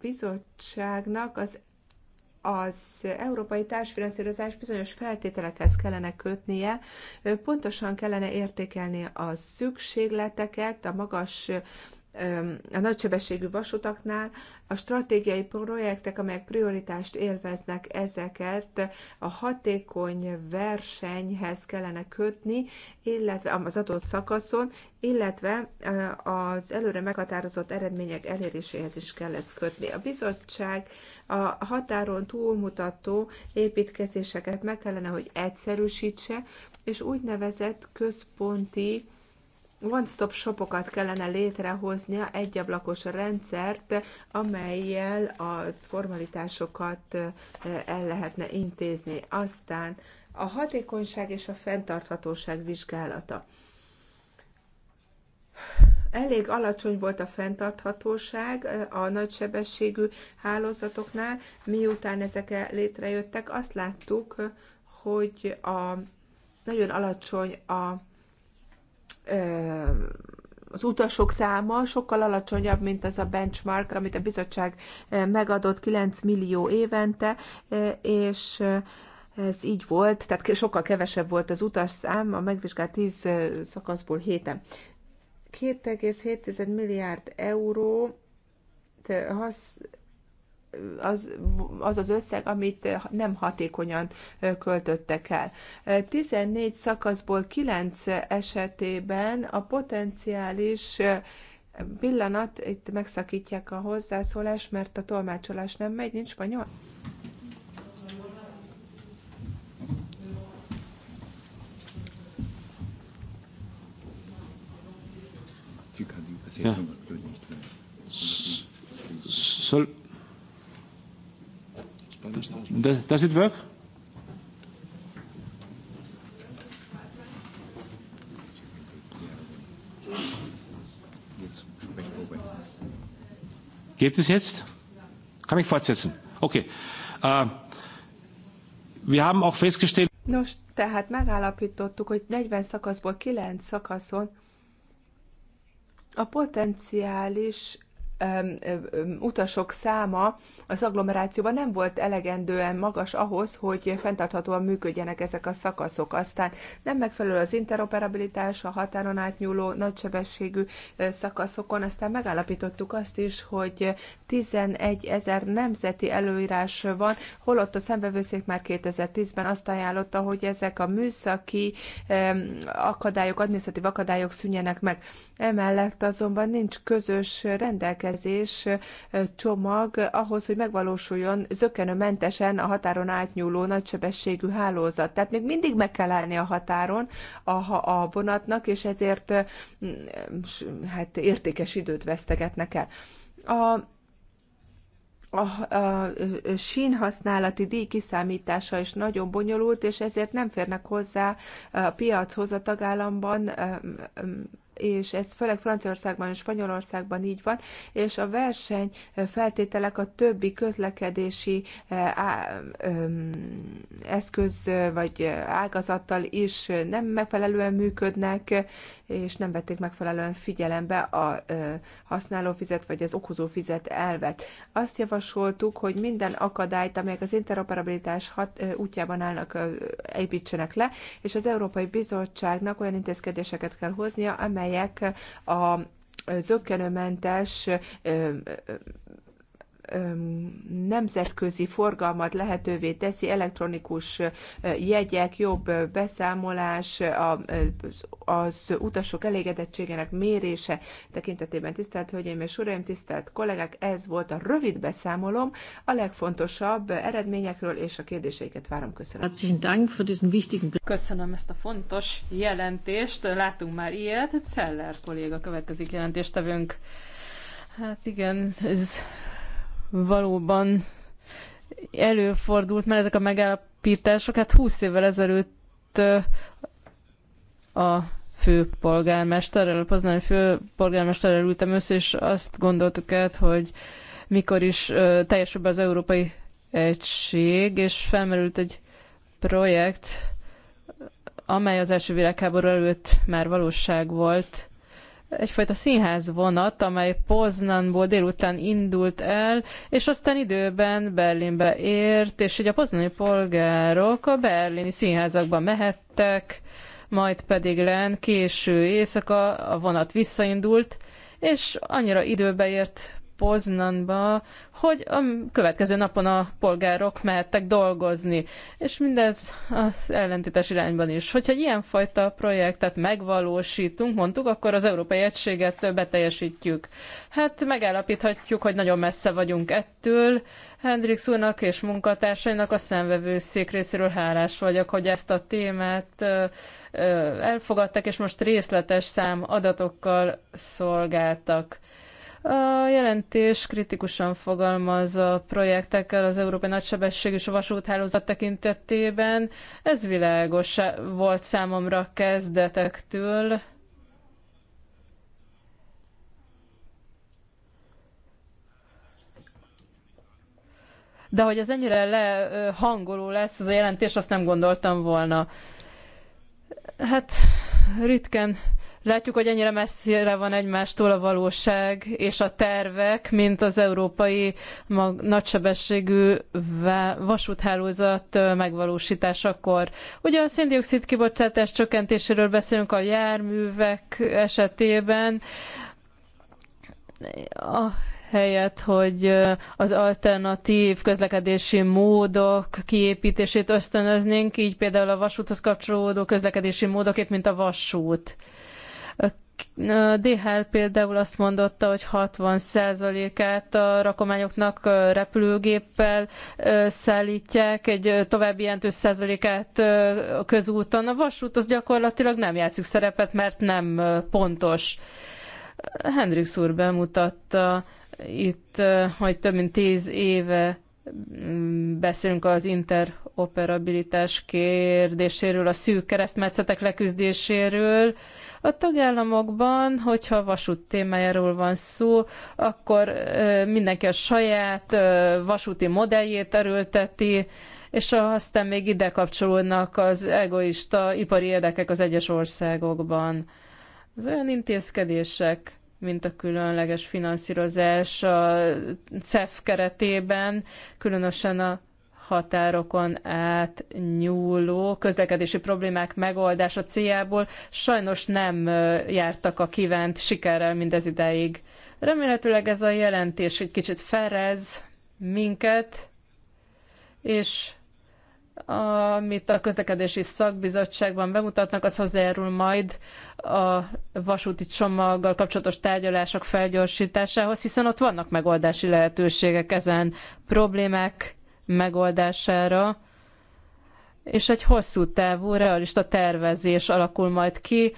Bizottságnak az az európai társfinanszírozás bizonyos feltételekhez kellene kötnie, pontosan kellene értékelni a szükségleteket, a magas a nagysebességű vasutaknál a stratégiai projektek, amelyek prioritást élveznek, ezeket a hatékony versenyhez kellene kötni, illetve az adott szakaszon, illetve az előre meghatározott eredmények eléréséhez is kell ezt kötni. A bizottság a határon túlmutató építkezéseket meg kellene, hogy egyszerűsítse, és úgynevezett központi one-stop shopokat kellene létrehoznia, egy ablakos rendszert, amelyel az formalitásokat eh, el lehetne intézni. Aztán a hatékonyság és a fenntarthatóság vizsgálata. Elég alacsony volt a fenntarthatóság eh, a nagysebességű hálózatoknál, miután ezek létrejöttek, azt láttuk, hogy a, nagyon alacsony a az utasok száma sokkal alacsonyabb, mint az a benchmark, amit a bizottság megadott 9 millió évente, és ez így volt, tehát sokkal kevesebb volt az szám, a megvizsgált 10 szakaszból héten. 2,7 milliárd euró az, az az összeg, amit eh, nem hatékonyan eh, költöttek el. 14 eh, szakaszból 9 esetében a potenciális pillanat, itt megszakítják a hozzászólást, mert a tolmácsolás nem megy, nincs spanyol. Sol, Does, does it work? Geht es jetzt? Kann ich fortsetzen? Okay. Uh, wir haben auch festgestellt. Nos, tehát megállapítottuk, hogy 40 szakaszból 9 szakaszon a potenciális utasok száma az agglomerációban nem volt elegendően magas ahhoz, hogy fenntarthatóan működjenek ezek a szakaszok. Aztán nem megfelelő az interoperabilitás a határon átnyúló nagysebességű szakaszokon. Aztán megállapítottuk azt is, hogy 11 ezer nemzeti előírás van, holott a szembevőszék már 2010-ben azt ajánlotta, hogy ezek a műszaki akadályok, adminisztratív akadályok szűnjenek meg. Emellett azonban nincs közös rendelkezés rendezés csomag ahhoz, hogy megvalósuljon zökkenőmentesen a határon átnyúló nagysebességű hálózat. Tehát még mindig meg kell állni a határon a, a vonatnak, és ezért hát értékes időt vesztegetnek el. A, a, a használati díj kiszámítása is nagyon bonyolult, és ezért nem férnek hozzá a piachoz a tagállamban és ez főleg Franciaországban és Spanyolországban így van, és a verseny feltételek a többi közlekedési eh, eszköz vagy eh, ágazattal is nem megfelelően működnek, és nem vették megfelelően figyelembe a használó fizet vagy az okozó fizet elvet. Azt javasoltuk, hogy minden akadályt, amelyek az interoperabilitás hat, útjában állnak, építsenek le, és az Európai Bizottságnak olyan intézkedéseket kell hoznia, amelyek a zöggenőmentes nemzetközi forgalmat lehetővé teszi, elektronikus jegyek, jobb beszámolás, az utasok elégedettségének mérése tekintetében. Tisztelt Hölgyeim és Uraim, tisztelt kollégák, ez volt a rövid beszámolom a legfontosabb eredményekről, és a kérdéseiket várom. Köszönöm. Köszönöm ezt a fontos jelentést. Látunk már ilyet. Celler kolléga következik jelentéstevőnk. Hát igen, ez valóban előfordult, mert ezek a megállapítások hát 20 évvel ezelőtt a főpolgármesterrel, a Poznani főpolgármesterrel ültem össze, és azt gondoltuk át, hogy mikor is teljesül be az Európai Egység, és felmerült egy projekt, amely az első világháború előtt már valóság volt, egyfajta színház vonat, amely Poznanból délután indult el, és aztán időben Berlinbe ért, és ugye a poznani polgárok a berlini színházakba mehettek, majd pedig len késő éjszaka a vonat visszaindult, és annyira időbe ért Poznanba, hogy a következő napon a polgárok mehettek dolgozni. És mindez az ellentétes irányban is. Hogyha ilyenfajta projektet megvalósítunk, mondtuk, akkor az Európai Egységet beteljesítjük. Hát megállapíthatjuk, hogy nagyon messze vagyunk ettől. Hendrix úrnak és munkatársainak a szék részéről hálás vagyok, hogy ezt a témát elfogadtak, és most részletes szám adatokkal szolgáltak. A jelentés kritikusan fogalmaz a projektekkel az Európai Nagysebességű Vasúthálózat tekintetében. Ez világos volt számomra kezdetektől. De hogy ez ennyire lehangoló lesz ez a jelentés, azt nem gondoltam volna. Hát ritkán Látjuk, hogy ennyire messzire van egymástól a valóság és a tervek, mint az európai mag- nagysebességű vasúthálózat megvalósításakor. Ugye a széndiokszid kibocsátás csökkentéséről beszélünk a járművek esetében, a helyett, hogy az alternatív közlekedési módok kiépítését ösztönöznénk, így például a vasúthoz kapcsolódó közlekedési módokét, mint a vasút. DHL például azt mondotta, hogy 60%-át a rakományoknak repülőgéppel szállítják, egy további jelentős százalékát közúton. A vasút az gyakorlatilag nem játszik szerepet, mert nem pontos. Hendrix úr bemutatta itt, hogy több mint tíz éve mm, beszélünk az interoperabilitás kérdéséről, a szűk keresztmetszetek leküzdéséről, a tagállamokban, hogyha vasút témájáról van szó, akkor mindenki a saját vasúti modelljét erőlteti, és aztán még ide kapcsolódnak az egoista ipari érdekek az egyes országokban. Az olyan intézkedések, mint a különleges finanszírozás a CEF keretében, különösen a határokon át nyúló közlekedési problémák megoldása céljából sajnos nem jártak a kívánt sikerrel mindez ideig. Remélhetőleg ez a jelentés egy kicsit ferez minket, és amit a közlekedési szakbizottságban bemutatnak, az hozzájárul majd a vasúti csomaggal kapcsolatos tárgyalások felgyorsításához, hiszen ott vannak megoldási lehetőségek ezen problémák megoldására, és egy hosszú távú realista tervezés alakul majd ki,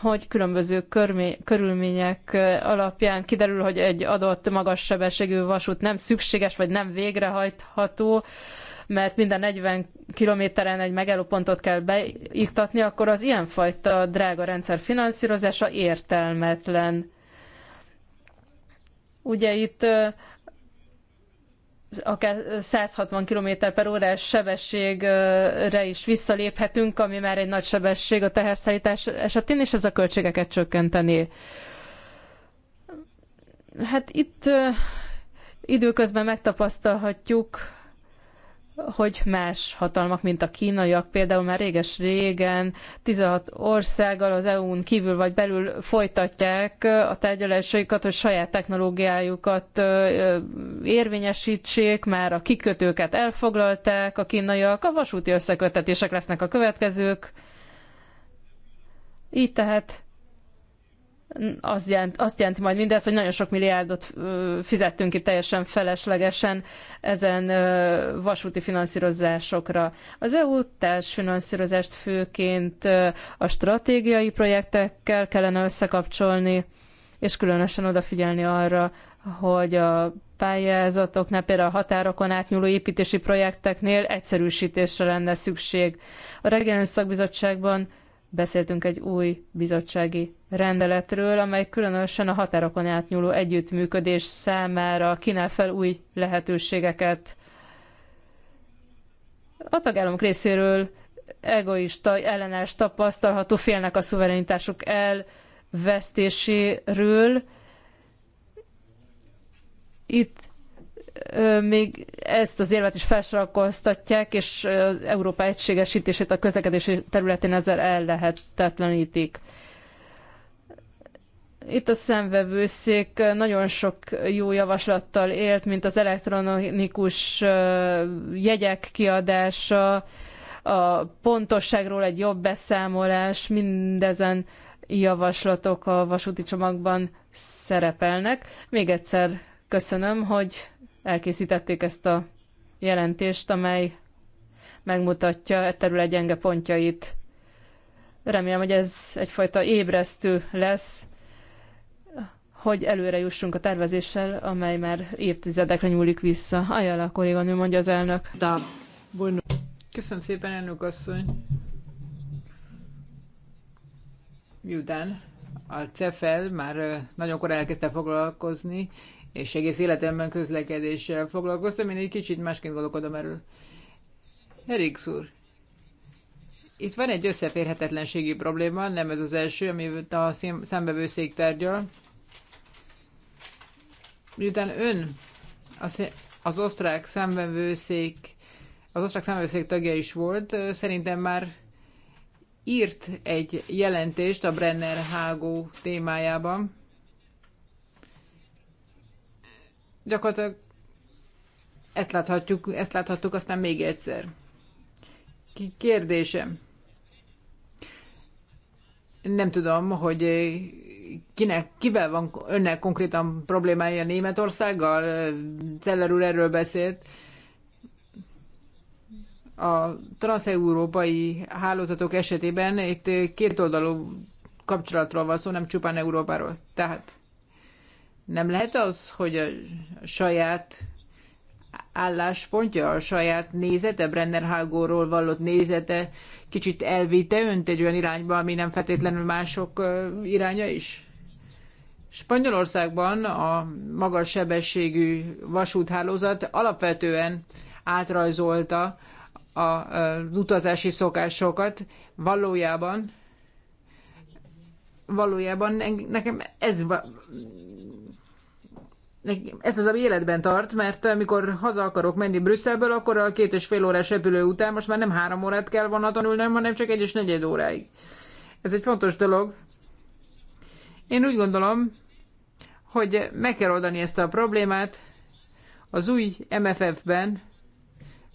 hogy különböző körülmények alapján kiderül, hogy egy adott magas sebességű vasút nem szükséges, vagy nem végrehajtható, mert minden 40 kilométeren egy megállópontot kell beiktatni, akkor az ilyenfajta drága rendszer finanszírozása értelmetlen. Ugye itt akár 160 km per órás sebességre is visszaléphetünk, ami már egy nagy sebesség a teherszállítás esetén, és ez a költségeket csökkenteni. Hát itt időközben megtapasztalhatjuk, hogy más hatalmak, mint a kínaiak, például már réges-régen 16 országgal az EU-n kívül vagy belül folytatják a tárgyalásaikat, hogy saját technológiájukat érvényesítsék, már a kikötőket elfoglalták a kínaiak, a vasúti összekötetések lesznek a következők. Így tehát azt jelent, azt jelenti majd mindez, hogy nagyon sok milliárdot fizettünk ki teljesen feleslegesen ezen vasúti finanszírozásokra. Az EU társfinanszírozást főként a stratégiai projektekkel kellene összekapcsolni, és különösen odafigyelni arra, hogy a pályázatoknál, például a határokon átnyúló építési projekteknél egyszerűsítésre lenne szükség. A regionális szakbizottságban beszéltünk egy új bizottsági rendeletről, amely különösen a határokon átnyúló együttműködés számára kínál fel új lehetőségeket. A tagállamok részéről egoista ellenállás tapasztalható, félnek a szuverenitásuk elvesztéséről. Itt még ezt az érvet is felsorakoztatják, és az Európa egységesítését a közlekedési területén ezzel ellehetetlenítik. Itt a szemvevőszék nagyon sok jó javaslattal élt, mint az elektronikus jegyek kiadása, a pontosságról egy jobb beszámolás, mindezen javaslatok a vasúti csomagban szerepelnek. Még egyszer köszönöm, hogy elkészítették ezt a jelentést, amely megmutatja e terület gyenge pontjait. Remélem, hogy ez egyfajta ébresztő lesz hogy előre jussunk a tervezéssel, amely már évtizedekre nyúlik vissza. Ajánl a kolléganő, mondja az elnök. Da. Bueno. Köszönöm szépen, elnök asszony. Miután a CEFEL már nagyon korán elkezdte foglalkozni, és egész életemben közlekedéssel foglalkoztam, én egy kicsit másként gondolkodom erről. Erik úr, itt van egy összeférhetetlenségi probléma, nem ez az első, amit a számbevőszék tárgyal miután ön az, az osztrák szemvevőszék az osztrák szemvevőszék tagja is volt, szerintem már írt egy jelentést a Brenner Hágó témájában. Gyakorlatilag ezt, láthatjuk, ezt láthattuk aztán még egyszer. Kérdésem. Nem tudom, hogy kinek, kivel van önnek konkrétan problémája Németországgal? Celler úr erről beszélt. A transeurópai hálózatok esetében itt kétoldalú kapcsolatról van szó, nem csupán Európáról. Tehát nem lehet az, hogy a saját álláspontja, a saját nézete, Brenner Hágóról vallott nézete kicsit elvite önt egy olyan irányba, ami nem feltétlenül mások iránya is? Spanyolországban a magas sebességű vasúthálózat alapvetően átrajzolta az utazási szokásokat. Valójában valójában nekem ez ez az, ami életben tart, mert amikor haza akarok menni Brüsszelből, akkor a két és fél órás repülő után most már nem három órát kell vonaton ülnem, hanem csak egy és negyed óráig. Ez egy fontos dolog. Én úgy gondolom, hogy meg kell oldani ezt a problémát. Az új MFF-ben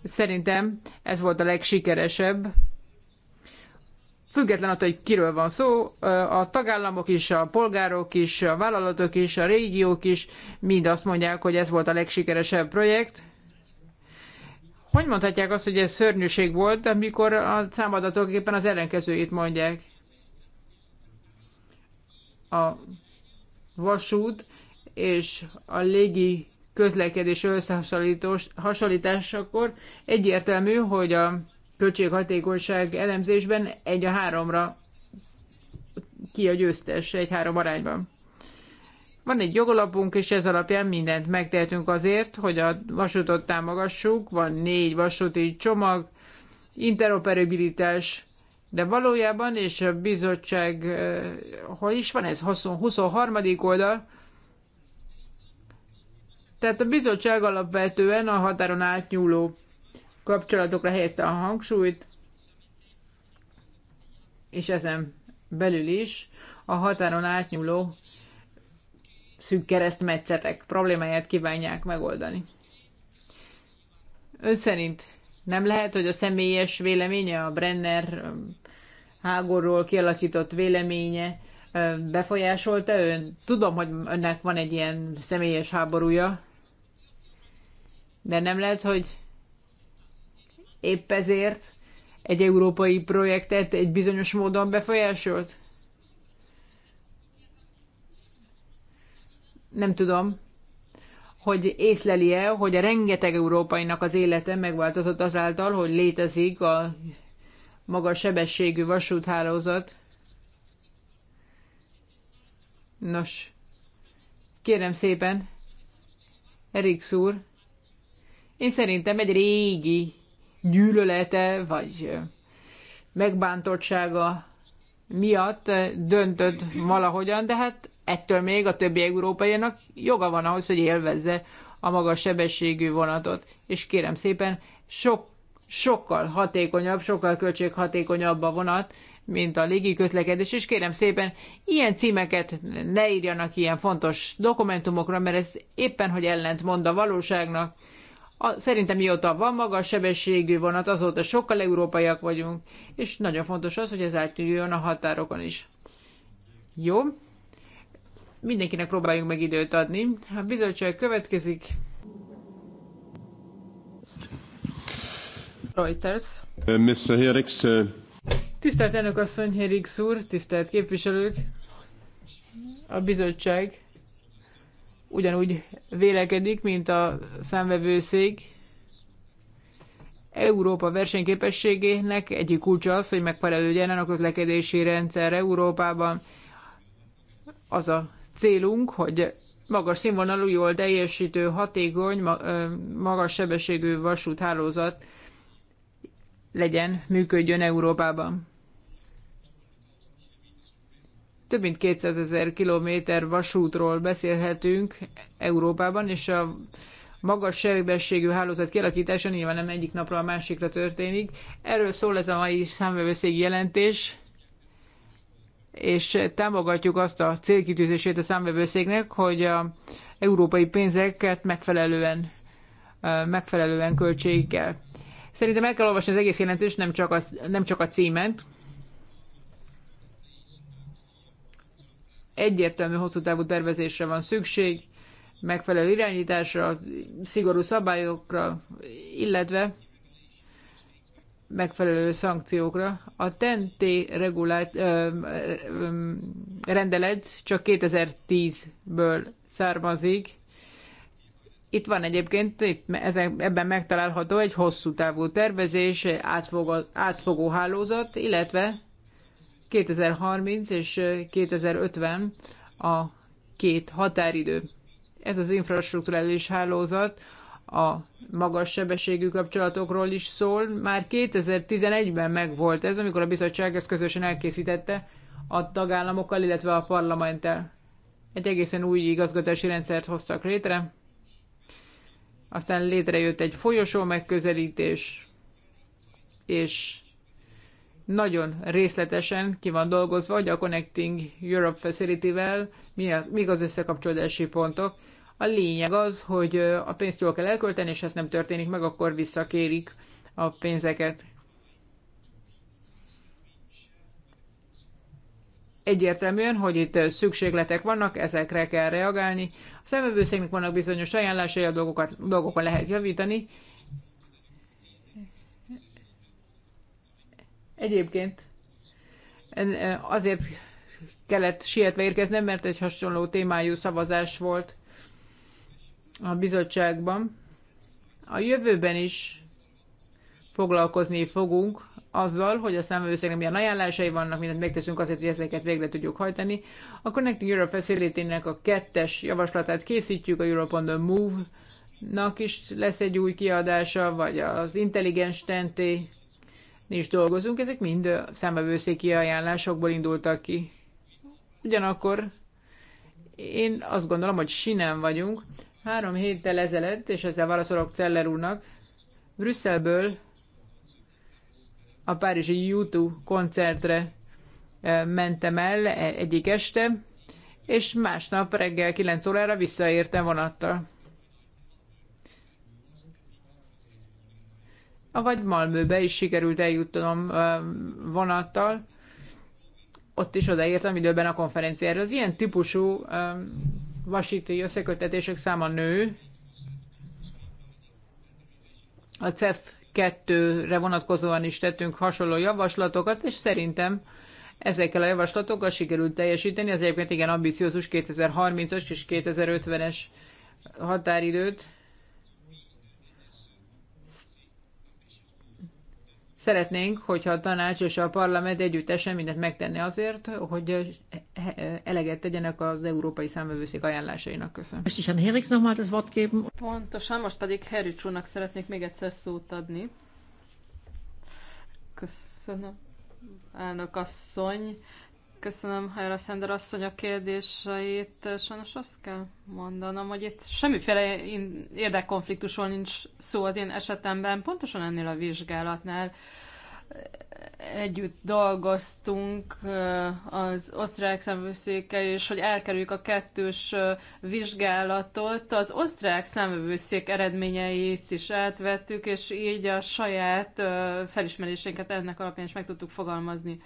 szerintem ez volt a legsikeresebb Független attól, hogy kiről van szó, a tagállamok is, a polgárok is, a vállalatok is, a régiók is mind azt mondják, hogy ez volt a legsikeresebb projekt. Hogy mondhatják azt, hogy ez szörnyűség volt, amikor a számadatok éppen az ellenkezőjét mondják? A vasút és a légi közlekedés összehasonlításakor egyértelmű, hogy a költséghatékonyság elemzésben egy a háromra ki a győztes egy három arányban. Van egy jogalapunk, és ez alapján mindent megtehetünk azért, hogy a vasútot támogassuk, van négy vasúti csomag, interoperabilitás, de valójában, és a bizottság, eh, hol is van ez, 23. oldal, tehát a bizottság alapvetően a határon átnyúló kapcsolatokra helyezte a hangsúlyt, és ezen belül is a határon átnyúló szűk keresztmetszetek problémáját kívánják megoldani. Ön szerint nem lehet, hogy a személyes véleménye, a Brenner um, háborról kialakított véleménye um, befolyásolta ön? Tudom, hogy önnek van egy ilyen személyes háborúja, de nem lehet, hogy épp ezért egy európai projektet egy bizonyos módon befolyásolt? Nem tudom, hogy észleli-e, hogy a rengeteg európainak az élete megváltozott azáltal, hogy létezik a magas sebességű vasúthálózat. Nos, kérem szépen, Erik úr, én szerintem egy régi gyűlölete, vagy megbántottsága miatt döntött valahogyan, de hát ettől még a többi európaiának joga van ahhoz, hogy élvezze a magas sebességű vonatot. És kérem szépen, sok, sokkal hatékonyabb, sokkal költséghatékonyabb a vonat, mint a légi közlekedés, és kérem szépen, ilyen címeket ne írjanak ilyen fontos dokumentumokra, mert ez éppen, hogy mond a valóságnak. A, szerintem mióta van magas sebességű vonat, azóta sokkal európaiak vagyunk, és nagyon fontos az, hogy ez átnyúljon a határokon is. Jó. Mindenkinek próbáljunk meg időt adni. A bizottság következik. Reuters. Uh, Mr. Herix. Uh, tisztelt elnök asszony, Herix úr, tisztelt képviselők! A bizottság ugyanúgy vélekedik, mint a számvevőszék. Európa versenyképességének egyik kulcsa az, hogy megfelelő legyen a közlekedési rendszer Európában. Az a célunk, hogy magas színvonalú, jól teljesítő, hatékony, magas sebességű vasúthálózat legyen, működjön Európában. Több mint 200 ezer kilométer vasútról beszélhetünk Európában, és a magas sebességű hálózat kialakítása nyilván nem egyik napra a másikra történik. Erről szól ez a mai számvevőszégi jelentés, és támogatjuk azt a célkitűzését a számvevőszégnek, hogy a európai pénzeket megfelelően, megfelelően költséggel. Szerintem el kell olvasni az egész jelentést, nem csak a, nem csak a címet, egyértelmű hosszú távú tervezésre van szükség, megfelelő irányításra, szigorú szabályokra, illetve megfelelő szankciókra. A TNT regulát, ö, ö, rendelet csak 2010-ből származik. Itt van egyébként, itt, ezen, ebben megtalálható egy hosszú távú tervezés, átfogó, átfogó hálózat, illetve 2030 és 2050 a két határidő. Ez az infrastruktúrális hálózat a magas sebességű kapcsolatokról is szól. Már 2011-ben megvolt ez, amikor a bizottság ezt közösen elkészítette a tagállamokkal, illetve a parlamenttel. Egy egészen új igazgatási rendszert hoztak létre. Aztán létrejött egy folyosó megközelítés, és nagyon részletesen ki van dolgozva, hogy a Connecting Europe Facility-vel mik az összekapcsolódási pontok. A lényeg az, hogy a pénzt jól kell elkölteni, és ez nem történik meg, akkor visszakérik a pénzeket. Egyértelműen, hogy itt szükségletek vannak, ezekre kell reagálni. A szemövőszéknek vannak bizonyos ajánlásai, a dolgokat, dolgokon lehet javítani, Egyébként e, azért kellett sietve érkeznem, mert egy hasonló témájú szavazás volt a bizottságban. A jövőben is foglalkozni fogunk azzal, hogy a számvevőszegnek milyen ajánlásai vannak, mindent megteszünk azért, hogy ezeket végre tudjuk hajtani. A Connecting Europe facility a kettes javaslatát készítjük, a Europe on the Move-nak is lesz egy új kiadása, vagy az intelligens tenté is dolgozunk, ezek mind számbevőszéki ajánlásokból indultak ki. Ugyanakkor én azt gondolom, hogy sinem vagyunk. Három héttel ezelőtt, és ezzel válaszolok Celler úrnak, Brüsszelből a Párizsi YouTube koncertre mentem el e-, egyik este, és másnap reggel 9 órára visszaértem vonattal. vagy Malmöbe is sikerült eljutnom vonattal. Ott is odaértem időben a konferenciára. Az ilyen típusú vasíti összeköttetések száma nő. A CEF 2-re vonatkozóan is tettünk hasonló javaslatokat, és szerintem ezekkel a javaslatokkal sikerült teljesíteni az egyébként igen ambiciózus 2030-as és 2050-es határidőt. Szeretnénk, hogyha a tanács és a parlament együttesen mindent megtenni azért, hogy e- e- eleget tegyenek az európai számvevőszék ajánlásainak. Köszönöm. Most is a Herix nochmal das Wort geben. Pontosan, most pedig Hericsónak szeretnék még egyszer szót adni. Köszönöm, elnök asszony. Köszönöm, Hajra Szender asszony a kérdéseit. Sajnos azt kell mondanom, hogy itt semmiféle érdekkonfliktusról nincs szó az én esetemben. Pontosan ennél a vizsgálatnál együtt dolgoztunk az osztrák szemvőszékkel, és hogy elkerüljük a kettős vizsgálatot, az osztrák szemvőszék eredményeit is átvettük, és így a saját felismerésénket ennek alapján is meg tudtuk fogalmazni.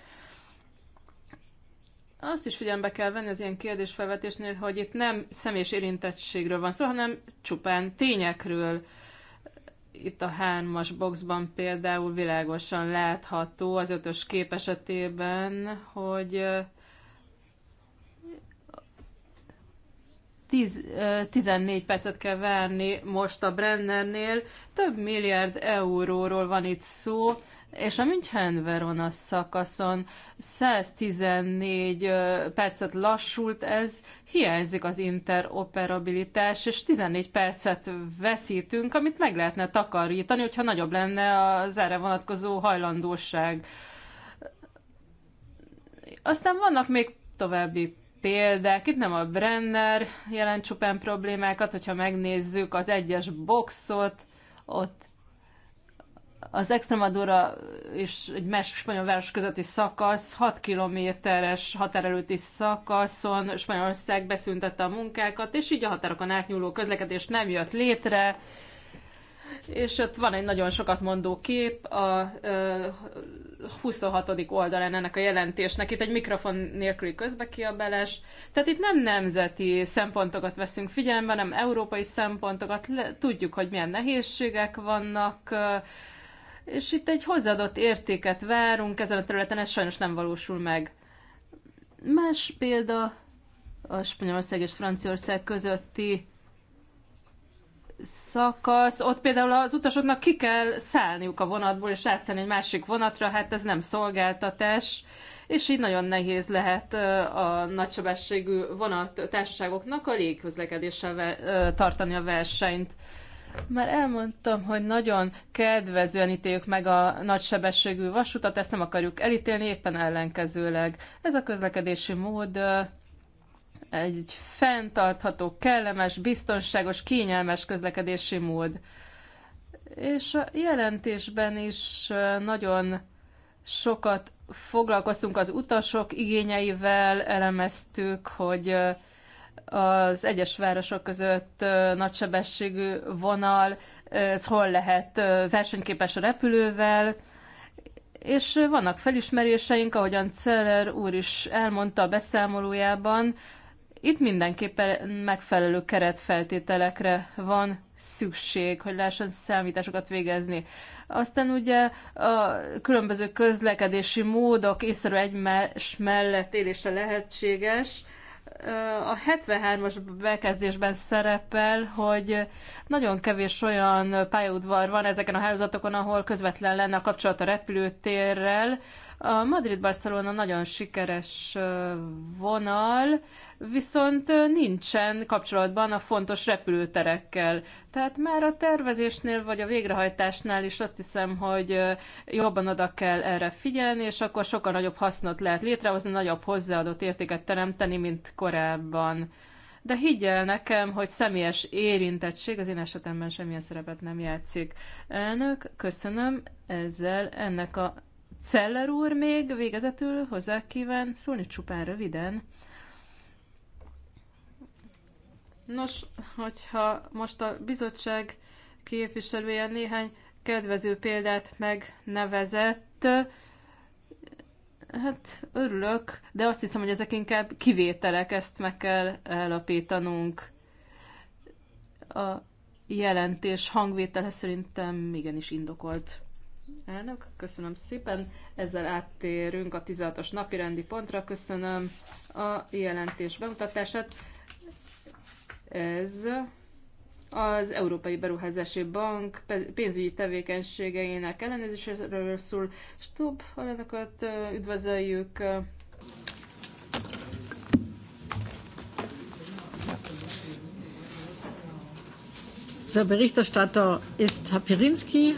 Azt is figyelembe kell venni az ilyen kérdésfelvetésnél, hogy itt nem személyes érintettségről van szó, hanem csupán tényekről. Itt a hármas boxban például világosan látható az ötös kép esetében, hogy 14 percet kell várni most a Brennernél. Több milliárd euróról van itt szó, és a München-Verona szakaszon 114 percet lassult ez, hiányzik az interoperabilitás, és 14 percet veszítünk, amit meg lehetne takarítani, hogyha nagyobb lenne az erre vonatkozó hajlandóság. Aztán vannak még további példák, itt nem a Brenner jelent csupán problémákat, hogyha megnézzük az egyes boxot, ott az Extremadura és egy másik spanyol város közötti szakasz, 6 kilométeres határelőtti szakaszon Spanyolország beszüntette a munkákat, és így a határokon átnyúló közlekedés nem jött létre, és ott van egy nagyon sokat mondó kép a 26. oldalán ennek a jelentésnek. Itt egy mikrofon nélküli közbekiabeles. Tehát itt nem nemzeti szempontokat veszünk figyelembe, hanem európai szempontokat. Tudjuk, hogy milyen nehézségek vannak, és itt egy hozzáadott értéket várunk ezen a területen, ez sajnos nem valósul meg. Más példa a Spanyolország és Franciaország közötti szakasz, ott például az utasoknak ki kell szállniuk a vonatból, és átszállni egy másik vonatra, hát ez nem szolgáltatás, és így nagyon nehéz lehet a nagysebességű vonat társaságoknak a légközlekedéssel tartani a versenyt. Már elmondtam, hogy nagyon kedvezően ítéljük meg a nagysebességű vasutat, ezt nem akarjuk elítélni, éppen ellenkezőleg. Ez a közlekedési mód egy fenntartható, kellemes, biztonságos, kényelmes közlekedési mód. És a jelentésben is nagyon sokat foglalkoztunk az utasok igényeivel, elemeztük, hogy az egyes városok között nagysebességű vonal, ez hol lehet versenyképes a repülővel, és vannak felismeréseink, ahogyan Celler úr is elmondta a beszámolójában, itt mindenképpen megfelelő keretfeltételekre van szükség, hogy lehessen számításokat végezni. Aztán ugye a különböző közlekedési módok észre egymás mellett élése lehetséges, a 73-as bekezdésben szerepel, hogy nagyon kevés olyan pályaudvar van ezeken a hálózatokon, ahol közvetlen lenne a kapcsolat a repülőtérrel, a Madrid-Barcelona nagyon sikeres vonal, viszont nincsen kapcsolatban a fontos repülőterekkel. Tehát már a tervezésnél vagy a végrehajtásnál is azt hiszem, hogy jobban oda kell erre figyelni, és akkor sokkal nagyobb hasznot lehet létrehozni, nagyobb hozzáadott értéket teremteni, mint korábban. De higgyel nekem, hogy személyes érintettség az én esetemben semmilyen szerepet nem játszik. Elnök, köszönöm ezzel ennek a Celler úr még végezetül hozzá kíván szólni csupán röviden. Nos, hogyha most a bizottság képviselője néhány kedvező példát megnevezett, hát örülök, de azt hiszem, hogy ezek inkább kivételek, ezt meg kell elapítanunk. A jelentés hangvétele szerintem igenis indokolt. Elnök, köszönöm szépen. Ezzel áttérünk a 16-os napi rendi pontra. Köszönöm a jelentés bemutatását. Ez az Európai Beruházási Bank pénzügyi tevékenységeinek ellenőrzéséről szól. Stub, alelnököt üdvözöljük. Der Berichterstatter ist Herr Pirinski.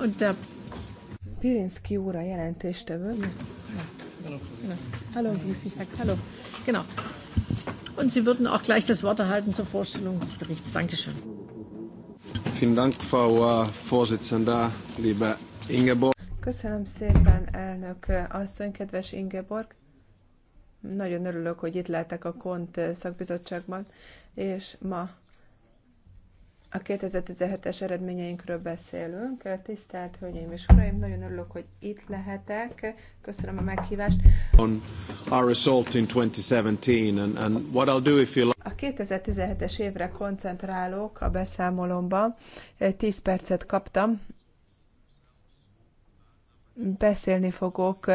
Und der Pirinski úr a jelentéstevő. Hallo, Gysi, Hello. Genau. Und Sie würden auch gleich das Wort erhalten zur Vorstellung des Berichts. Dankeschön. Vielen Dank, Frau äh, Vorsitzende, liebe Ingeborg. Köszönöm szépen, elnök asszony, kedves Ingeborg. Nagyon örülök, hogy itt lehetek a KONT szakbizottságban, és ma a 2017-es eredményeinkről beszélünk. Tisztelt Hölgyeim és Uraim, nagyon örülök, hogy itt lehetek. Köszönöm a meghívást. On our result in 2017 and, and what I'll do if you like. A 2017-es évre koncentrálok a beszámolomba. 10 percet kaptam. Beszélni fogok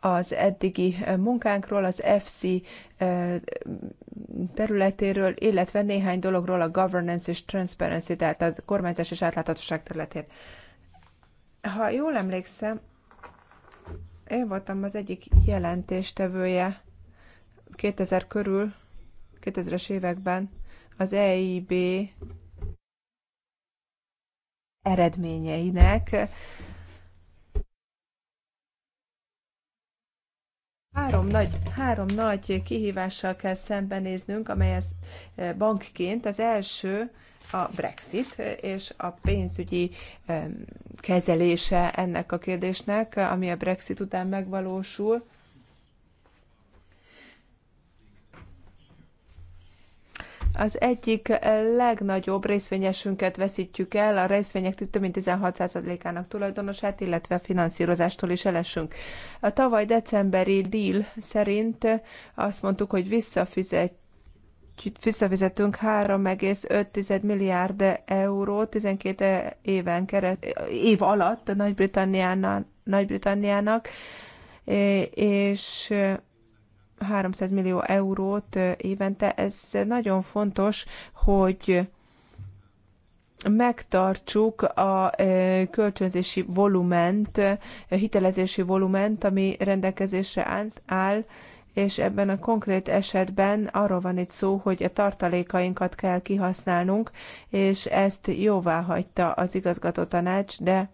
az eddigi munkánkról, az FC területéről, illetve néhány dologról a governance és transparency, tehát a kormányzás és átláthatóság területén. Ha jól emlékszem, én voltam az egyik jelentéstevője 2000 körül, 2000-es években az EIB eredményeinek, Három nagy, három nagy kihívással kell szembenéznünk, amely ez e, bankként az első a Brexit e, és a pénzügyi e, kezelése ennek a kérdésnek, ami a Brexit után megvalósul Az egyik legnagyobb részvényesünket veszítjük el, a részvények több mint 16%-ának tulajdonosát, illetve a finanszírozástól is elesünk. A tavaly decemberi deal szerint azt mondtuk, hogy visszafizet visszafizetünk 3,5 milliárd euró 12 éven keret, év alatt Nagy-Britanniának, Nagy-Britanniának és 300 millió eurót évente. Ez nagyon fontos, hogy megtartsuk a kölcsönzési volument, hitelezési volument, ami rendelkezésre áll, és ebben a konkrét esetben arról van itt szó, hogy a tartalékainkat kell kihasználnunk, és ezt jóvá hagyta az igazgató tanács, de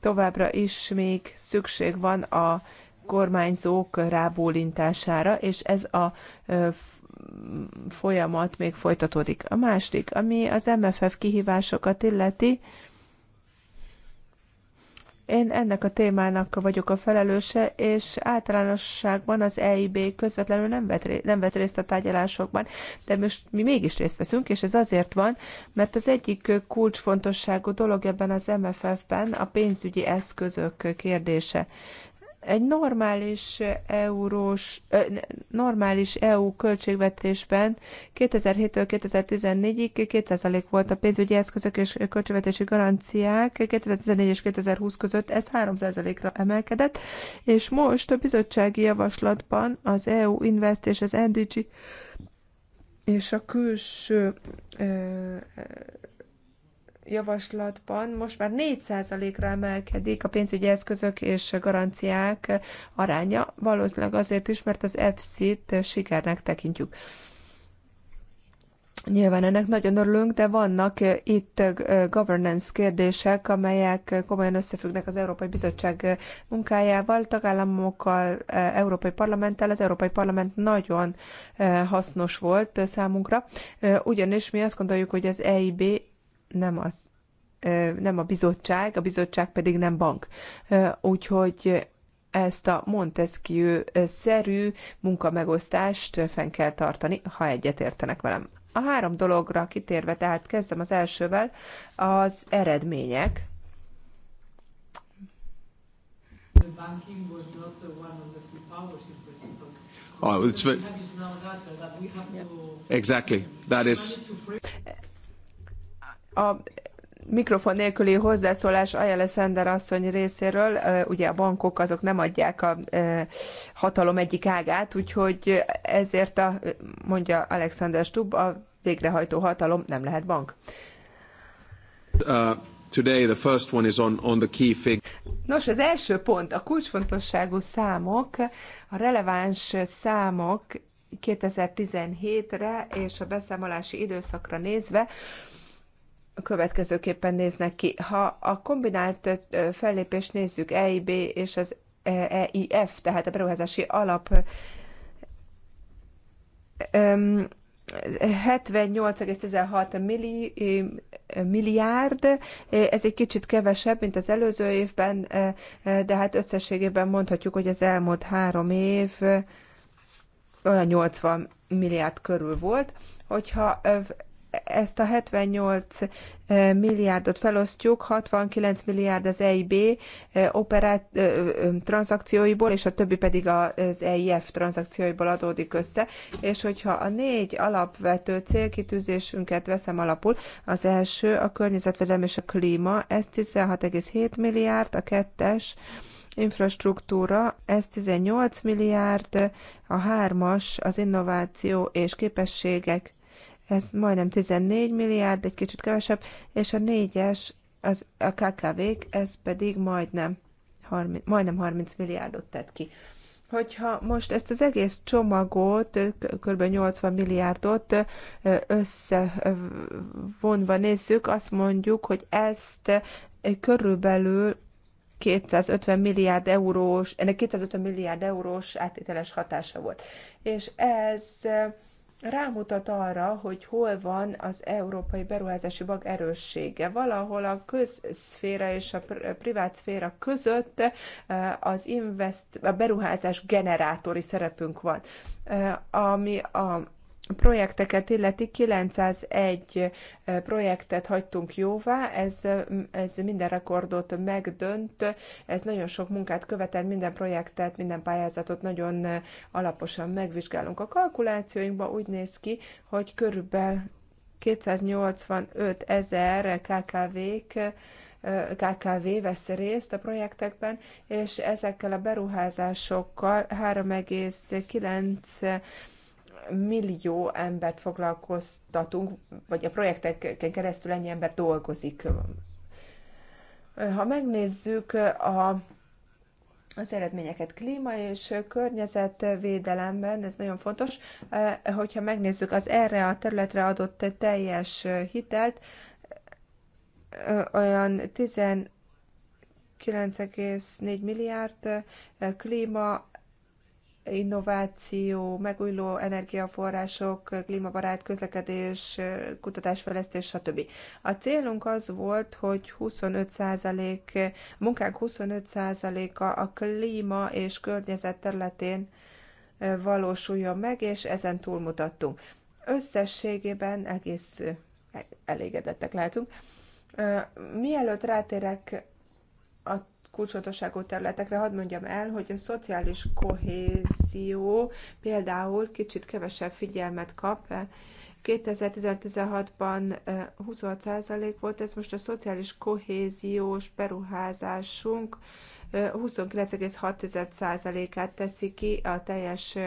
továbbra is még szükség van a kormányzók rábólintására, és ez a folyamat még folytatódik. A második, ami az MFF kihívásokat illeti, én ennek a témának vagyok a felelőse, és általánosságban az EIB közvetlenül nem vett, ré, nem vett részt a tárgyalásokban, de most mi mégis részt veszünk, és ez azért van, mert az egyik kulcsfontosságú dolog ebben az MFF-ben a pénzügyi eszközök kérdése. Egy normális eurós, normális EU költségvetésben 2007-től 2014-ig 2% volt a pénzügyi eszközök és költségvetési garanciák, 2014 és 2020 között ezt 3%-ra emelkedett, és most a bizottsági javaslatban az EU Invest és az NDG és a külső javaslatban most már 4%-ra emelkedik a pénzügyi eszközök és garanciák aránya, valószínűleg azért is, mert az EFSZ-t sikernek tekintjük. Nyilván ennek nagyon örülünk, de vannak eh, itt eh, governance kérdések, amelyek komolyan összefüggnek az Európai Bizottság eh, munkájával, tagállamokkal, Európai Parlamenttel. Az Európai Parlament nagyon hasznos volt számunkra, ugyanis mi azt gondoljuk, hogy az EIB nem az nem a bizottság, a bizottság pedig nem bank. Úgyhogy ezt a Montesquieu-szerű munkamegosztást fenn kell tartani, ha egyetértenek velem. A három dologra kitérve, tehát kezdem az elsővel, az eredmények. Oh, it's very... Exactly. That is. A mikrofon nélküli hozzászólás Ajele Szender asszony részéről, ugye a bankok azok nem adják a hatalom egyik ágát, úgyhogy ezért a, mondja Alexander Stubb, a végrehajtó hatalom nem lehet bank. Uh, today the first one is on, on the key fig. Nos, az első pont, a kulcsfontosságú számok, a releváns számok 2017-re és a beszámolási időszakra nézve, következőképpen néznek ki. Ha a kombinált fellépést nézzük, EIB és az EIF, tehát a beruházási alap 78,16 milli, milliárd, ez egy kicsit kevesebb, mint az előző évben, de hát összességében mondhatjuk, hogy az elmúlt három év olyan 80 milliárd körül volt. Hogyha ezt a 78 e, milliárdot felosztjuk, 69 milliárd az EIB e, operát, e, tranzakcióiból, és a többi pedig az EIF tranzakcióiból adódik össze, és hogyha a négy alapvető célkitűzésünket veszem alapul, az első a környezetvédelem és a klíma, ez 16,7 milliárd, a kettes infrastruktúra, ez 18 milliárd, a hármas az innováció és képességek, ez majdnem 14 milliárd, egy kicsit kevesebb, és a négyes, az, a KKV-k, ez pedig majdnem 30, majdnem 30 milliárdot tett ki. Hogyha most ezt az egész csomagot, kb. 80 milliárdot összevonva nézzük, azt mondjuk, hogy ezt körülbelül 250 milliárd eurós, ennek 250 milliárd eurós átételes hatása volt. És ez rámutat arra, hogy hol van az Európai Beruházási Bank erőssége. Valahol a közszféra és a privát szféra között eh, az invest, a beruházás generátori szerepünk van, eh, ami a projekteket illeti, 901 eh, projektet hagytunk jóvá, ez, ez minden rekordot megdönt, ez nagyon sok munkát követel, minden projektet, minden pályázatot nagyon eh, alaposan megvizsgálunk. A kalkulációinkban úgy néz ki, hogy körülbelül 285 ezer KKV-k eh, KKV vesz részt a projektekben, és ezekkel a beruházásokkal 3,9 millió embert foglalkoztatunk, vagy a projekteken keresztül ennyi ember dolgozik. Ha megnézzük a az eredményeket klíma és környezetvédelemben, ez nagyon fontos, hogyha megnézzük az erre a területre adott teljes hitelt, olyan 19,4 milliárd klíma innováció, megújuló energiaforrások, klímabarát közlekedés, kutatásfejlesztés, stb. A célunk az volt, hogy 25% munkánk 25%-a a klíma és környezet területén valósuljon meg, és ezen túlmutattunk. Összességében egész elégedettek lehetünk. Mielőtt rátérek a kulcsfontosságú területekre, hadd mondjam el, hogy a szociális kohézió például kicsit kevesebb figyelmet kap. 2016-ban 26% volt, ez most a szociális kohéziós beruházásunk 29,6%-át teszi ki a teljes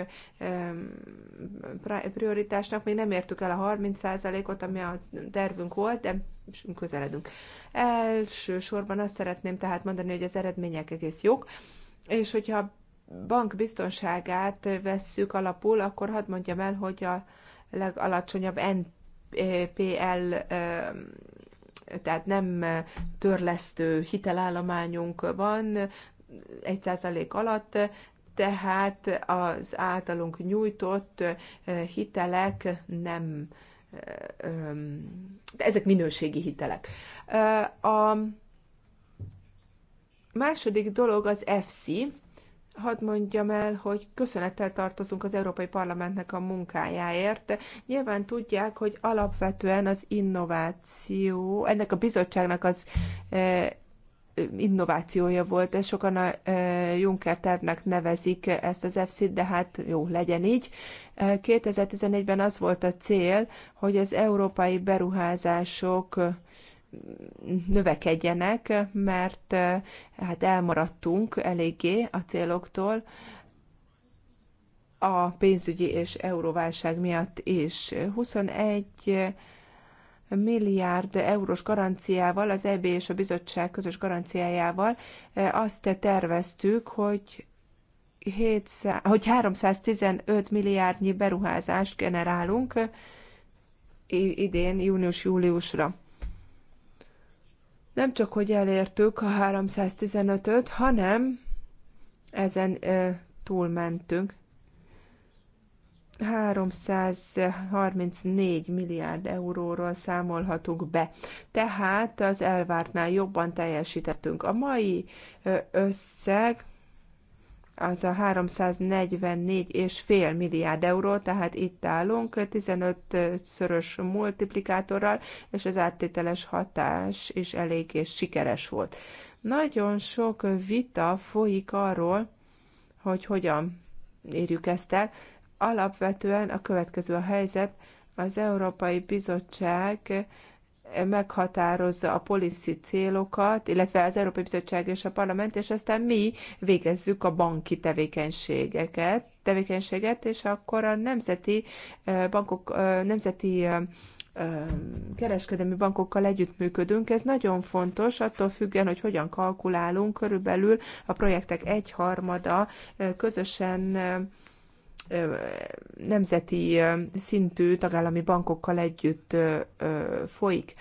prioritásnak. Még nem értük el a 30%-ot, ami a tervünk volt, de közeledünk. Elsősorban azt szeretném tehát mondani, hogy az eredmények egész jók, és hogyha a bank biztonságát vesszük alapul, akkor hadd mondjam el, hogy a legalacsonyabb NPL tehát nem törlesztő hitelállományunk van, 1% alatt, tehát az általunk nyújtott hitelek nem, de ezek minőségi hitelek. A második dolog az FC. Hadd mondjam el, hogy köszönettel tartozunk az Európai Parlamentnek a munkájáért. Nyilván tudják, hogy alapvetően az innováció, ennek a bizottságnak az innovációja volt, ez sokan a Juncker tervnek nevezik ezt az EFSZ-t, de hát jó, legyen így. 2014-ben az volt a cél, hogy az európai beruházások növekedjenek, mert eh, hát elmaradtunk eléggé a céloktól a pénzügyi és euróválság miatt is. 21 milliárd eurós garanciával, az EB és a bizottság közös garanciájával eh, azt terveztük, hogy 700, hogy 315 milliárdnyi beruházást generálunk idén, június-júliusra nem csak, hogy elértük a 315-öt, hanem ezen túlmentünk. 334 milliárd euróról számolhatunk be. Tehát az elvártnál jobban teljesítettünk. A mai összeg az a 344 és fél milliárd euró, tehát itt állunk 15-szörös multiplikátorral, és az áttételes hatás is eléggé sikeres volt. Nagyon sok vita folyik arról, hogy hogyan érjük ezt el. Alapvetően a következő a helyzet, az Európai Bizottság meghatározza a policy célokat, illetve az Európai Bizottság és a Parlament, és aztán mi végezzük a banki tevékenységeket, tevékenységet, és akkor a nemzeti bankok, nemzeti kereskedelmi bankokkal együttműködünk. Ez nagyon fontos, attól függően, hogy hogyan kalkulálunk, körülbelül a projektek egyharmada közösen nemzeti szintű tagállami bankokkal együtt folyik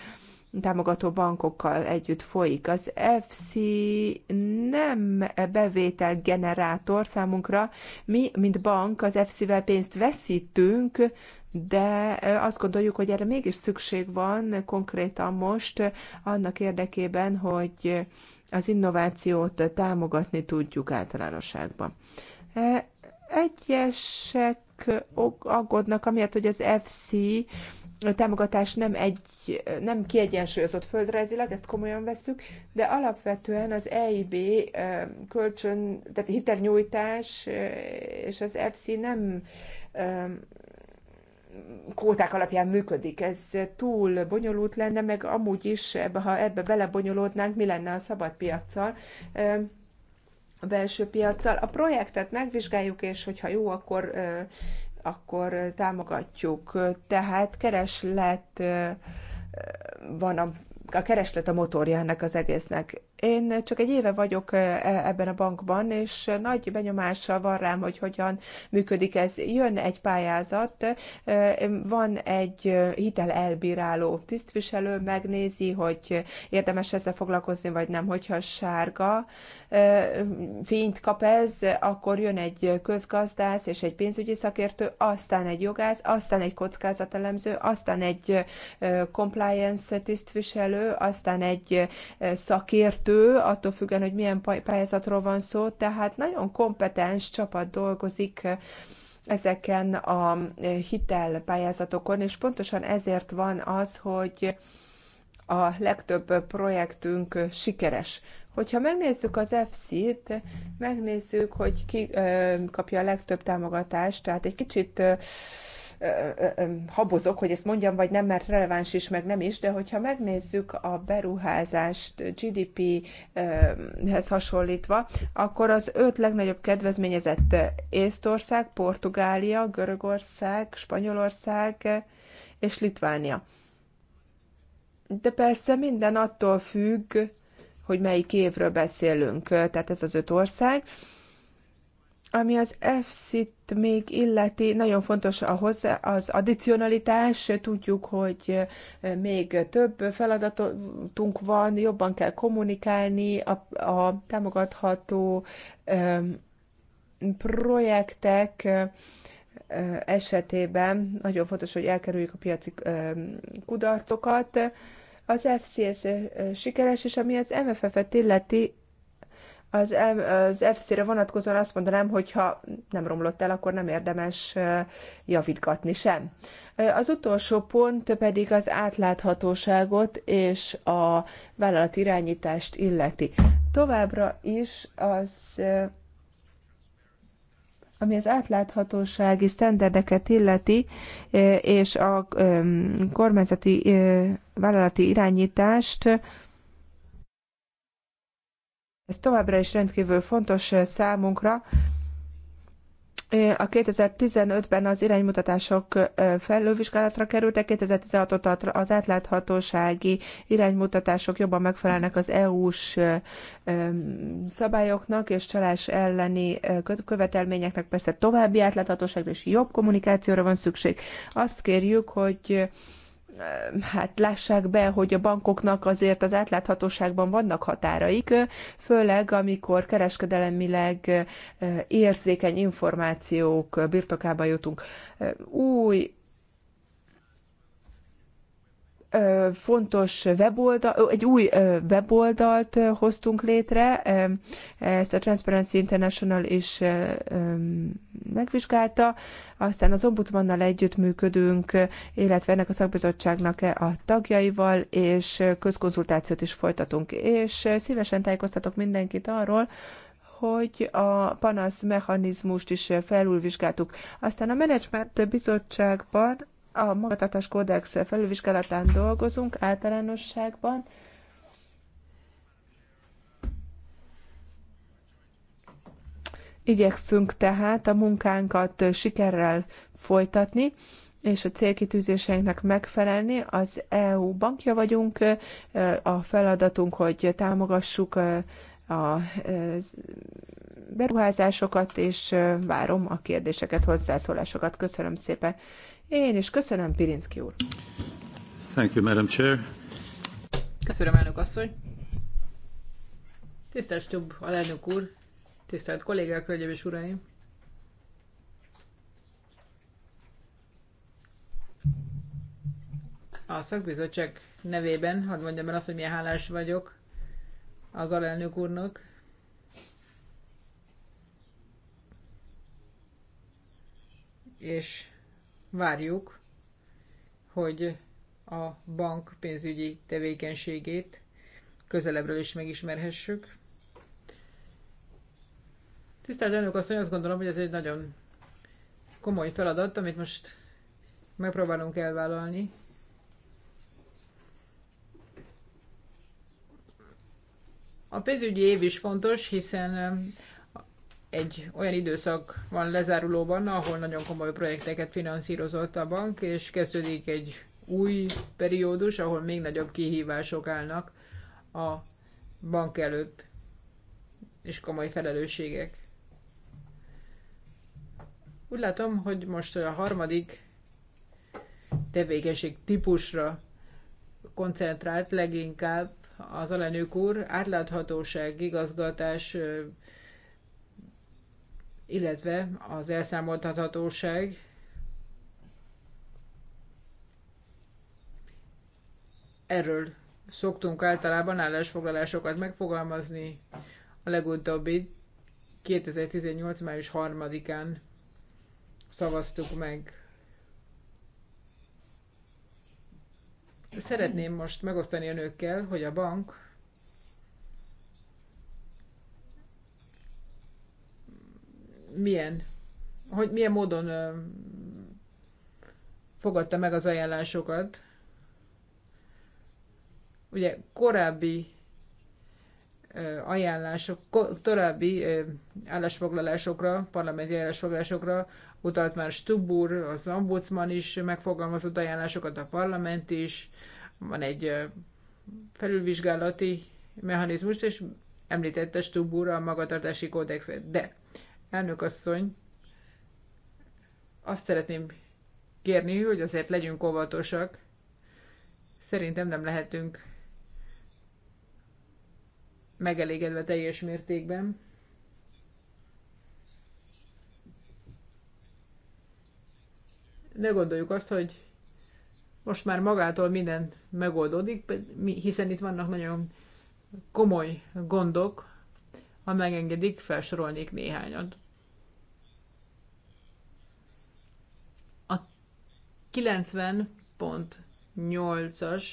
támogató bankokkal együtt folyik. Az FC nem bevétel generátor számunkra. Mi, mint bank, az FC-vel pénzt veszítünk, de azt gondoljuk, hogy erre mégis szükség van konkrétan most annak érdekében, hogy az innovációt támogatni tudjuk általánosságban. Egyesek aggódnak amiatt, hogy az FC támogatás nem, egy, nem kiegyensúlyozott földrajzilag, ezt komolyan veszük, de alapvetően az EIB kölcsön, tehát hitelnyújtás és az FC nem kóták alapján működik. Ez túl bonyolult lenne, meg amúgy is, ha ebbe belebonyolódnánk, mi lenne a szabad piaccal a belső piaccal. A projektet megvizsgáljuk, és hogyha jó, akkor, akkor támogatjuk. Tehát kereslet van a, a kereslet a motorja ennek az egésznek. Én csak egy éve vagyok e, e, ebben a bankban, és nagy benyomással van rám, hogy hogyan működik ez. Jön egy pályázat, e, van egy hitel elbíráló tisztviselő, megnézi, hogy érdemes ezzel foglalkozni, vagy nem. Hogyha sárga fényt kap ez, akkor jön egy közgazdász és egy pénzügyi szakértő, aztán egy jogász, aztán egy kockázatelemző, aztán egy compliance tisztviselő, aztán egy szakértő, szakértő, attól függően, hogy milyen pályázatról van szó, tehát nagyon kompetens csapat dolgozik eh, ezeken a eh, hitelpályázatokon, és pontosan ezért van az, hogy a legtöbb projektünk eh, sikeres. Hogyha megnézzük az FC-t, megnézzük, hogy ki kapja a legtöbb támogatást, tehát egy kicsit habozok, hogy ezt mondjam, vagy nem, mert releváns is, meg nem is, de hogyha megnézzük a beruházást GDP-hez hasonlítva, akkor az öt legnagyobb kedvezményezett Észtország, Portugália, Görögország, Spanyolország és Litvánia. De persze minden attól függ, hogy melyik évről beszélünk, tehát ez az öt ország. Ami az efsz még illeti, nagyon fontos a hozzá, az addicionalitás. Tudjuk, hogy eh, még több feladatunk van, jobban kell kommunikálni a, a támogatható projektek eh, esetében nagyon fontos, hogy elkerüljük a piaci kudarcokat. Az FCS eh, sikeres, és ami az MFF-et illeti, az, az FC-re vonatkozóan azt mondanám, hogy ha nem romlott el, akkor nem érdemes javítgatni sem. Az utolsó pont pedig az átláthatóságot és a vállalat irányítást illeti. Továbbra is az ami az átláthatósági sztenderdeket illeti, és a kormányzati vállalati irányítást, ez továbbra is rendkívül fontos eh, számunkra. Eh, a 2015-ben az iránymutatások eh, felülvizsgálatra kerültek, 2016-ot az átláthatósági iránymutatások jobban megfelelnek az EU-s szabályoknak és csalás elleni követelményeknek. Persze további átláthatóságra és jobb kommunikációra van szükség. Azt kérjük, hogy hát lássák be, hogy a bankoknak azért az átláthatóságban vannak határaik, főleg amikor kereskedelemileg érzékeny információk birtokába jutunk. Új fontos weboldal, egy új weboldalt hoztunk létre, ezt a Transparency International is megvizsgálta, aztán az ombudsmannal együttműködünk, illetve ennek a szakbizottságnak e a tagjaival, és közkonzultációt is folytatunk. És szívesen tájékoztatok mindenkit arról, hogy a panasz mechanizmust is felülvizsgáltuk. Aztán a menedzsment bizottságban a magatartás kódex felülvizsgálatán dolgozunk általánosságban. Igyekszünk tehát a munkánkat sikerrel folytatni, és a célkitűzéseinknek megfelelni. Az EU bankja vagyunk, a feladatunk, hogy támogassuk a beruházásokat, és várom a kérdéseket, hozzászólásokat. Köszönöm szépen. Én is köszönöm, Pirinski úr. Thank you, Madam Chair. Köszönöm, elnök asszony. Tisztelt Stubb, alelnök úr, tisztelt kollégák, hölgyeim és uraim. A szakbizottság nevében, hadd mondjam el azt, hogy milyen hálás vagyok az alelnök úrnak, és várjuk, hogy a bank pénzügyi tevékenységét közelebbről is megismerhessük. Tisztelt elnök asszony, azt gondolom, hogy ez egy nagyon komoly feladat, amit most megpróbálunk elvállalni. A pénzügyi év is fontos, hiszen egy olyan időszak van lezárulóban, ahol nagyon komoly projekteket finanszírozott a bank, és kezdődik egy új periódus, ahol még nagyobb kihívások állnak a bank előtt, és komoly felelősségek. Úgy látom, hogy most a harmadik tevékenység típusra koncentrált leginkább az alelnök úr átláthatóság, igazgatás, illetve az elszámoltathatóság erről szoktunk általában állásfoglalásokat megfogalmazni. A legutóbbi 2018. május 3-án szavaztuk meg. Szeretném most megosztani önökkel, hogy a bank milyen, hogy milyen módon fogadta meg az ajánlásokat. Ugye korábbi ajánlások, korábbi állásfoglalásokra, parlamenti állásfoglalásokra utalt már Stubur, az ombudsman is megfogalmazott ajánlásokat, a parlament is, van egy felülvizsgálati mechanizmus, és említette Stubur a magatartási kódexet. De Elnök asszony, azt szeretném kérni, hogy azért legyünk óvatosak. Szerintem nem lehetünk megelégedve teljes mértékben. Ne gondoljuk azt, hogy most már magától minden megoldódik, hiszen itt vannak nagyon komoly gondok, ha megengedik, felsorolnék néhányat. 90.8-as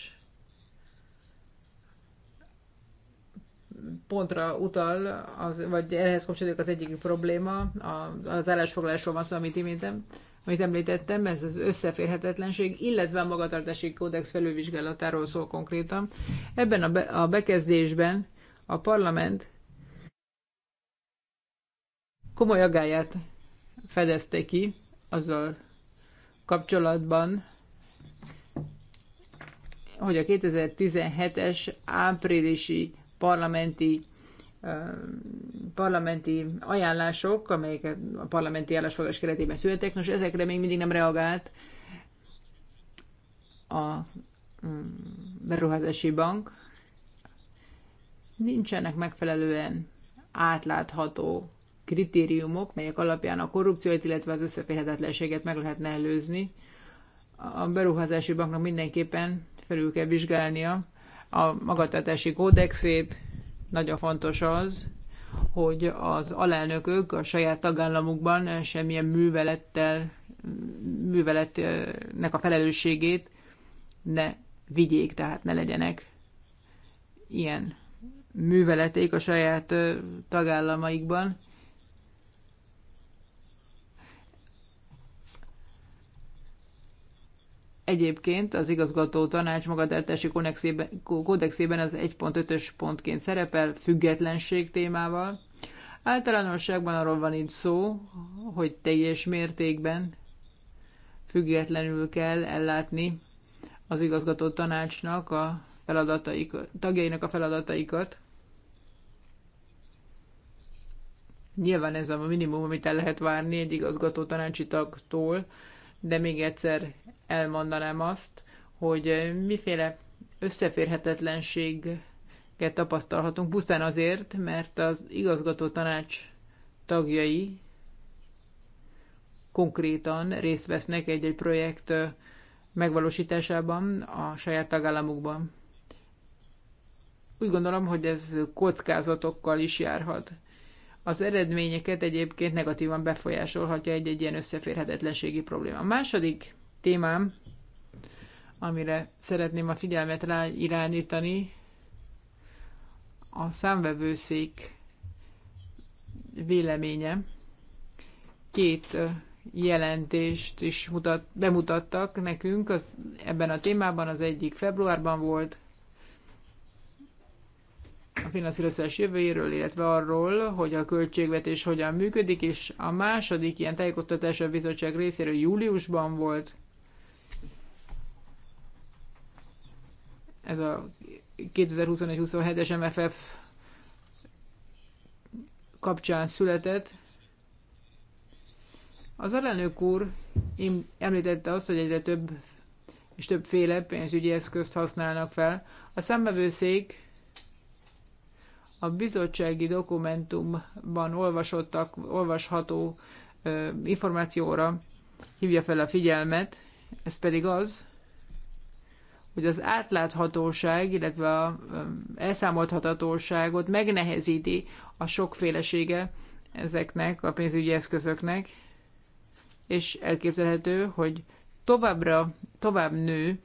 pontra utal, az, vagy ehhez kapcsolódik az egyik probléma, az állásfoglalásról van szó, amit iméntem, amit említettem, ez az összeférhetetlenség, illetve a magatartási kódex felülvizsgálatáról szól konkrétan. Ebben a, be, a bekezdésben a parlament komoly agáját fedezte ki azzal kapcsolatban, hogy a 2017-es áprilisi parlamenti parlamenti ajánlások, amelyek a parlamenti állásfoglalás keretében születtek, nos ezekre még mindig nem reagált a mm, beruházási bank. Nincsenek megfelelően átlátható kritériumok, melyek alapján a korrupciót, illetve az összeférhetetlenséget meg lehetne előzni. A beruházási banknak mindenképpen felül kell vizsgálnia a magatartási kódexét. Nagyon fontos az, hogy az alelnökök a saját tagállamukban semmilyen művelettel, műveletnek a felelősségét ne vigyék, tehát ne legyenek ilyen műveleték a saját tagállamaikban. Egyébként az igazgató tanács magatartási kódexében az 1.5-ös pontként szerepel függetlenség témával. Általánosságban arról van itt szó, hogy teljes mértékben függetlenül kell ellátni az igazgató tanácsnak a feladataikat, tagjainak a feladataikat. Nyilván ez a minimum, amit el lehet várni egy igazgató tanácsi tagtól, de még egyszer elmondanám azt, hogy miféle összeférhetetlenséget tapasztalhatunk, pusztán azért, mert az igazgató tanács tagjai konkrétan részt vesznek egy-egy projekt megvalósításában a saját tagállamukban. Úgy gondolom, hogy ez kockázatokkal is járhat az eredményeket egyébként negatívan befolyásolhatja egy-egy ilyen összeférhetetlenségi probléma. A második témám, amire szeretném a figyelmet rá irányítani, a számvevőszék véleménye. Két jelentést is mutat, bemutattak nekünk az, ebben a témában, az egyik februárban volt, a finanszírozás jövőjéről, illetve arról, hogy a költségvetés hogyan működik, és a második ilyen tájékoztatás a bizottság részéről júliusban volt. Ez a 2021-27-es MFF kapcsán született. Az alelnök úr említette azt, hogy egyre több és többféle pénzügyi eszközt használnak fel. A számbevőszék a bizottsági dokumentumban olvasottak, olvasható ö, információra hívja fel a figyelmet, ez pedig az, hogy az átláthatóság, illetve a elszámolthatatóságot megnehezíti a sokfélesége ezeknek a pénzügyi eszközöknek, és elképzelhető, hogy továbbra, tovább nő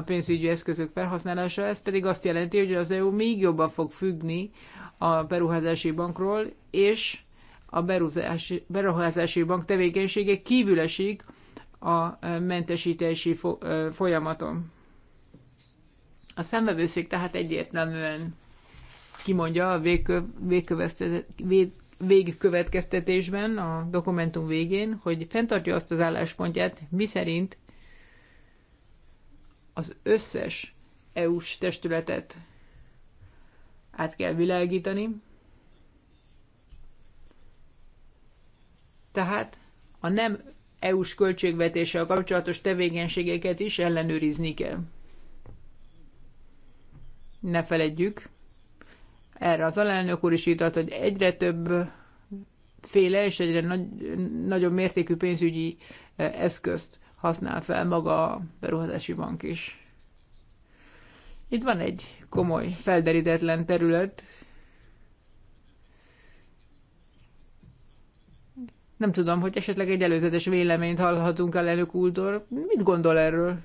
a pénzügyi eszközök felhasználása, ez pedig azt jelenti, hogy az EU még jobban fog függni a beruházási bankról, és a beruházási, beruházási bank tevékenysége kívül esik a e, mentesítési e, folyamaton. A szembevőszék tehát egyértelműen kimondja a végkö, végkövetkeztetésben, a dokumentum végén, hogy fenntartja azt az álláspontját, miszerint az összes EU-s testületet át kell világítani. Tehát a nem EU-s költségvetéssel kapcsolatos tevékenységeket is ellenőrizni kell. Ne feledjük, erre az alelnök úr is írtat, hogy egyre több féle és egyre nagy, nagyobb mértékű pénzügyi eh, eszközt használ fel maga a beruházási bank is. Itt van egy komoly, felderítetlen terület. Nem tudom, hogy esetleg egy előzetes véleményt hallhatunk el elnök úrtól. Mit gondol erről?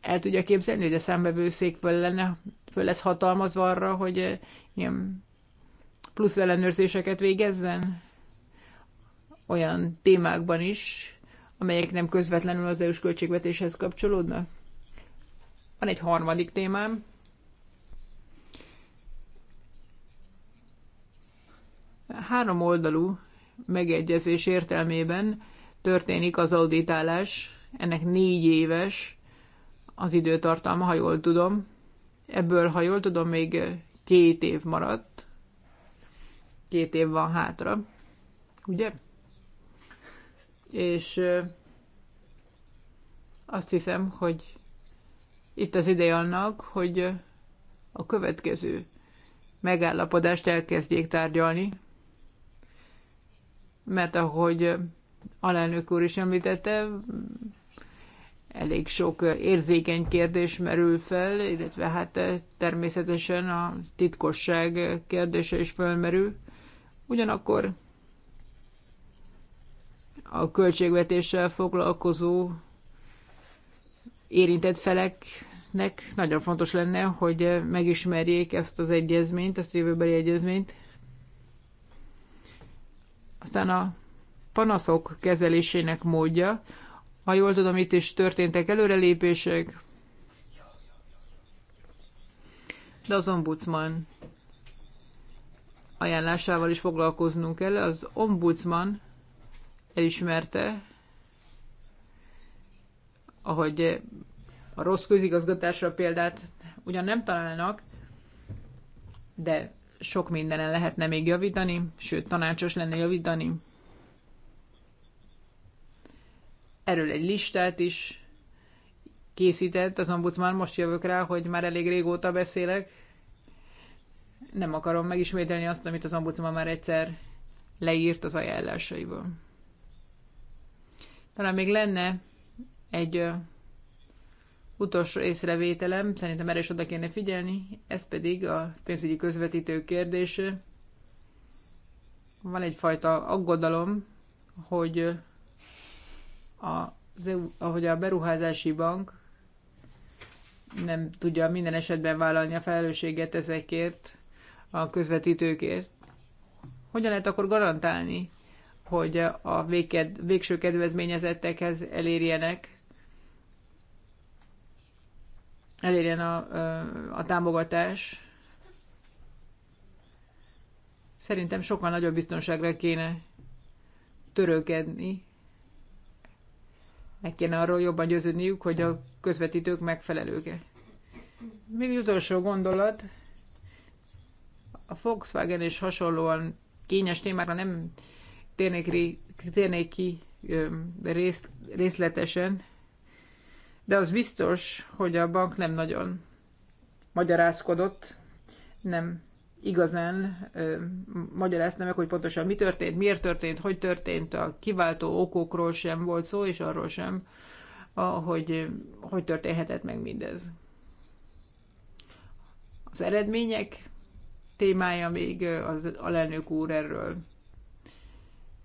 El tudja képzelni, hogy a számbevőszék föl, lenne, föl lesz hatalmazva arra, hogy eh, ilyen plusz ellenőrzéseket végezzen? olyan témákban is, amelyek nem közvetlenül az EU-s költségvetéshez kapcsolódnak? Van egy harmadik témám. Három oldalú megegyezés értelmében történik az auditálás, ennek négy éves az időtartalma, ha jól tudom. Ebből, ha jól tudom, még két év maradt. Két év van hátra, ugye? és azt hiszem, hogy itt az ideje annak, hogy a következő megállapodást elkezdjék tárgyalni, mert ahogy alelnök úr is említette, elég sok érzékeny kérdés merül fel, illetve hát természetesen a titkosság kérdése is felmerül. Ugyanakkor a költségvetéssel foglalkozó érintett feleknek nagyon fontos lenne, hogy megismerjék ezt az egyezményt, ezt a jövőbeli egyezményt. Aztán a panaszok kezelésének módja. Ha jól tudom, itt is történtek előrelépések, de az ombudsman ajánlásával is foglalkoznunk kell. Az ombudsman elismerte, ahogy a rossz közigazgatásra példát ugyan nem találnak, de sok mindenen lehetne még javítani, sőt, tanácsos lenne javítani. Erről egy listát is készített az ombudsman, most jövök rá, hogy már elég régóta beszélek. Nem akarom megismételni azt, amit az ombudsman már egyszer leírt az ajánlásaiból. Talán még lenne egy ö, utolsó észrevételem, szerintem erre is oda kéne figyelni, ez pedig a pénzügyi közvetítő kérdése. Van egyfajta aggodalom, hogy a, az EU, ahogy a beruházási bank nem tudja minden esetben vállalni a felelősséget ezekért, a közvetítőkért. Hogyan lehet akkor garantálni hogy a véked, végső kedvezményezettekhez elérjenek, elérjen a, a támogatás. Szerintem sokkal nagyobb biztonságra kéne törőkedni. Meg kéne arról jobban győződniük, hogy a közvetítők megfelelőke. Még egy utolsó gondolat. A Volkswagen és hasonlóan kényes témára nem térnék, ré, térnék ki részt, részletesen, de az biztos, hogy a bank nem nagyon magyarázkodott, nem igazán ö, magyarázta meg, hogy pontosan mi történt, miért történt, hogy történt, a kiváltó okokról sem volt szó, és arról sem, a, hogy hogy történhetett meg mindez. Az eredmények témája még az alelnök úr erről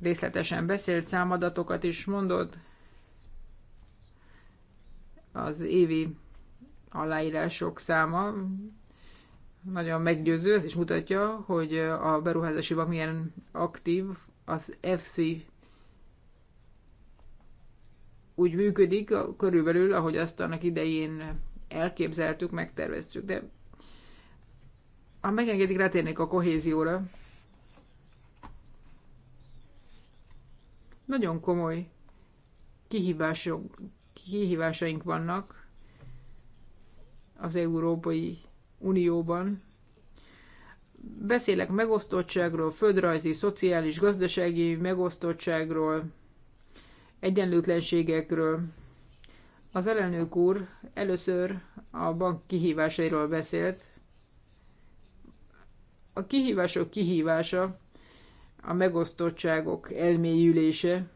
részletesen beszélt, számadatokat is mondott, az évi aláírások száma nagyon meggyőző, ez is mutatja, hogy a beruházási bank milyen aktív, az FC úgy működik körülbelül, ahogy azt annak idején elképzeltük, megterveztük, de ha megengedik, rátérnék a kohézióra. Nagyon komoly kihívások, kihívásaink vannak az Európai Unióban. Beszélek megosztottságról, földrajzi, szociális, gazdasági megosztottságról, egyenlőtlenségekről. Az elnök úr először a bank kihívásairól beszélt. A kihívások kihívása a megosztottságok elmélyülése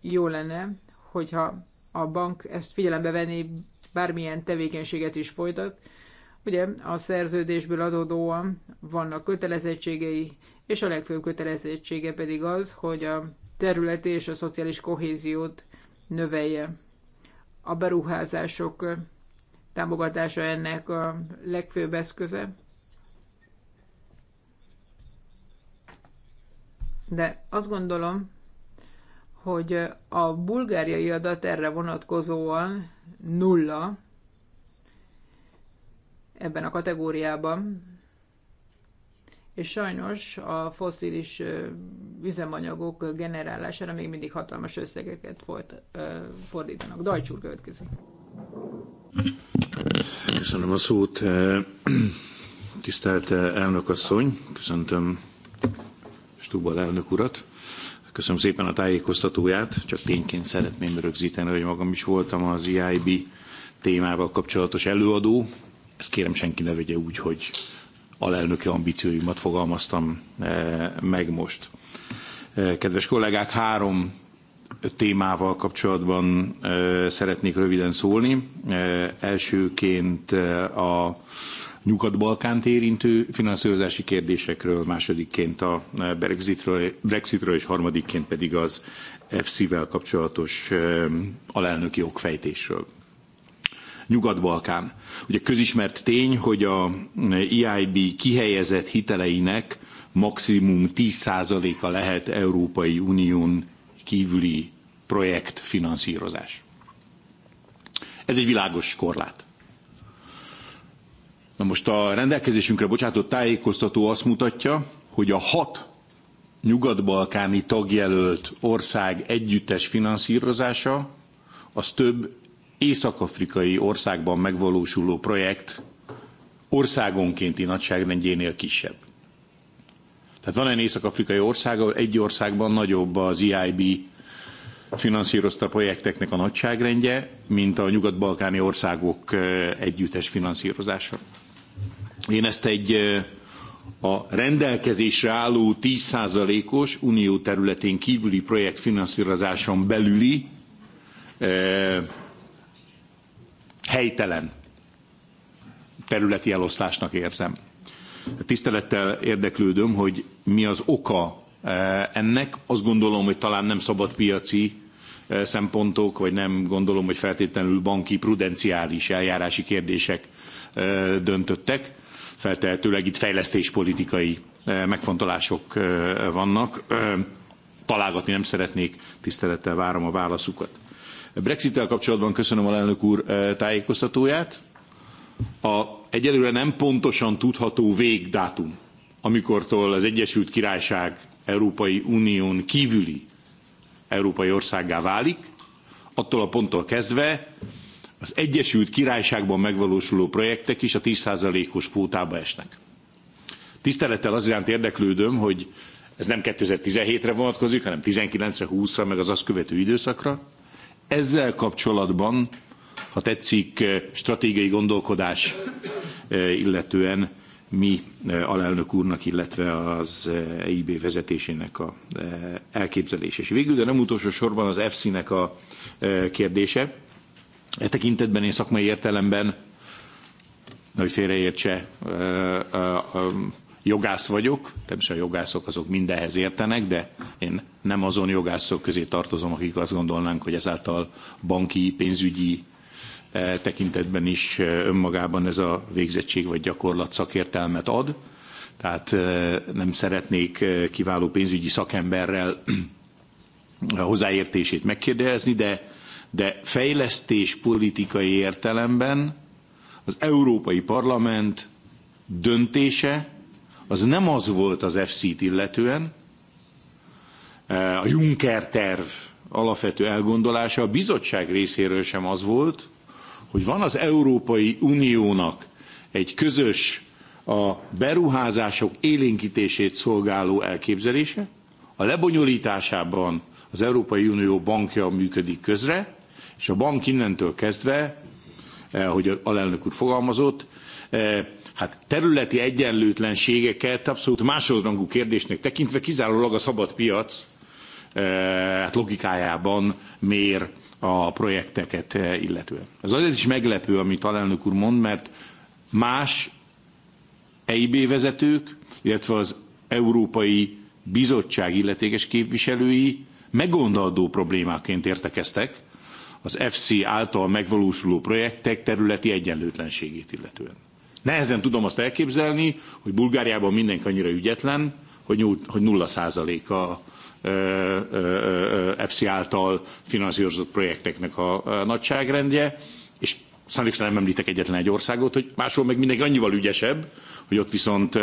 jó lenne, hogyha a bank ezt figyelembe venné, bármilyen tevékenységet is folytat. Ugye a szerződésből adódóan vannak kötelezettségei, és a legfőbb kötelezettsége pedig az, hogy a területi és a szociális kohéziót növelje. A beruházások támogatása ennek a legfőbb eszköze. de azt gondolom, hogy a bulgáriai adat erre vonatkozóan nulla ebben a kategóriában, és sajnos a foszilis üzemanyagok generálására még mindig hatalmas összegeket fordítanak. Dajcsúr következik. Köszönöm a szót, tisztelt elnökasszony, köszöntöm Stubal elnök urat. Köszönöm szépen a tájékoztatóját, csak tényként szeretném rögzíteni, hogy magam is voltam az EIB témával kapcsolatos előadó. Ezt kérem senki ne vegye úgy, hogy alelnöki ambícióimat fogalmaztam eh, meg most. Eh, kedves kollégák, három témával kapcsolatban eh, szeretnék röviden szólni. Elsőként a Nyugat-Balkánt érintő finanszírozási kérdésekről, másodikként a Brexitről, Brexitről és harmadikként pedig az FC-vel kapcsolatos alelnöki okfejtésről. Nyugat-Balkán. Ugye közismert tény, hogy a EIB e kihelyezett hiteleinek maximum 10%-a lehet Európai Unión kívüli finanszírozás. Ez egy világos korlát. Na most a rendelkezésünkre bocsátott tájékoztató azt mutatja, hogy a hat nyugat-balkáni tagjelölt ország együttes finanszírozása az több észak-afrikai országban megvalósuló projekt országonkénti nagyságrendjénél kisebb. Tehát van egy észak-afrikai ország, ahol egy országban nagyobb az EIB finanszírozta projekteknek a nagyságrendje, mint a nyugat-balkáni országok eh, együttes finanszírozása. Én ezt egy a rendelkezésre álló 10%-os unió területén kívüli projektfinanszírozáson belüli helytelen területi eloszlásnak érzem. Tisztelettel érdeklődöm, hogy mi az oka ennek. Azt gondolom, hogy talán nem szabadpiaci szempontok, vagy nem gondolom, hogy feltétlenül banki prudenciális eljárási kérdések döntöttek feltehetőleg itt fejlesztéspolitikai eh, megfontolások eh, vannak. Eh, találgatni nem szeretnék, tisztelettel várom a válaszukat. Brexit-tel kapcsolatban köszönöm a elnök úr tájékoztatóját. A egyelőre nem pontosan tudható végdátum, amikortól az Egyesült Királyság Európai Unión kívüli európai országgá válik, attól a ponttól kezdve az Egyesült Királyságban megvalósuló projektek is a 10%-os kvótába esnek. Tisztelettel az iránt érdeklődöm, hogy ez nem 2017-re vonatkozik, hanem 19-re, 20-ra, meg az azt követő időszakra. Ezzel kapcsolatban, ha tetszik, eh, stratégiai gondolkodás eh, illetően mi eh, alelnök úrnak, illetve az EIB e vezetésének a elképzelése? És végül, de nem utolsó sorban az EFSZ-nek a kérdése. E tekintetben én szakmai értelemben, hogy félreértse, jogász vagyok, természetesen a jogászok azok mindenhez értenek, de én nem azon jogászok közé tartozom, akik azt gondolnánk, hogy ezáltal banki, pénzügyi tekintetben is önmagában ez a végzettség vagy gyakorlat szakértelmet ad. Tehát nem szeretnék kiváló pénzügyi szakemberrel *clears throat* a hozzáértését megkérdezni, de de fejlesztés politikai értelemben az Európai Parlament döntése az nem az volt az FC-t illetően, e, a Juncker terv alapvető elgondolása a bizottság részéről sem az volt, hogy van az Európai Uniónak egy közös a beruházások élénkítését szolgáló elképzelése, a lebonyolításában az Európai Unió bankja működik közre, és a bank innentől kezdve, eh, ahogy hogy a alelnök úr fogalmazott, eh, hát területi egyenlőtlenségeket abszolút másodrangú kérdésnek tekintve kizárólag a szabad piac eh, hát logikájában mér a projekteket illetően. Ez azért is meglepő, amit alelnök úr mond, mert más EIB vezetők, illetve az Európai Bizottság illetékes képviselői megoldandó problémáként értekeztek, az FC által megvalósuló projektek területi egyenlőtlenségét illetően. Nehezen tudom azt elképzelni, hogy Bulgáriában mindenki annyira ügyetlen, hogy, nulla százalék a FC által finanszírozott projekteknek a nagyságrendje, és szándékosan nem említek egyetlen egy országot, hogy máshol meg mindenki annyival ügyesebb, hogy ott viszont,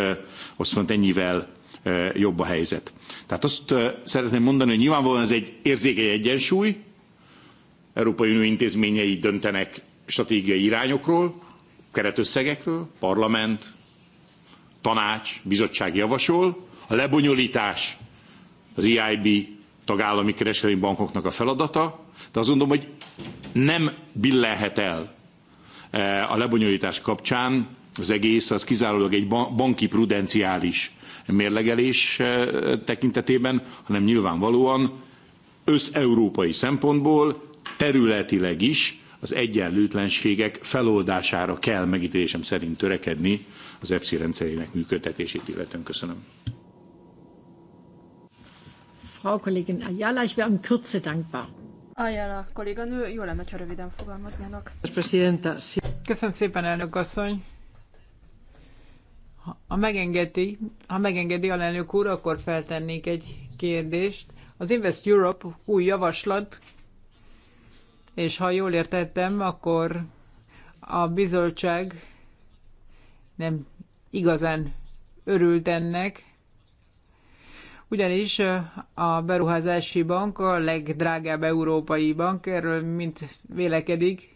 ott viszont ennyivel jobb a helyzet. Tehát azt szeretném mondani, hogy nyilvánvalóan ez egy érzékeny egyensúly, Európai Unió intézményei döntenek stratégiai irányokról, keretösszegekről, parlament, tanács, bizottság javasol, a lebonyolítás az EIB tagállami kereskedelmi bankoknak a feladata, de azt gondolom, hogy nem billenhet el e, a lebonyolítás kapcsán az egész, az kizárólag egy banki prudenciális mérlegelés e, tekintetében, hanem nyilvánvalóan összeurópai szempontból területileg is az egyenlőtlenségek feloldására kell megítélésem szerint törekedni az EFSI rendszerének működtetését illetően. Köszönöm. Frau Kollegin Ayala, ich wäre um Kürze dankbar. Ayala kolléganő, jó lenne, ha röviden fogalmaznának. Köszönöm szépen, elnök asszony. Ha megengedi, ha megengedi a elnök úr, akkor feltennék egy kérdést. Az Invest Europe új javaslat és ha jól értettem, akkor a bizottság nem igazán örült ennek, ugyanis a beruházási bank a legdrágább európai bank, erről mint vélekedik.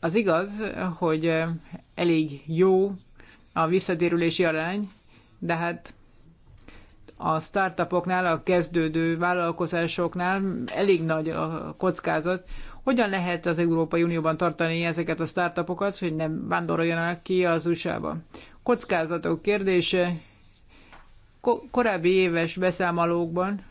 Az igaz, hogy elég jó a visszatérülési arány, de hát a startupoknál, a kezdődő vállalkozásoknál elég nagy a kockázat. Hogyan lehet az Európai Unióban tartani ezeket a startupokat, hogy nem vándoroljanak ki az USA-ba? Kockázatok kérdése. Ko- korábbi éves beszámolókban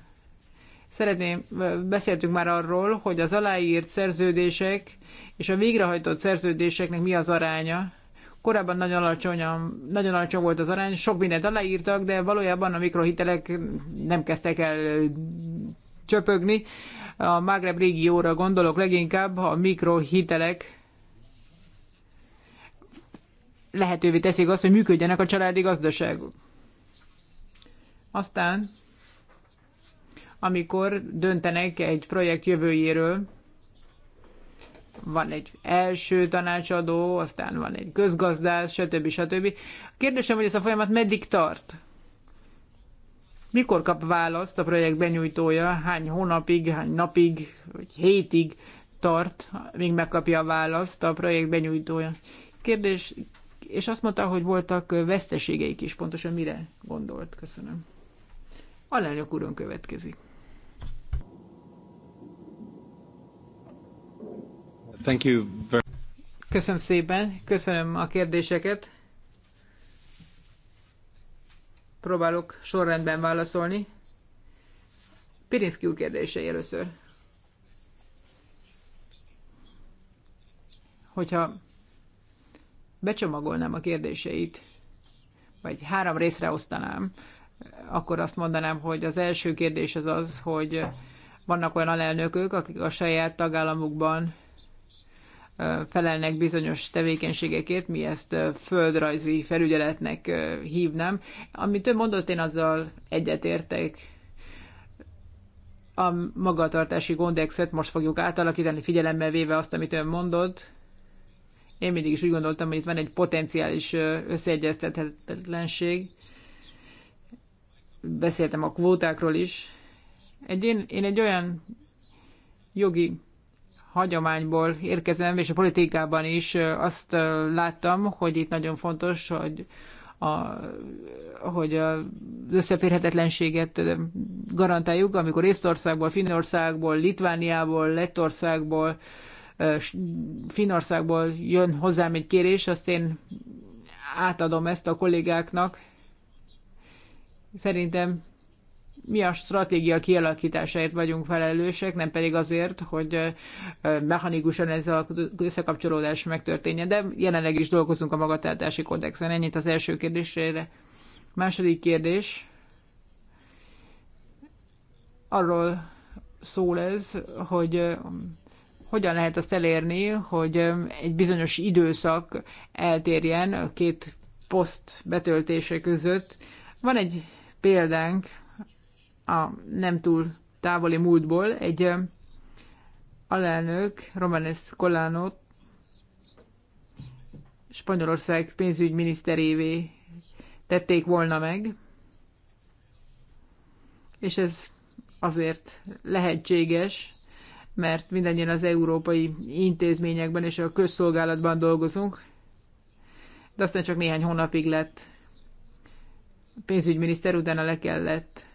szeretném, beszéltünk már arról, hogy az aláírt szerződések és a végrehajtott szerződéseknek mi az aránya korábban nagyon, alacsonyan, nagyon alacsony volt az arány, sok mindent aláírtak, de valójában a mikrohitelek nem kezdtek el csöpögni. A Magreb régióra gondolok leginkább, a mikrohitelek lehetővé teszik azt, hogy működjenek a családi gazdaságok. Aztán, amikor döntenek egy projekt jövőjéről, van egy első tanácsadó, aztán van egy közgazdás, stb. stb. A kérdésem, hogy ez a folyamat meddig tart? Mikor kap választ a projekt benyújtója? Hány hónapig, hány napig, vagy hétig tart, míg megkapja a választ a projekt benyújtója? Kérdés, és azt mondta, hogy voltak veszteségeik is. Pontosan mire gondolt? Köszönöm. Alelnök úrön következik. Thank you very... Köszönöm szépen, köszönöm a kérdéseket. Próbálok sorrendben válaszolni. Pirinszki úr kérdései először. Hogyha becsomagolnám a kérdéseit, vagy három részre osztanám, akkor azt mondanám, hogy az első kérdés az az, hogy vannak olyan alelnökök, akik a saját tagállamukban felelnek bizonyos tevékenységekért, mi ezt földrajzi felügyeletnek hívnám. Amit ő mondott, én azzal egyetértek. A magatartási gondexet most fogjuk átalakítani, figyelemmel véve azt, amit ön mondott. Én mindig is úgy gondoltam, hogy itt van egy potenciális összeegyeztethetetlenség. Beszéltem a kvótákról is. Egy, én, én egy olyan jogi hagyományból érkezem, és a politikában is azt láttam, hogy itt nagyon fontos, hogy a, hogy az összeférhetetlenséget garantáljuk, amikor Észtországból, Finnországból, Litvániából, Lettországból, Finnországból jön hozzám egy kérés, azt én átadom ezt a kollégáknak. Szerintem mi a stratégia kialakításáért vagyunk felelősek, nem pedig azért, hogy mechanikusan ez a összekapcsolódás megtörténjen, de jelenleg is dolgozunk a magatartási kódexen. Ennyit az első kérdésére. Második kérdés. Arról szól ez, hogy hogyan lehet azt elérni, hogy egy bizonyos időszak eltérjen a két poszt betöltése között. Van egy példánk, a nem túl távoli múltból egy alelnök, Romanes Colano, Spanyolország pénzügyminiszterévé tették volna meg, és ez azért lehetséges, mert mindannyian az európai intézményekben és a közszolgálatban dolgozunk, de aztán csak néhány hónapig lett pénzügyminiszter, utána le kellett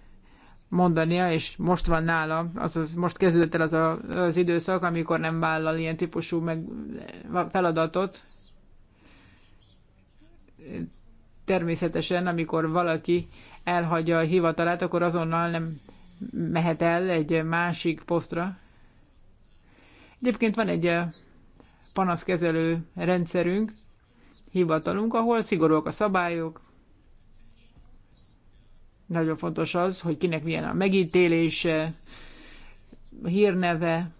mondania, és most van nála, azaz most kezdődött el az, a, az időszak, amikor nem vállal ilyen típusú meg feladatot. Természetesen, amikor valaki elhagyja a hivatalát, akkor azonnal nem mehet el egy másik posztra. Egyébként van egy panaszkezelő rendszerünk, hivatalunk, ahol szigorúak a szabályok, nagyon fontos az, hogy kinek milyen a megítélése, a hírneve.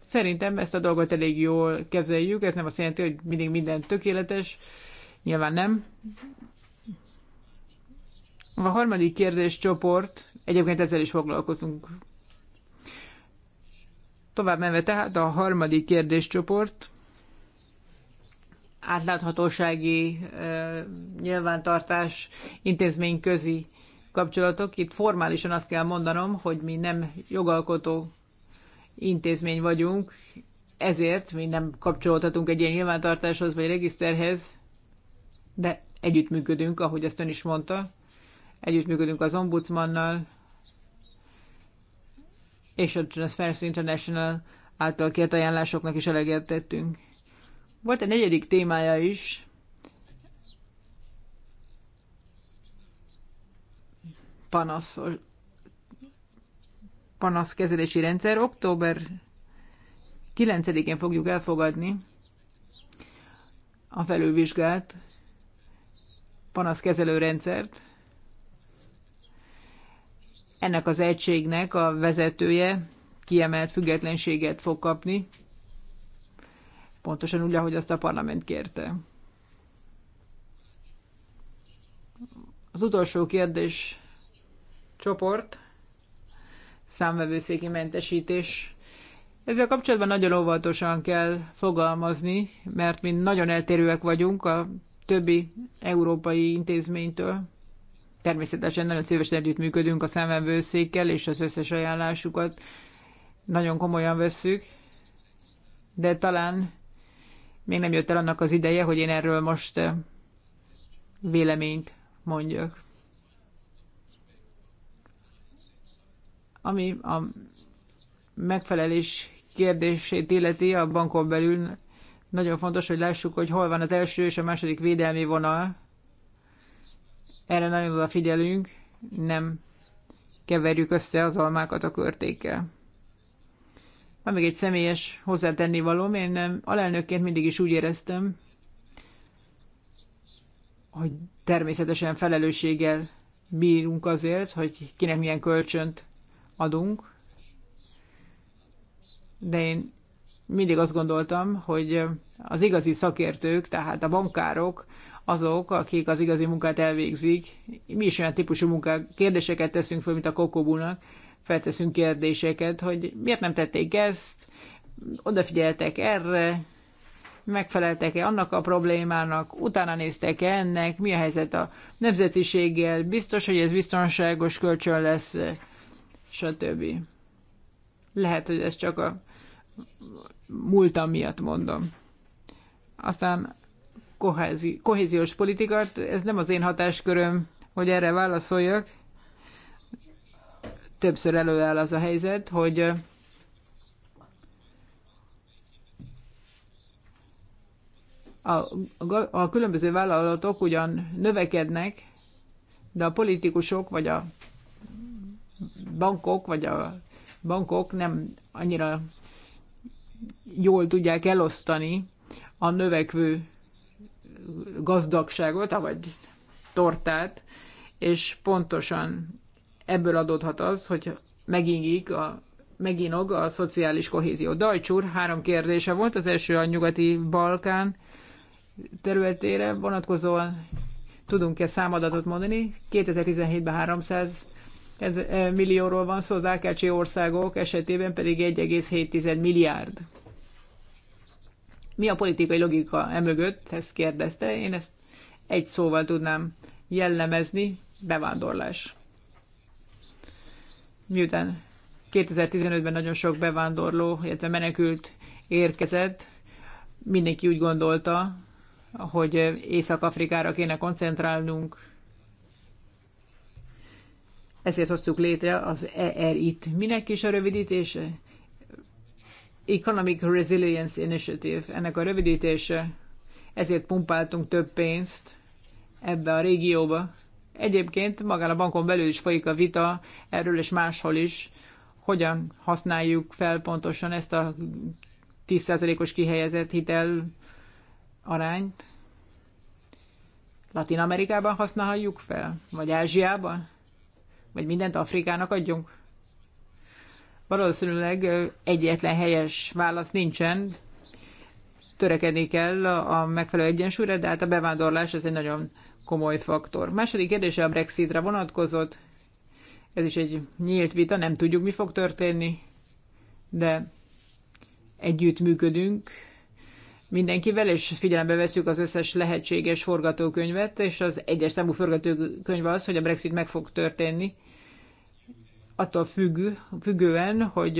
Szerintem ezt a dolgot elég jól kezeljük, ez nem azt jelenti, hogy mindig minden tökéletes, nyilván nem. A harmadik kérdéscsoport, egyébként ezzel is foglalkozunk Tovább menve tehát a harmadik kérdéscsoport, átláthatósági nyilvántartás intézményközi kapcsolatok. Itt formálisan azt kell mondanom, hogy mi nem jogalkotó intézmény vagyunk, ezért mi nem kapcsolódhatunk egy ilyen nyilvántartáshoz vagy regiszterhez, de együttműködünk, ahogy ezt ön is mondta. Együttműködünk az ombudsmannal, és a Transparency International által kért ajánlásoknak is eleget tettünk. Volt a negyedik témája is. panasz, panaszkezelési rendszer. Október 9-én fogjuk elfogadni a felülvizsgált panaszkezelő rendszert. Ennek az egységnek a vezetője kiemelt függetlenséget fog kapni, pontosan úgy, ahogy azt a parlament kérte. Az utolsó kérdés csoport, számvevőszéki mentesítés. Ezzel kapcsolatban nagyon óvatosan kell fogalmazni, mert mi nagyon eltérőek vagyunk a többi európai intézménytől. Természetesen nagyon szívesen együttműködünk a számvevőszékkel, és az összes ajánlásukat nagyon komolyan vesszük, de talán még nem jött el annak az ideje, hogy én erről most eh, véleményt mondjak. Ami a megfelelés kérdését illeti a bankon belül, nagyon fontos, hogy lássuk, hogy hol van az első és a második védelmi vonal. Erre nagyon odafigyelünk, nem keverjük össze az almákat a körtékkel. Van még egy személyes hozzátenni valóm. Én nem, alelnökként mindig is úgy éreztem, hogy természetesen felelősséggel bírunk azért, hogy kinek milyen kölcsönt adunk. De én mindig azt gondoltam, hogy az igazi szakértők, tehát a bankárok, azok, akik az igazi munkát elvégzik. Mi is olyan típusú munkák, kérdéseket teszünk föl, mint a kokobúnak, felteszünk kérdéseket, hogy miért nem tették ezt, odafigyeltek erre, megfeleltek-e annak a problémának, utána néztek -e ennek, mi a helyzet a nemzetiséggel, biztos, hogy ez biztonságos kölcsön lesz, stb. Lehet, hogy ez csak a múltam miatt mondom. Aztán kohézi, kohéziós politikát, ez nem az én hatásköröm, hogy erre válaszoljak többször előáll az a helyzet, hogy a, a, a különböző vállalatok ugyan növekednek, de a politikusok, vagy a bankok, vagy a bankok nem annyira jól tudják elosztani a növekvő gazdagságot, vagy tortát, és pontosan ebből adódhat az, hogy megingik a meginog a szociális kohézió. Dajcsúr három kérdése volt, az első a nyugati Balkán területére vonatkozóan tudunk-e számadatot mondani? 2017-ben 300 e, millióról van szó, az AKC országok esetében pedig 1,7 milliárd. Mi a politikai logika emögött? Ezt kérdezte. Én ezt egy szóval tudnám jellemezni, bevándorlás miután 2015-ben nagyon sok bevándorló, illetve menekült érkezett, mindenki úgy gondolta, hogy Észak-Afrikára kéne koncentrálnunk. Ezért hoztuk létre az ERIT. Minek is a rövidítése? Economic Resilience Initiative. Ennek a rövidítése. Ezért pumpáltunk több pénzt ebbe a régióba, Egyébként magán a bankon belül is folyik a vita erről és máshol is, hogyan használjuk fel pontosan ezt a 10%-os kihelyezett hitel arányt. Latin Amerikában használjuk fel? Vagy Ázsiában? Vagy mindent Afrikának adjunk? Valószínűleg egyetlen helyes válasz nincsen, törekedni kell a megfelelő egyensúlyra, de hát a bevándorlás az egy nagyon komoly faktor. Második kérdése a Brexitre vonatkozott. Ez is egy nyílt vita, nem tudjuk, mi fog történni, de együtt működünk mindenkivel, és figyelembe veszük az összes lehetséges forgatókönyvet, és az egyes számú forgatókönyv az, hogy a Brexit meg fog történni, attól függ, függően, hogy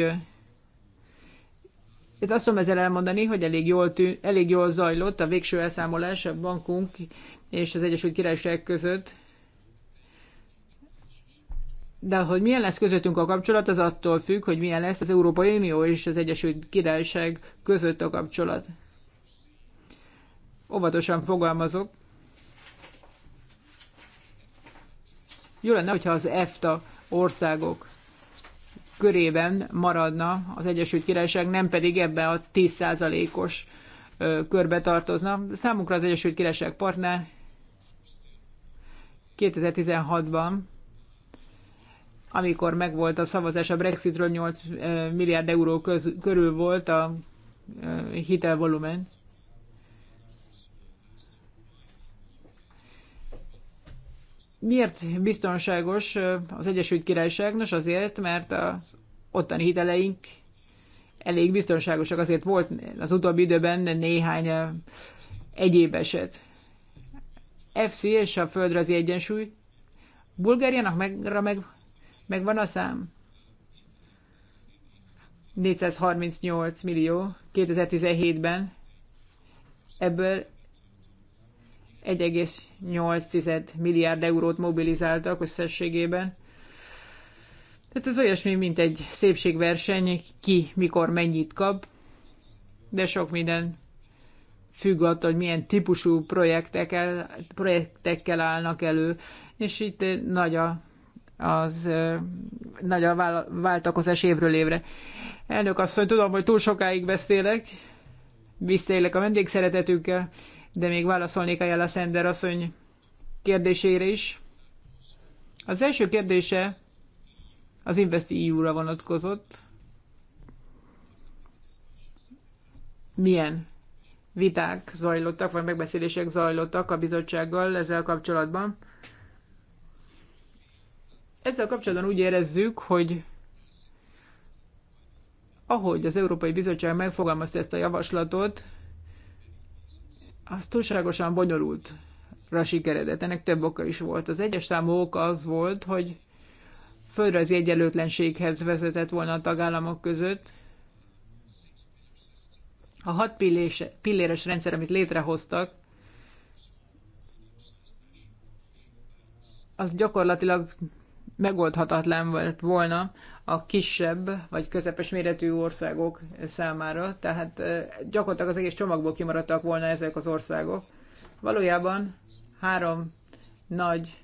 itt azt tudom ezzel elmondani, hogy elég jól, tű, elég jól zajlott a végső elszámolás a bankunk és az Egyesült Királyság között. De hogy milyen lesz közöttünk a kapcsolat, az attól függ, hogy milyen lesz az Európai Unió és az Egyesült Királyság között a kapcsolat. Óvatosan fogalmazok. Jó lenne, hogyha az EFTA országok körében maradna az Egyesült Királyság, nem pedig ebbe a 10%-os körbe tartozna. Számunkra az Egyesült Királyság partner, 2016-ban, amikor megvolt a szavazás a Brexitről, 8 milliárd euró köz, körül volt a hitelvolumen. Miért biztonságos az Egyesült Királyság? Nos, azért, mert a ottani hiteleink elég biztonságosak. Azért volt az utóbbi időben néhány egyéb eset. FC és a földrajzi egyensúly. Bulgáriának meg, meg, meg van a szám. 438 millió 2017-ben, ebből 1,8 milliárd eurót mobilizáltak összességében. Tehát ez olyasmi, mint egy szépségverseny, ki mikor mennyit kap, de sok minden függ attól, hogy milyen típusú projektekkel, projektekkel állnak elő, és itt nagy a, az, nagy a váltakozás évről évre. Elnök asszony, tudom, hogy túl sokáig beszélek, visszaélek a vendégszeretetükkel, de még válaszolnék a Jella Szender asszony kérdésére is. Az első kérdése az InvestEU-ra vonatkozott. Milyen viták zajlottak, vagy megbeszélések zajlottak a bizottsággal ezzel kapcsolatban. Ezzel kapcsolatban úgy érezzük, hogy ahogy az Európai Bizottság megfogalmazta ezt a javaslatot, az túlságosan bonyolult sikeredett. Ennek több oka is volt. Az egyes számú oka az volt, hogy földrajzi egyenlőtlenséghez vezetett volna a tagállamok között, a hat pillés, pilléres rendszer, amit létrehoztak, az gyakorlatilag megoldhatatlan volt volna a kisebb vagy közepes méretű országok számára, tehát gyakorlatilag az egész csomagból kimaradtak volna ezek az országok. Valójában három nagy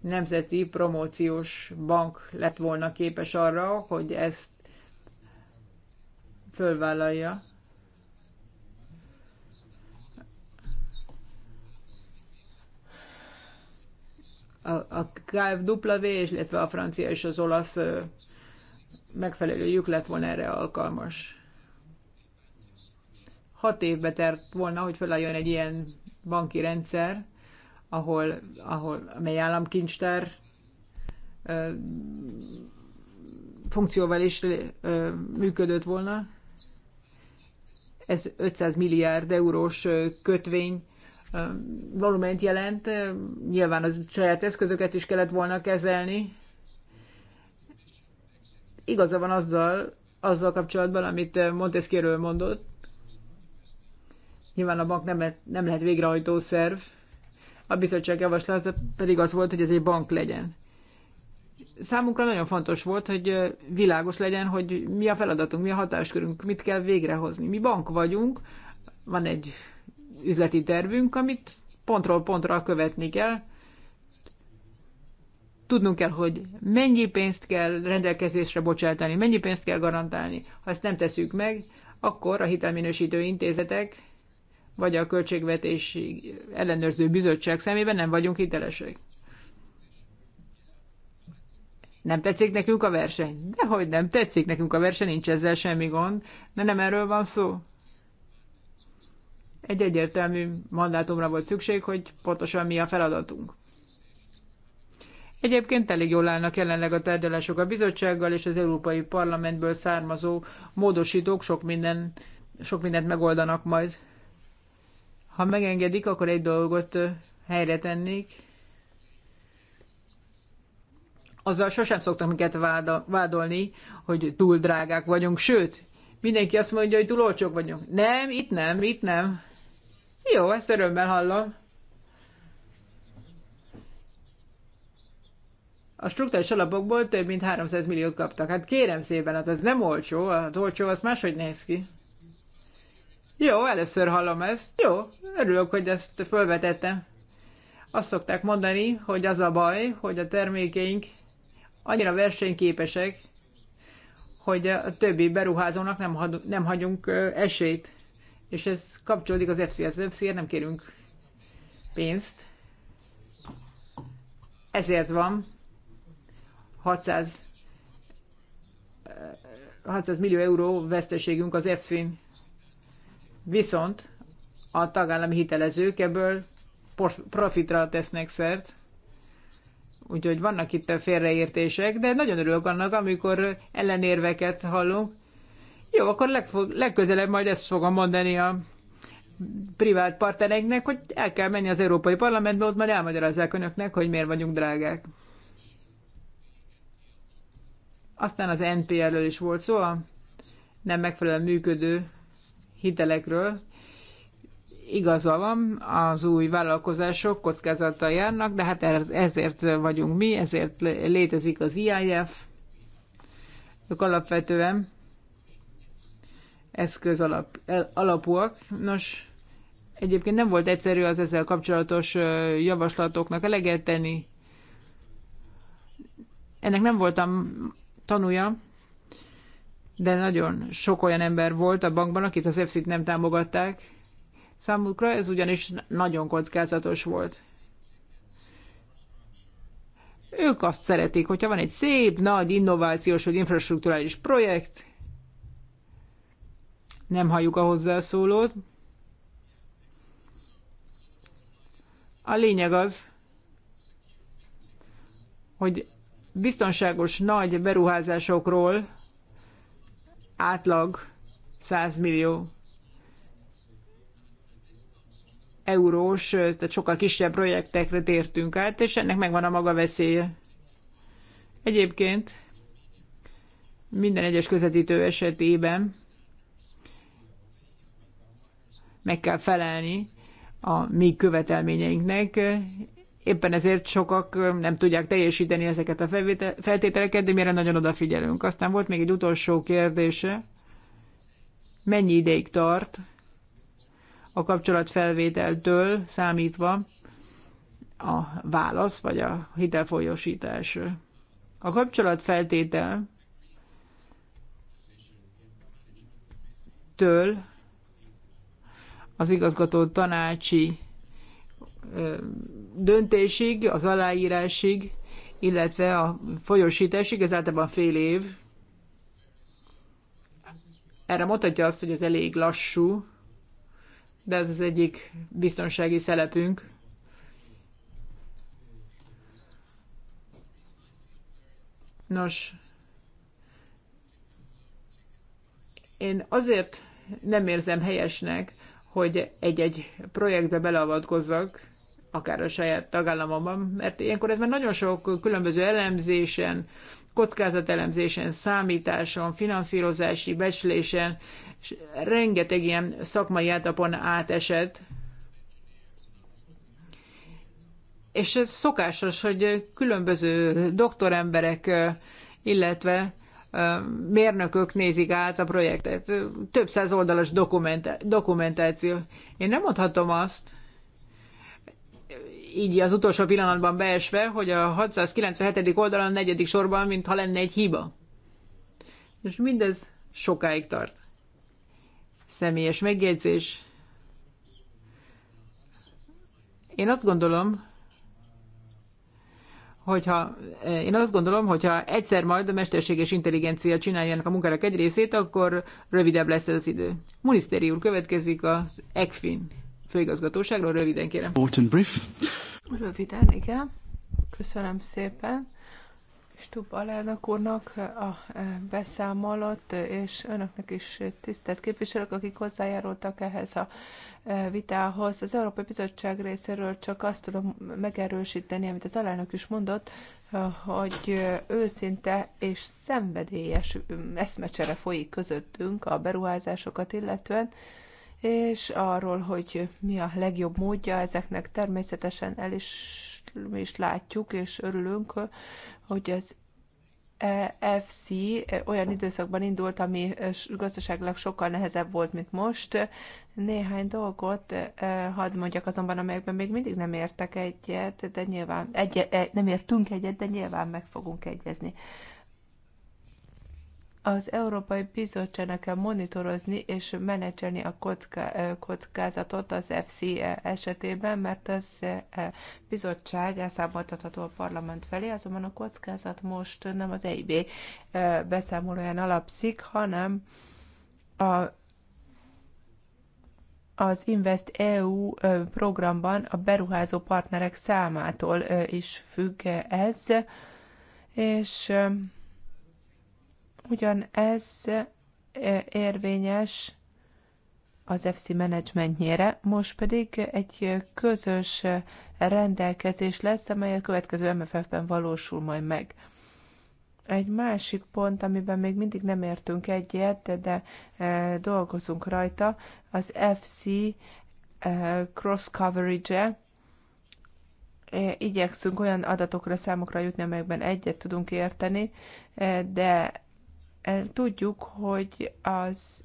nemzeti promóciós bank lett volna képes arra, hogy ezt fölvállalja. a, a KFW, illetve a francia és az olasz megfelelő lett volna erre alkalmas. Hat évbe tert volna, hogy felálljon egy ilyen banki rendszer, ahol, ahol mely államkincstár ö, funkcióval is ö, működött volna. Ez 500 milliárd eurós kötvény volument jelent, nyilván az saját eszközöket is kellett volna kezelni. Igaza van azzal, azzal kapcsolatban, amit Montesquieu mondott. Nyilván a bank nem, lehet, nem lehet végrehajtó szerv, a bizottság javaslata pedig az volt, hogy ez egy bank legyen. Számunkra nagyon fontos volt, hogy világos legyen, hogy mi a feladatunk, mi a hatáskörünk, mit kell végrehozni. Mi bank vagyunk, van egy üzleti tervünk, amit pontról pontra követni kell. Tudnunk kell, hogy mennyi pénzt kell rendelkezésre bocsátani, mennyi pénzt kell garantálni. Ha ezt nem teszük meg, akkor a hitelminősítő intézetek vagy a Költségvetési Ellenőrző Bizottság szemében nem vagyunk hitelesek. Nem tetszik nekünk a verseny? Dehogy nem tetszik nekünk a verseny, nincs ezzel semmi gond, de nem erről van szó. Egy egyértelmű mandátumra volt szükség, hogy pontosan mi a feladatunk. Egyébként elég jól állnak jelenleg a tárgyalások a bizottsággal és az Európai Parlamentből származó módosítók sok, minden, sok mindent megoldanak majd. Ha megengedik, akkor egy dolgot helyre tennék. Azzal sosem szoktak minket vádolni, hogy túl drágák vagyunk, sőt, mindenki azt mondja, hogy túl olcsók vagyunk. Nem, itt nem, itt nem. Jó, ezt örömmel hallom. A struktúrás alapokból több mint 300 milliót kaptak. Hát kérem szépen, hát ez nem olcsó, hát olcsó az máshogy néz ki. Jó, először hallom ezt. Jó, örülök, hogy ezt felvetettem. Azt szokták mondani, hogy az a baj, hogy a termékeink annyira versenyképesek, hogy a többi beruházónak nem, had, nem hagyunk esélyt és ez kapcsolódik az FCS, Az FCS nem kérünk pénzt. Ezért van 600, 600 eh, millió euró veszteségünk az FC-n. Viszont a tagállami hitelezők ebből profitra tesznek szert. Úgyhogy vannak itt a félreértések, de nagyon örülök annak, amikor ellenérveket hallunk. Jó, akkor legfog, legközelebb majd ezt fogom mondani a privát partnereinknek, hogy el kell menni az Európai Parlamentbe, ott majd elmagyarázzák önöknek, hogy miért vagyunk drágák. Aztán az NPL-ről is volt szó, a nem megfelelően működő hitelekről. Igaza van, az új vállalkozások kockázattal járnak, de hát ezért vagyunk mi, ezért létezik az IIF. Ők alapvetően eszköz alap, el, alapúak. Nos, egyébként nem volt egyszerű az ezzel kapcsolatos javaslatoknak eleget tenni. Ennek nem voltam tanúja, de nagyon sok olyan ember volt a bankban, akit az EFSZ-t nem támogatták. Számukra ez ugyanis nagyon kockázatos volt. Ők azt szeretik, hogyha van egy szép, nagy, innovációs vagy infrastruktúrális projekt, nem halljuk a hozzászólót. A lényeg az, hogy biztonságos nagy beruházásokról átlag 100 millió eurós, tehát sokkal kisebb projektekre tértünk át, és ennek megvan a maga veszélye. Egyébként minden egyes közvetítő esetében meg kell felelni a mi követelményeinknek. Éppen ezért sokak nem tudják teljesíteni ezeket a feltételeket, de mire nagyon odafigyelünk. Aztán volt még egy utolsó kérdése. Mennyi ideig tart a kapcsolatfelvételtől számítva a válasz vagy a hitelfolyósítás? A kapcsolatfeltétel től az igazgató tanácsi döntésig, az aláírásig, illetve a folyosításig, ez általában fél év. Erre mutatja azt, hogy ez elég lassú, de ez az egyik biztonsági szelepünk. Nos, én azért nem érzem helyesnek, hogy egy-egy projektbe beleavatkozzak, akár a saját tagállamomban, mert ilyenkor ez már nagyon sok különböző elemzésen, kockázatelemzésen, számításon, finanszírozási becslésen, és rengeteg ilyen szakmai átapon átesett. És ez szokásos, hogy különböző doktoremberek, illetve mérnökök nézik át a projektet. Több száz oldalas dokumentáció. Én nem mondhatom azt, így az utolsó pillanatban beesve, hogy a 697. oldalon a negyedik sorban, mintha lenne egy hiba. És mindez sokáig tart. Személyes megjegyzés. Én azt gondolom, hogyha eh, én azt gondolom, hogyha egyszer majd a mesterséges intelligencia csinálja a munkának egy részét, akkor rövidebb lesz az idő. Minisztéri úr következik az ECFIN főigazgatóságról, röviden kérem. brief. Röviden, igen. Köszönöm szépen. Stubb alelnök úrnak a eh, beszámolat, és önöknek is tisztelt képviselők, akik hozzájárultak ehhez a vitához. Az Európai Bizottság részéről csak azt tudom megerősíteni, amit az alelnök is mondott, hogy őszinte és szenvedélyes eszmecsere folyik közöttünk a beruházásokat illetően, és arról, hogy mi a legjobb módja ezeknek természetesen el is, mi is látjuk, és örülünk, hogy az e FC olyan időszakban indult, ami gazdaságilag sokkal nehezebb volt, mint most. Néhány dolgot hadd mondjak azonban, amelyekben még mindig nem értek egyet, de nyilván egy, e, nem értünk egyet, de nyilván meg fogunk egyezni. Az Európai Bizottságnak kell monitorozni és menedzselni a kocká, kockázatot az FC e esetében, mert az e bizottság elszámoltatható a parlament felé, azonban a kockázat most nem az EIB beszámolóján alapszik, hanem a az Invest EU programban a beruházó partnerek számától is függ ez, és ugyan ez érvényes az FC menedzsmentjére, most pedig egy közös rendelkezés lesz, amely a következő MFF-ben valósul majd meg. Egy másik pont, amiben még mindig nem értünk egyet, de, de e, dolgozunk rajta, az FC e, cross coverage-e. E, igyekszünk olyan adatokra, számokra jutni, amelyekben egyet tudunk érteni, e, de e, tudjuk, hogy az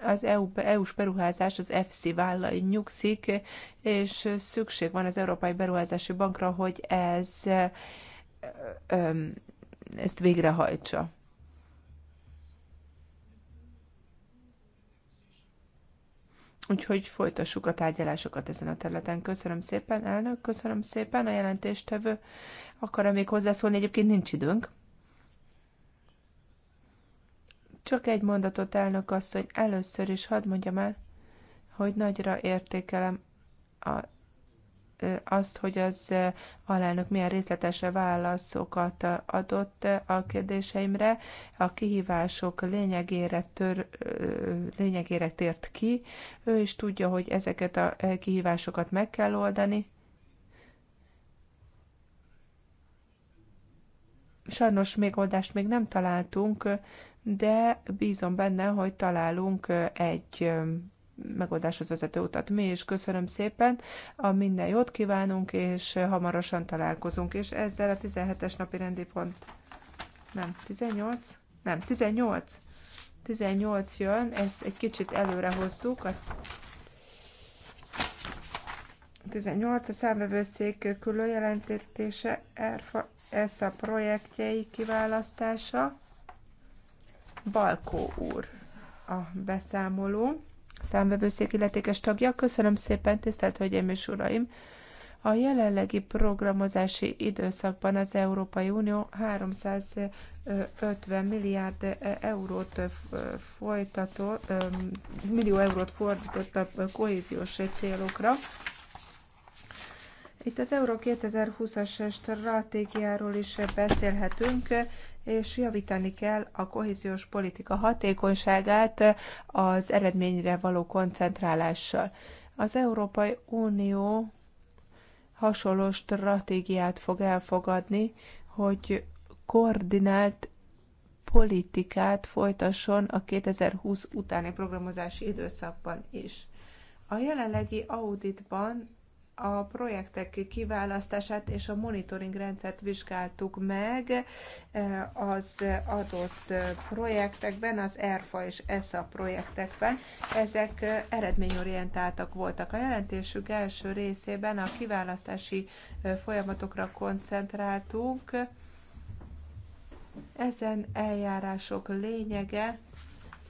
az EU, EU-s beruházás az FC vállai nyugszik, és szükség van az Európai Beruházási Bankra, hogy ez e, ezt végrehajtsa. Úgyhogy folytassuk a tárgyalásokat ezen a területen. Köszönöm szépen, elnök, köszönöm szépen a jelentéstevő. Akar -e még hozzászólni? Egyébként nincs időnk. Csak egy mondatot, elnök asszony, először is hadd mondjam el, hogy nagyra értékelem a azt, hogy az alelnök milyen részletes válaszokat adott a kérdéseimre, a kihívások lényegére, tör, lényegére tért ki. Ő is tudja, hogy ezeket a kihívásokat meg kell oldani. Sajnos még oldást még nem találtunk, de bízom benne, hogy találunk egy megoldáshoz vezető utat. Mi is köszönöm szépen, a minden jót kívánunk, és hamarosan találkozunk. És ezzel a 17-es napi rendi pont, nem, 18? Nem, 18. 18 jön, ezt egy kicsit előre hozzuk. A 18 a számvevőszék különjelentése, ERFA, a projektjei kiválasztása. Balkó úr a beszámoló számbevőszék illetékes tagja. Köszönöm szépen, tisztelt Hölgyeim és Uraim! A jelenlegi programozási időszakban az Európai Unió 350 milliárd eurót folytató, millió eurót fordított a kohéziós célokra. Itt az Euró 2020-as stratégiáról is beszélhetünk és javítani kell a kohéziós politika hatékonyságát az eredményre való koncentrálással. Az Európai Unió hasonló stratégiát fog elfogadni, hogy koordinált politikát folytasson a 2020 utáni programozási időszakban is. A jelenlegi auditban a projektek kiválasztását és a monitoring rendszert vizsgáltuk meg eh, az adott projektekben, az ERFA és ESA projektekben. Ezek eh, eredményorientáltak voltak. A jelentésük első részében a kiválasztási eh, folyamatokra koncentráltunk. Ezen eljárások lényege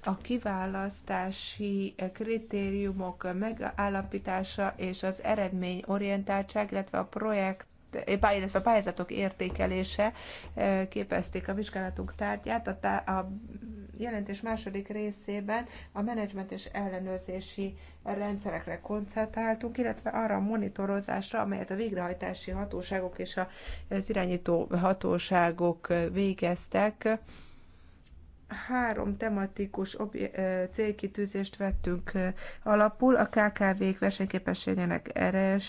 a kiválasztási kritériumok megállapítása és az eredményorientáltság, illetve a projekt eh, illetve a pályázatok értékelése eh, képezték a vizsgálatunk tárgyát. A, tá- a jelentés második részében a menedzsment és ellenőrzési rendszerekre koncentráltunk, illetve arra a monitorozásra, amelyet a végrehajtási hatóságok és az irányító hatóságok eh, végeztek három tematikus célkitűzést vettünk alapul, a KKV-k versenyképességének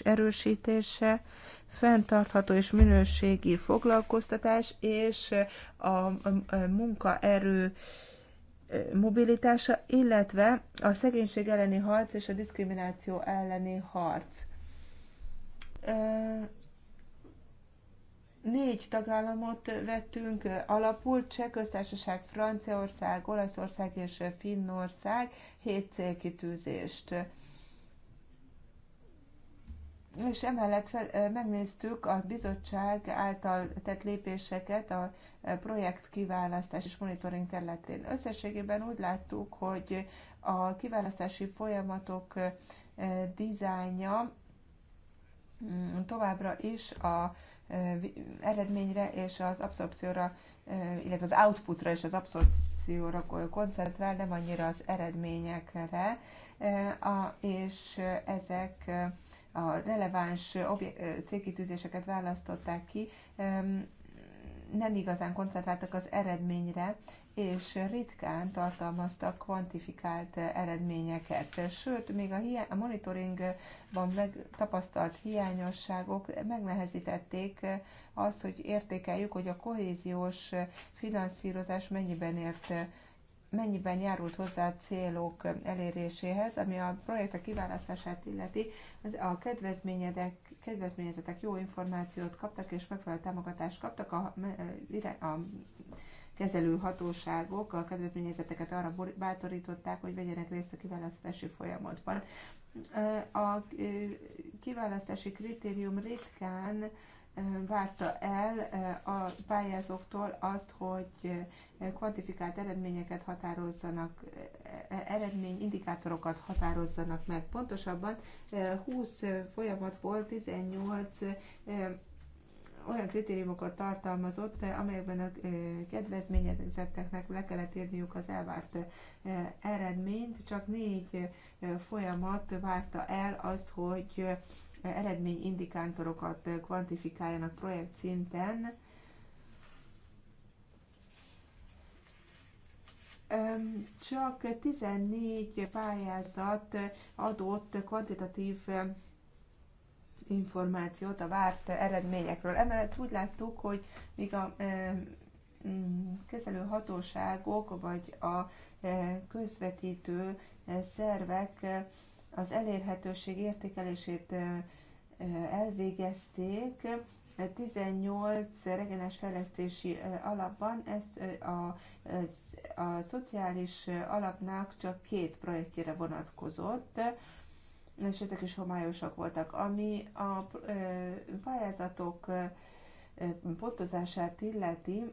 erősítése, fenntartható és minőségi foglalkoztatás, és a munkaerő mobilitása, illetve a szegénység elleni harc és a diszkrimináció elleni harc négy tagállamot vettünk alapul, Cseh köztársaság, Franciaország, Olaszország és Finnország, hét célkitűzést. És emellett fel, megnéztük a bizottság által tett lépéseket a projekt kiválasztás és monitoring területén. Összességében úgy láttuk, hogy a kiválasztási folyamatok dizájnja mm, továbbra is a eredményre és az abszorpcióra, illetve az outputra és az abszorpcióra koncentrál, nem annyira az eredményekre, és ezek a releváns célkitűzéseket választották ki, nem igazán koncentráltak az eredményre, és ritkán tartalmaztak kvantifikált eredményeket. Sőt, még a, a monitoringban tapasztalt hiányosságok megnehezítették azt, hogy értékeljük, hogy a kohéziós finanszírozás mennyiben ért mennyiben járult hozzá a célok eléréséhez, ami a projektek kiválasztását illeti, az a kedvezményedek, kedvezményezetek jó információt kaptak és megfelelő támogatást kaptak a, a kezelő hatóságok a kedvezményezeteket arra bátorították, hogy vegyenek részt a kiválasztási folyamatban. A kiválasztási kritérium ritkán várta el a pályázóktól azt, hogy kvantifikált eredményeket határozzanak, e, eredmény indikátorokat határozzanak meg. Pontosabban 20 folyamatból 18 olyan kritériumokat tartalmazott, eh, amelyekben a eh, kedvezményezetteknek le kellett érniük az elvárt eh, eredményt, csak négy folyamat várta el azt, hogy eredményindikátorokat kvantifikáljanak projekt szinten. Csak 14 pályázat adott kvantitatív információt a várt eredményekről. Emellett úgy láttuk, hogy míg a mm, kezelő hatóságok vagy a közvetítő szervek az elérhetőség értékelését elvégezték, 18 regenes fejlesztési alapban ez a, ez a szociális alapnak csak két projektjére vonatkozott esetek is homályosak voltak. Ami a pályázatok pontozását illeti,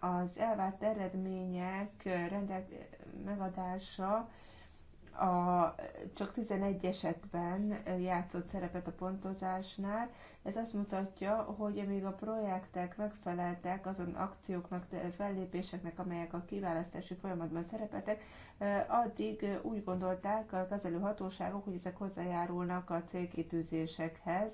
az elvárt eredmények rendel- megadása a csak 11 esetben játszott szerepet a pontozásnál. Ez azt mutatja, hogy amíg a projektek megfeleltek azon akcióknak, fellépéseknek, amelyek a kiválasztási folyamatban szerepetek, addig úgy gondolták a kezelő hatóságok, hogy ezek hozzájárulnak a célkitűzésekhez,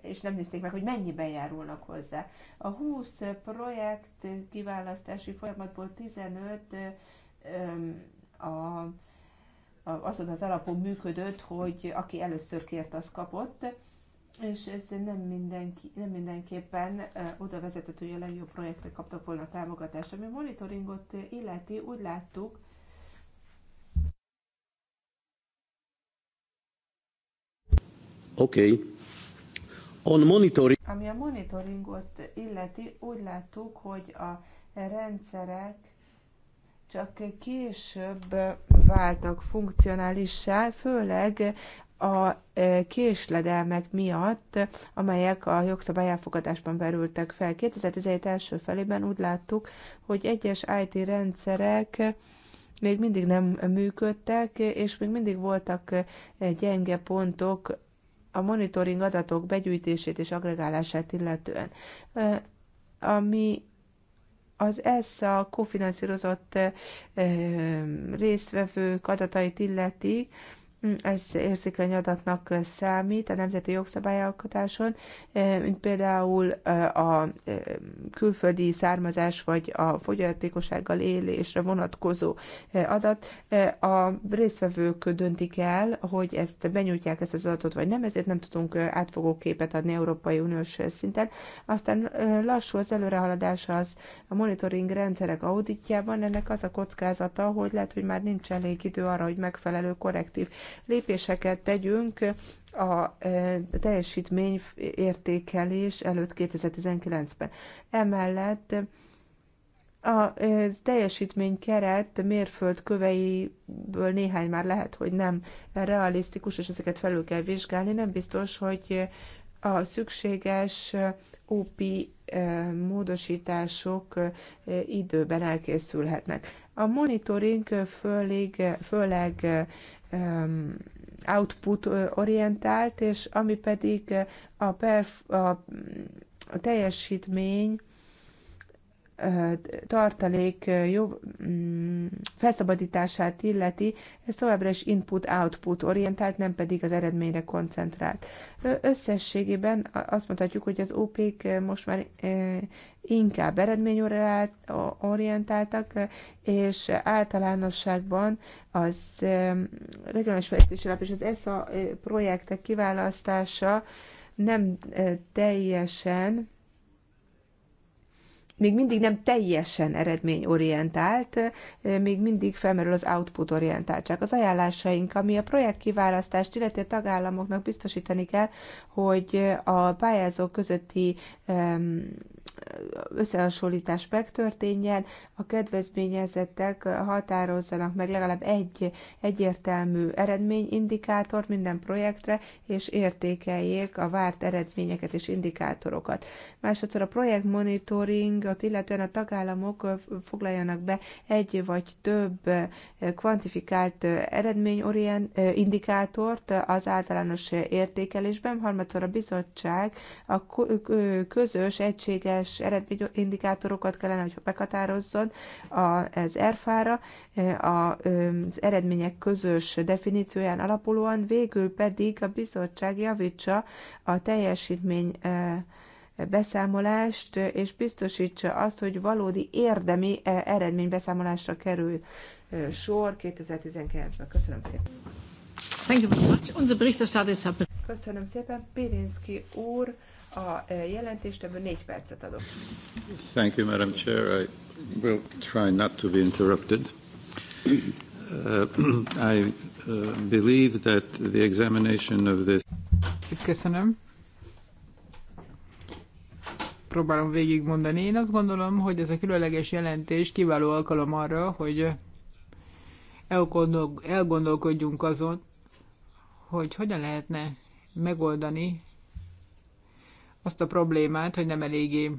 és nem nézték meg, hogy mennyiben járulnak hozzá. A 20 projekt kiválasztási folyamatból 15 a, azon az alapon működött, hogy aki először kért, az kapott, és ez nem, mindenki, nem mindenképpen oda vezetett, hogy a legjobb projektek kaptak volna támogatást. Ami monitoringot illeti, úgy láttuk, Oké. Okay. On monitoring. Ami a monitoringot illeti, úgy láttuk, hogy a rendszerek csak később váltak funkcionálissá, főleg a e, késledelmek miatt, amelyek a jogszabály elfogadásban verültek fel. 2017 első felében úgy láttuk, hogy egyes IT rendszerek még mindig nem működtek, és még mindig voltak e, gyenge pontok a monitoring adatok begyűjtését és agregálását illetően. E, ami az ESSA kofinanszírozott részvevők adatait illeti, ez érzékeny adatnak számít a nemzeti jogszabályalkotáson, mint például a külföldi származás vagy a fogyatékossággal élésre vonatkozó adat. A résztvevők döntik el, hogy ezt benyújtják ezt az adatot, vagy nem, ezért nem tudunk átfogó képet adni Európai Uniós szinten. Aztán lassú az előrehaladás az a monitoring rendszerek auditjában, ennek az a kockázata, hogy lehet, hogy már nincs elég idő arra, hogy megfelelő korrektív lépéseket tegyünk a e, teljesítmény értékelés előtt 2019-ben. Emellett a e, teljesítmény keret mérföldköveiből néhány már lehet, hogy nem realisztikus, és ezeket felül kell vizsgálni. Nem biztos, hogy a szükséges OP e, módosítások időben elkészülhetnek. A monitoring főleg, főleg Um, output orientált, és ami pedig a, perf- a, a teljesítmény, tartalék jobb mm, felszabadítását illeti, ez továbbra is input-output orientált, nem pedig az eredményre koncentrált. Összességében azt mondhatjuk, hogy az OP-k most már inkább eredményorientáltak, és általánosságban az regionális fejlesztési alap és az ESA projektek kiválasztása nem teljesen még mindig nem teljesen eredményorientált, még mindig felmerül az output orientáltság. Az ajánlásaink, ami a projekt kiválasztást, illetve a tagállamoknak biztosítani kell, hogy a pályázók közötti összehasonlítás megtörténjen, a kedvezményezettek határozzanak meg legalább egy egyértelmű eredményindikátort minden projektre, és értékeljék a várt eredményeket és indikátorokat másodszor a projekt illetően a tagállamok foglaljanak be egy vagy több kvantifikált eredményorient indikátort az általános értékelésben, harmadszor a bizottság a közös, egységes eredményindikátorokat kellene, hogy meghatározzon az ERFA-ra, az eredmények közös definícióján alapulóan, végül pedig a bizottság javítsa a teljesítmény beszámolást, és biztosítsa azt, hogy valódi érdemi eh, eredménybeszámolásra kerül eh, sor 2019-ben. Köszönöm szépen. Köszönöm szépen. Pirinski úr, a eh, jelentést, ebből négy percet adok. Thank you, Madam Chair. I will try not to be interrupted. Uh, *clears throat* I uh, believe that the examination of this... Köszönöm próbálom végigmondani. Én azt gondolom, hogy ez a különleges jelentés kiváló alkalom arra, hogy elgondolkodjunk azon, hogy hogyan lehetne megoldani azt a problémát, hogy nem eléggé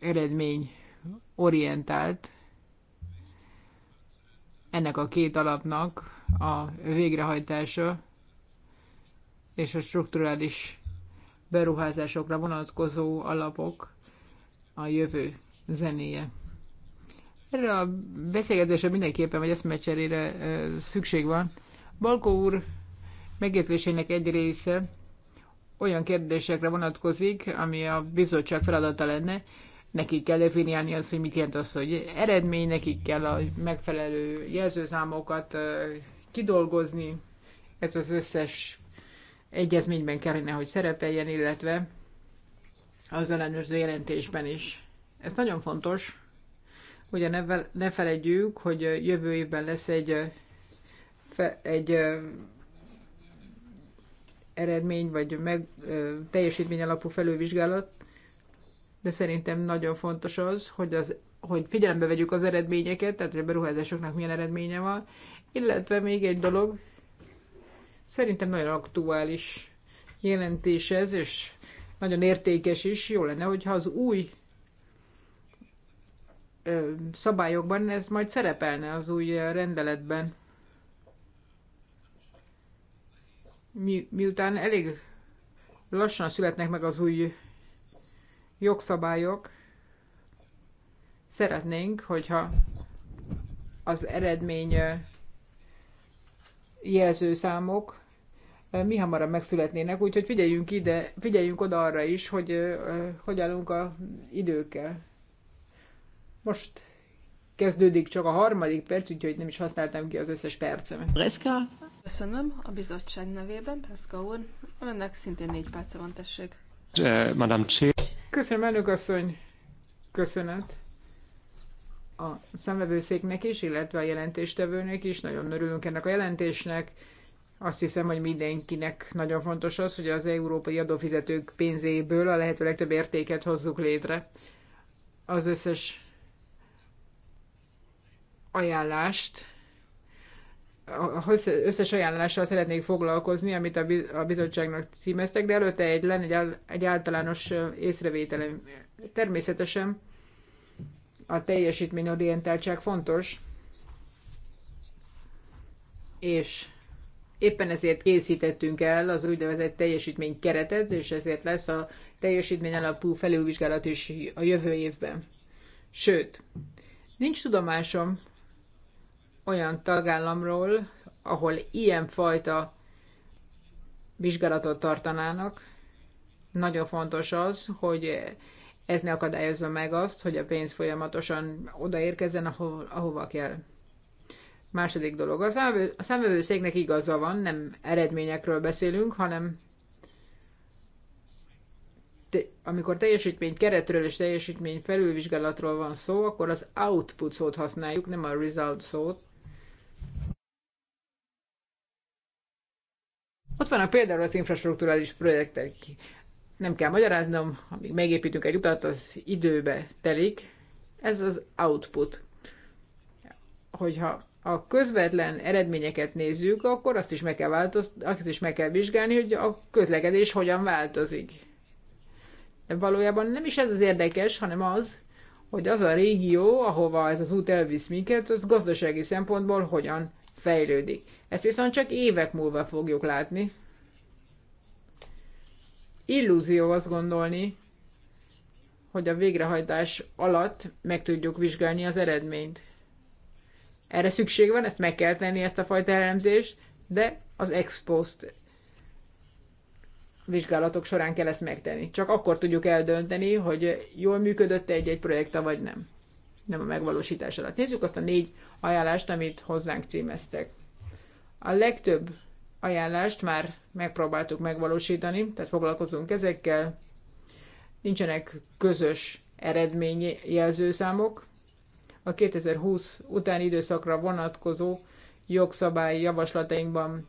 eredmény orientált ennek a két alapnak a végrehajtása és a strukturális beruházásokra vonatkozó alapok a jövő zenéje. Erre a beszélgetésre mindenképpen, vagy eszmecserére szükség van. Balkó úr megértésének egy része olyan kérdésekre vonatkozik, ami a bizottság feladata lenne. Nekik kell definiálni azt, hogy mit jelent az, hogy eredmény, nekik kell a megfelelő jelzőzámokat kidolgozni, ez az összes egyezményben kellene, hogy szerepeljen, illetve az ellenőrző jelentésben is. Ez nagyon fontos, hogy ne, ne felejtjük, hogy jövő évben lesz egy, egy eredmény, vagy meg, teljesítmény alapú felővizsgálat, de szerintem nagyon fontos az, hogy, az, hogy figyelembe vegyük az eredményeket, tehát hogy a beruházásoknak milyen eredménye van, illetve még egy dolog, Szerintem nagyon aktuális jelentés ez, és nagyon értékes is. Jó lenne, hogyha az új szabályokban ez majd szerepelne az új rendeletben. Mi, miután elég lassan születnek meg az új jogszabályok, szeretnénk, hogyha az eredmény jelzőszámok mi hamarabb megszületnének, úgyhogy figyeljünk ide, figyeljünk oda arra is, hogy hogy állunk a időkkel. Most kezdődik csak a harmadik perc, úgyhogy nem is használtam ki az összes percemet. Preska? Köszönöm a bizottság nevében, Preska úr. Önnek szintén négy perce van, tessék. Eh, Madame Csé. Köszönöm, elnök asszony. Köszönet a szemvevőszéknek is, illetve a jelentéstevőnek is. Nagyon örülünk ennek a jelentésnek. Azt hiszem, hogy mindenkinek nagyon fontos az, hogy az európai adófizetők pénzéből a lehető legtöbb értéket hozzuk létre. Az összes ajánlást, összes ajánlással szeretnék foglalkozni, amit a bizottságnak címeztek, de előtte egy lenne egy általános észrevételem. Természetesen a teljesítményorientáltság fontos, és Éppen ezért készítettünk el az úgynevezett teljesítmény keretet, és ezért lesz a teljesítmény alapú felülvizsgálat is a jövő évben. Sőt, nincs tudomásom olyan tagállamról, ahol ilyen fajta vizsgálatot tartanának. Nagyon fontos az, hogy ez ne akadályozza meg azt, hogy a pénz folyamatosan odaérkezzen, aho- ahova kell. Második dolog, a számvevőszéknek igaza van, nem eredményekről beszélünk, hanem te, amikor teljesítmény keretről és teljesítmény felülvizsgálatról van szó, akkor az output szót használjuk, nem a result szót. Ott van a például az infrastruktúrális projektek. Nem kell magyaráznom, amíg megépítünk egy utat, az időbe telik. Ez az output. Hogyha a közvetlen eredményeket nézzük, akkor azt is meg kell, változt, azt is meg kell vizsgálni, hogy a közlekedés hogyan változik. De valójában nem is ez az érdekes, hanem az, hogy az a régió, ahova ez az út elvisz minket, az gazdasági szempontból hogyan fejlődik. Ezt viszont csak évek múlva fogjuk látni. Illúzió azt gondolni, hogy a végrehajtás alatt meg tudjuk vizsgálni az eredményt. Erre szükség van, ezt meg kell tenni, ezt a fajta elemzést, de az ex post vizsgálatok során kell ezt megtenni. Csak akkor tudjuk eldönteni, hogy jól működött egy-egy projekta, vagy nem. Nem a megvalósítás alatt. Nézzük azt a négy ajánlást, amit hozzánk címeztek. A legtöbb ajánlást már megpróbáltuk megvalósítani, tehát foglalkozunk ezekkel. Nincsenek közös eredményjelzőszámok, a 2020 utáni időszakra vonatkozó jogszabályi javaslatainkban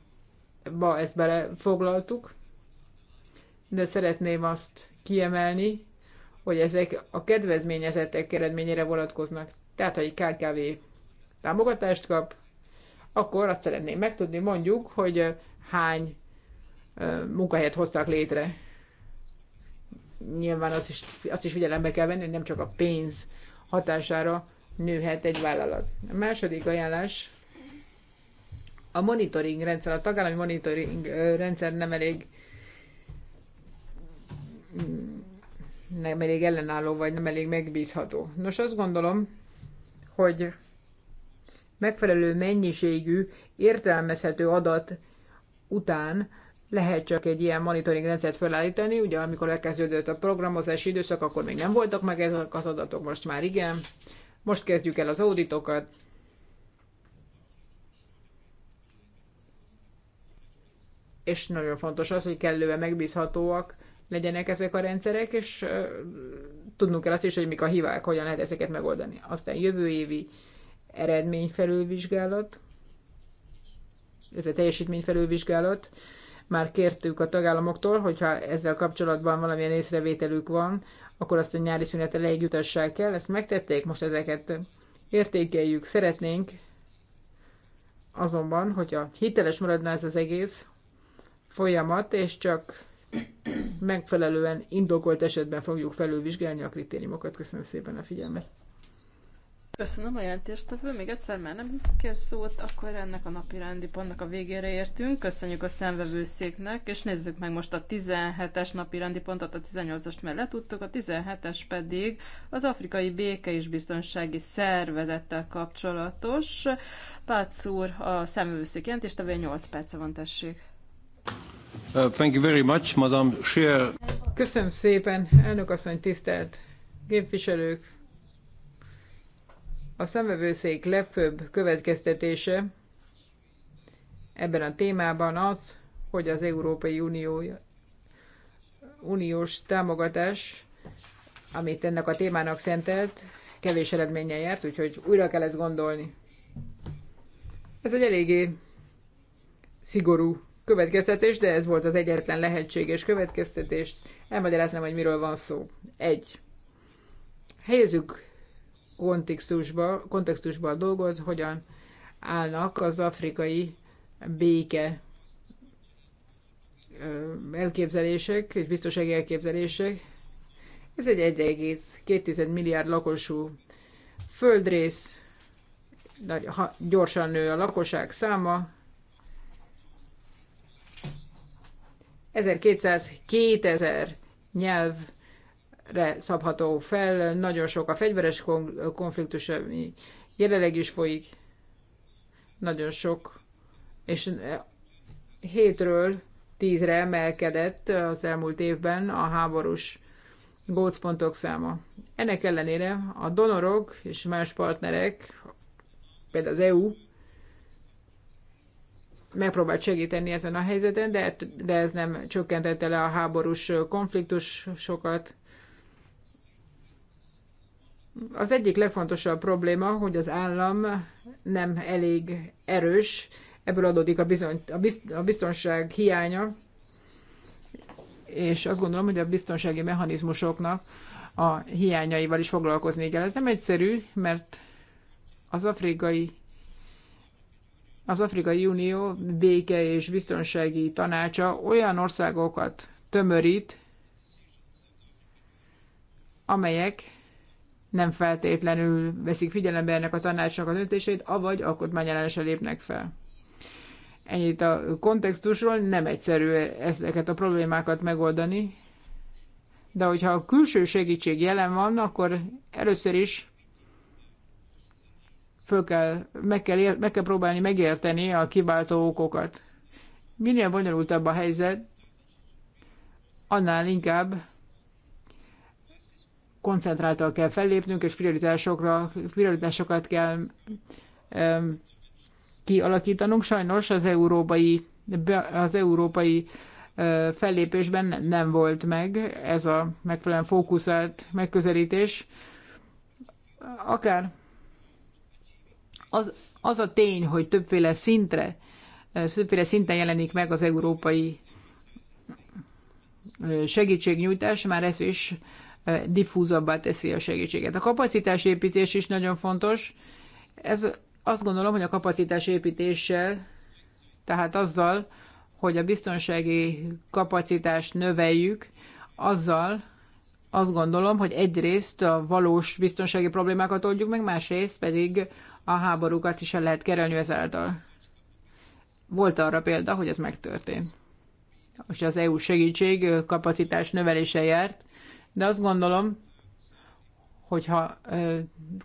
ba ezt belefoglaltuk, de szeretném azt kiemelni, hogy ezek a kedvezményezettek eredményére vonatkoznak. Tehát, ha egy KKV támogatást kap, akkor azt szeretném megtudni mondjuk, hogy hány munkahelyet hoztak létre. Nyilván azt is, azt is figyelembe kell venni, hogy nem csak a pénz hatására nőhet egy vállalat. A második ajánlás a monitoring rendszer, a tagállami monitoring rendszer nem elég nem elég ellenálló, vagy nem elég megbízható. Nos, azt gondolom, hogy megfelelő mennyiségű, értelmezhető adat után lehet csak egy ilyen monitoring rendszert felállítani. Ugye amikor elkezdődött a programozási időszak, akkor még nem voltak meg ezek az adatok, most már igen. Most kezdjük el az auditokat. És nagyon fontos az, hogy kellően megbízhatóak legyenek ezek a rendszerek, és uh, tudnunk kell azt is, hogy mik a hibák, hogyan lehet ezeket megoldani. Aztán jövő évi eredményfelülvizsgálat, illetve teljesítményfelülvizsgálat. Már kértük a tagállamoktól, hogyha ezzel kapcsolatban valamilyen észrevételük van, akkor azt a nyári szünet elejéig jutassák kell, Ezt megtették, most ezeket értékeljük, szeretnénk. Azonban, hogyha hiteles maradna ez az egész folyamat, és csak megfelelően indokolt esetben fogjuk felülvizsgálni a kritériumokat. Köszönöm szépen a figyelmet! Köszönöm a jelentéstevő, még egyszer már nem kér szót, akkor ennek a napi rendi pontnak a végére értünk. Köszönjük a szemvevőszéknek, és nézzük meg most a 17-es napi rendi pontot, a 18-ast már letudtuk, a 17-es pedig az Afrikai Béke és Biztonsági Szervezettel kapcsolatos. Pács úr, a szemvevőszék jelentéstevő, 8 perce van, tessék. Uh, thank you very much, Madam Chair. Köszönöm szépen, elnök asszony, tisztelt képviselők, a szemvevőszék legfőbb következtetése ebben a témában az, hogy az Európai Unió, uniós támogatás, amit ennek a témának szentelt, kevés eredménnyel járt, úgyhogy újra kell ezt gondolni. Ez egy eléggé szigorú következtetés, de ez volt az egyetlen lehetséges következtetés. Elmagyaráznám, hogy miről van szó. Egy. Helyezzük kontextusban kontextusba dolgoz, hogyan állnak az afrikai béke elképzelések, és biztonsági elképzelések. Ez egy 1,2 milliárd lakosú földrész, nagy, ha, gyorsan nő a lakosság száma. 1200-2000 nyelv szabható fel, nagyon sok a fegyveres konfliktus, ami jelenleg is folyik, nagyon sok, és e, hétről tízre emelkedett az elmúlt évben a háborús gócpontok száma. Ennek ellenére a donorok és más partnerek, például az EU, megpróbált segíteni ezen a helyzeten, de, de ez nem csökkentette le a háborús konfliktusokat. Az egyik legfontosabb probléma, hogy az állam nem elég erős, ebből adódik a, bizony, a biztonság hiánya, és azt gondolom, hogy a biztonsági mechanizmusoknak a hiányaival is foglalkozni kell. Ez nem egyszerű, mert az afrikai az Afrikai Unió béke és biztonsági tanácsa olyan országokat tömörít, amelyek nem feltétlenül veszik figyelembe ennek a tanácsnak a döntését, avagy ellenesen lépnek fel. Ennyit a kontextusról, nem egyszerű ezeket a problémákat megoldani, de hogyha a külső segítség jelen van, akkor először is föl kell, meg, kell, ér, meg kell próbálni megérteni a kiváltó okokat. Minél bonyolultabb a helyzet, annál inkább koncentráltan kell fellépnünk, és prioritásokra, prioritásokat kell um, kialakítanunk. Sajnos az európai, az európai uh, fellépésben nem volt meg ez a megfelelően fókuszált megközelítés. Akár az, az a tény, hogy többféle szintre, többféle szinten jelenik meg az európai segítségnyújtás, már ez is diffúzabbá teszi a segítséget. A kapacitásépítés is nagyon fontos. Ez azt gondolom, hogy a kapacitásépítéssel, tehát azzal, hogy a biztonsági kapacitást növeljük, azzal azt gondolom, hogy egyrészt a valós biztonsági problémákat oldjuk meg, másrészt pedig a háborúkat is el lehet kerelni ezáltal. Volt arra példa, hogy ez megtörtént. Most az EU segítség kapacitás növelése járt, de azt gondolom, hogyha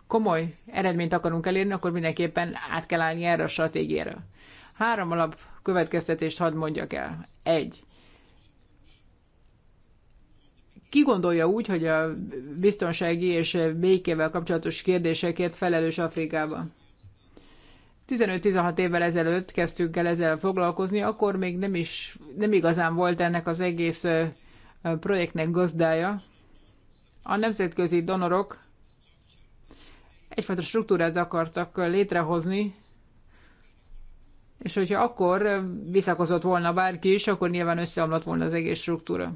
komoly eredményt akarunk elérni, akkor mindenképpen át kell állni erre a stratégiára. Három alap következtetést hadd mondjak el. Egy. Ki gondolja úgy, hogy a biztonsági és békével kapcsolatos kérdésekért felelős Afrikában? 15-16 évvel ezelőtt kezdtünk el ezzel foglalkozni, akkor még nem is nem igazán volt ennek az egész projektnek gazdája a nemzetközi donorok egyfajta struktúrát akartak létrehozni, és hogyha akkor visszakozott volna bárki is, akkor nyilván összeomlott volna az egész struktúra.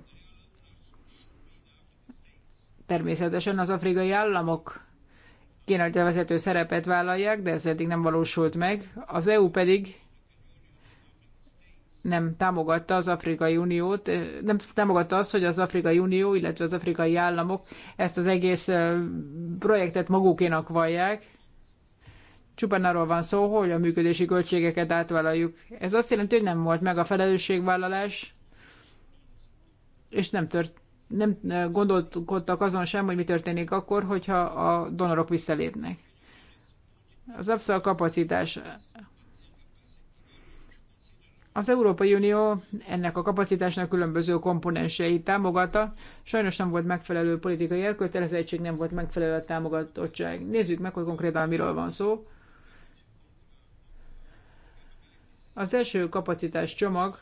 Természetesen az afrikai államok kéne, hogy a vezető szerepet vállalják, de ez eddig nem valósult meg. Az EU pedig nem támogatta az Afrikai Uniót, nem támogatta azt, hogy az Afrikai Unió, illetve az afrikai államok ezt az egész projektet magukénak vallják. Csupán arról van szó, hogy a működési költségeket átvállaljuk. Ez azt jelenti, hogy nem volt meg a felelősségvállalás, és nem, tört, nem gondolkodtak azon sem, hogy mi történik akkor, hogyha a donorok visszalépnek. Az abszol kapacitás az Európai Unió ennek a kapacitásnak különböző komponenseit támogatta, sajnos nem volt megfelelő politikai elkötelezettség, nem volt megfelelő a támogatottság. Nézzük meg, hogy konkrétan miről van szó. Az első kapacitás csomag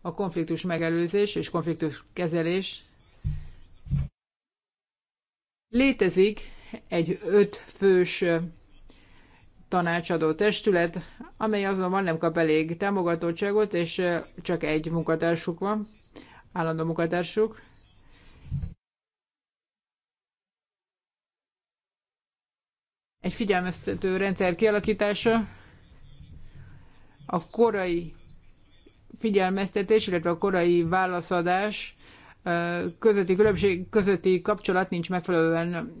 a konfliktus megelőzés és konfliktus kezelés. Létezik egy öt fős tanácsadó testület, amely azonban nem kap elég támogatottságot, és csak egy munkatársuk van, állandó munkatársuk. Egy figyelmeztető rendszer kialakítása, a korai figyelmeztetés, illetve a korai válaszadás közötti különbség közötti kapcsolat nincs megfelelően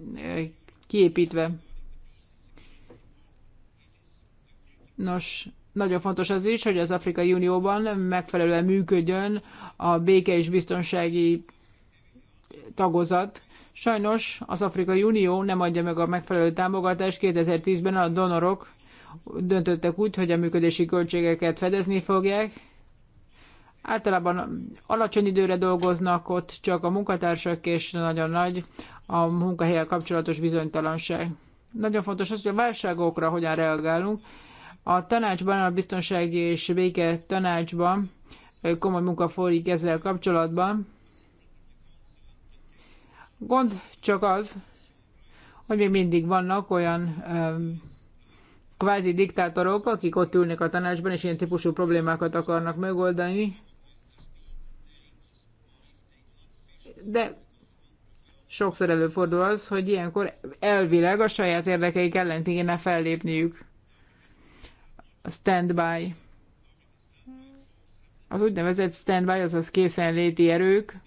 kiépítve. Nos, nagyon fontos az is, hogy az Afrikai Unióban megfelelően működjön a béke és biztonsági tagozat. Sajnos az Afrikai Unió nem adja meg a megfelelő támogatást. 2010-ben a donorok döntöttek úgy, hogy a működési költségeket fedezni fogják. Általában alacsony időre dolgoznak ott csak a munkatársak, és nagyon nagy a munkahelyek kapcsolatos bizonytalanság. Nagyon fontos az, hogy a válságokra hogyan reagálunk, a tanácsban, a biztonsági és béke tanácsban komoly munka folyik ezzel kapcsolatban. Gond csak az, hogy még mindig vannak olyan um, kvázi diktátorok, akik ott ülnek a tanácsban, és ilyen típusú problémákat akarnak megoldani. De sokszor előfordul az, hogy ilyenkor elvileg a saját érdekeik ellen kéne fellépniük a standby. Az úgynevezett standby, azaz készenléti erők.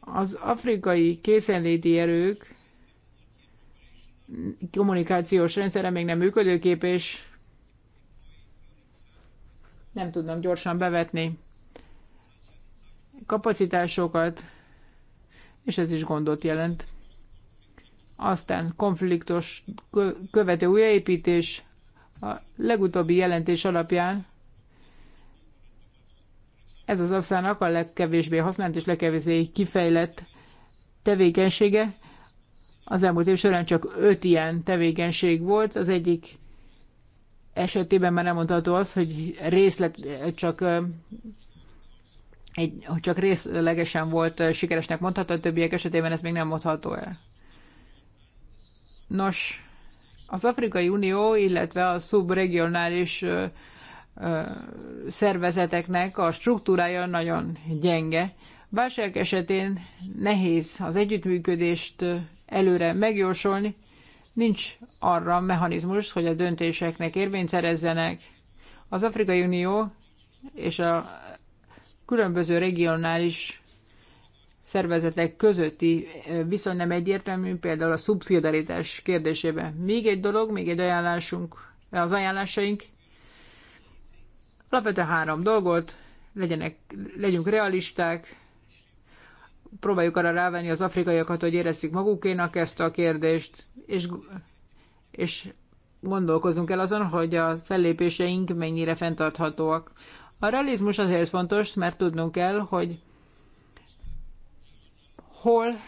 Az afrikai készenléti erők kommunikációs rendszere még nem működőképes, nem tudnak gyorsan bevetni kapacitásokat, és ez is gondot jelent. Aztán konfliktus követő újraépítés, a legutóbbi jelentés alapján ez az abszának a legkevésbé használt és legkevésbé kifejlett tevékenysége. Az elmúlt év során csak öt ilyen tevékenység volt. Az egyik esetében már nem mondható az, hogy részlet csak egy, csak részlegesen volt sikeresnek mondható, a többiek esetében ez még nem mondható el. Nos, az Afrikai Unió, illetve a szubregionális szervezeteknek a struktúrája nagyon gyenge. Válság esetén nehéz az együttműködést előre megjósolni, nincs arra mechanizmus, hogy a döntéseknek érvényt szerezzenek. Az Afrikai Unió és a különböző regionális szervezetek közötti viszony nem egyértelmű, például a szubszidaritás kérdésében. Még egy dolog, még egy ajánlásunk, az ajánlásaink. Alapvetően három dolgot, legyenek, legyünk realisták, próbáljuk arra rávenni az afrikaiakat, hogy érezzük magukénak ezt a kérdést, és, és gondolkozunk el azon, hogy a fellépéseink mennyire fenntarthatóak. A realizmus azért fontos, mert tudnunk kell, hogy hol,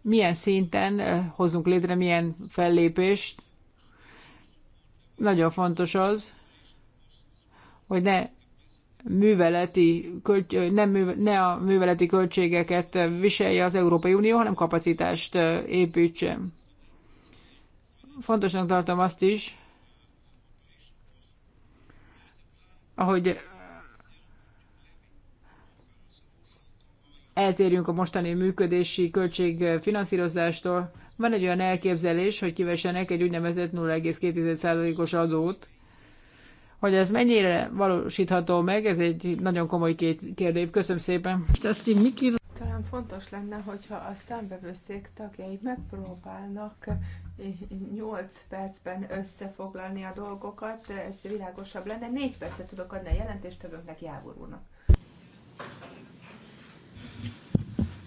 milyen szinten eh, hozunk létre, milyen fellépést. Nagyon fontos az, hogy ne műveleti, eh, nem műve, ne a műveleti költségeket eh, viselje az Európai Unió, hanem kapacitást építsen. Fontosnak tartom azt is, ahogy eltérjünk a mostani működési költségfinanszírozástól. Van egy olyan elképzelés, hogy kivesenek egy úgynevezett 0,2%-os adót. Hogy ez mennyire valósítható meg, ez egy nagyon komoly kérdés. Köszönöm szépen. Talán fontos lenne, hogyha a számbevőszék tagjai megpróbálnak 8 percben összefoglalni a dolgokat, ez világosabb lenne. 4 percet tudok adni a jelentéstevőknek, Jávor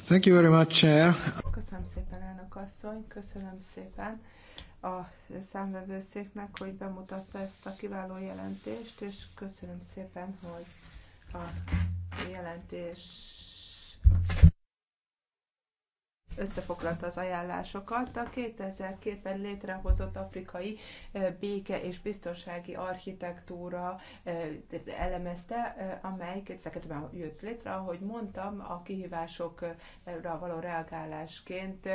Thank you very much, Chair. Köszönöm szépen, elnök asszony, köszönöm szépen a számvevőszéknek, hogy bemutatta ezt a kiváló jelentést, és köszönöm szépen, hogy a jelentés összefoglalta az ajánlásokat. A 2002-ben létrehozott afrikai béke és biztonsági architektúra elemezte, amely 2002-ben jött létre, ahogy mondtam, a kihívásokra való reagálásként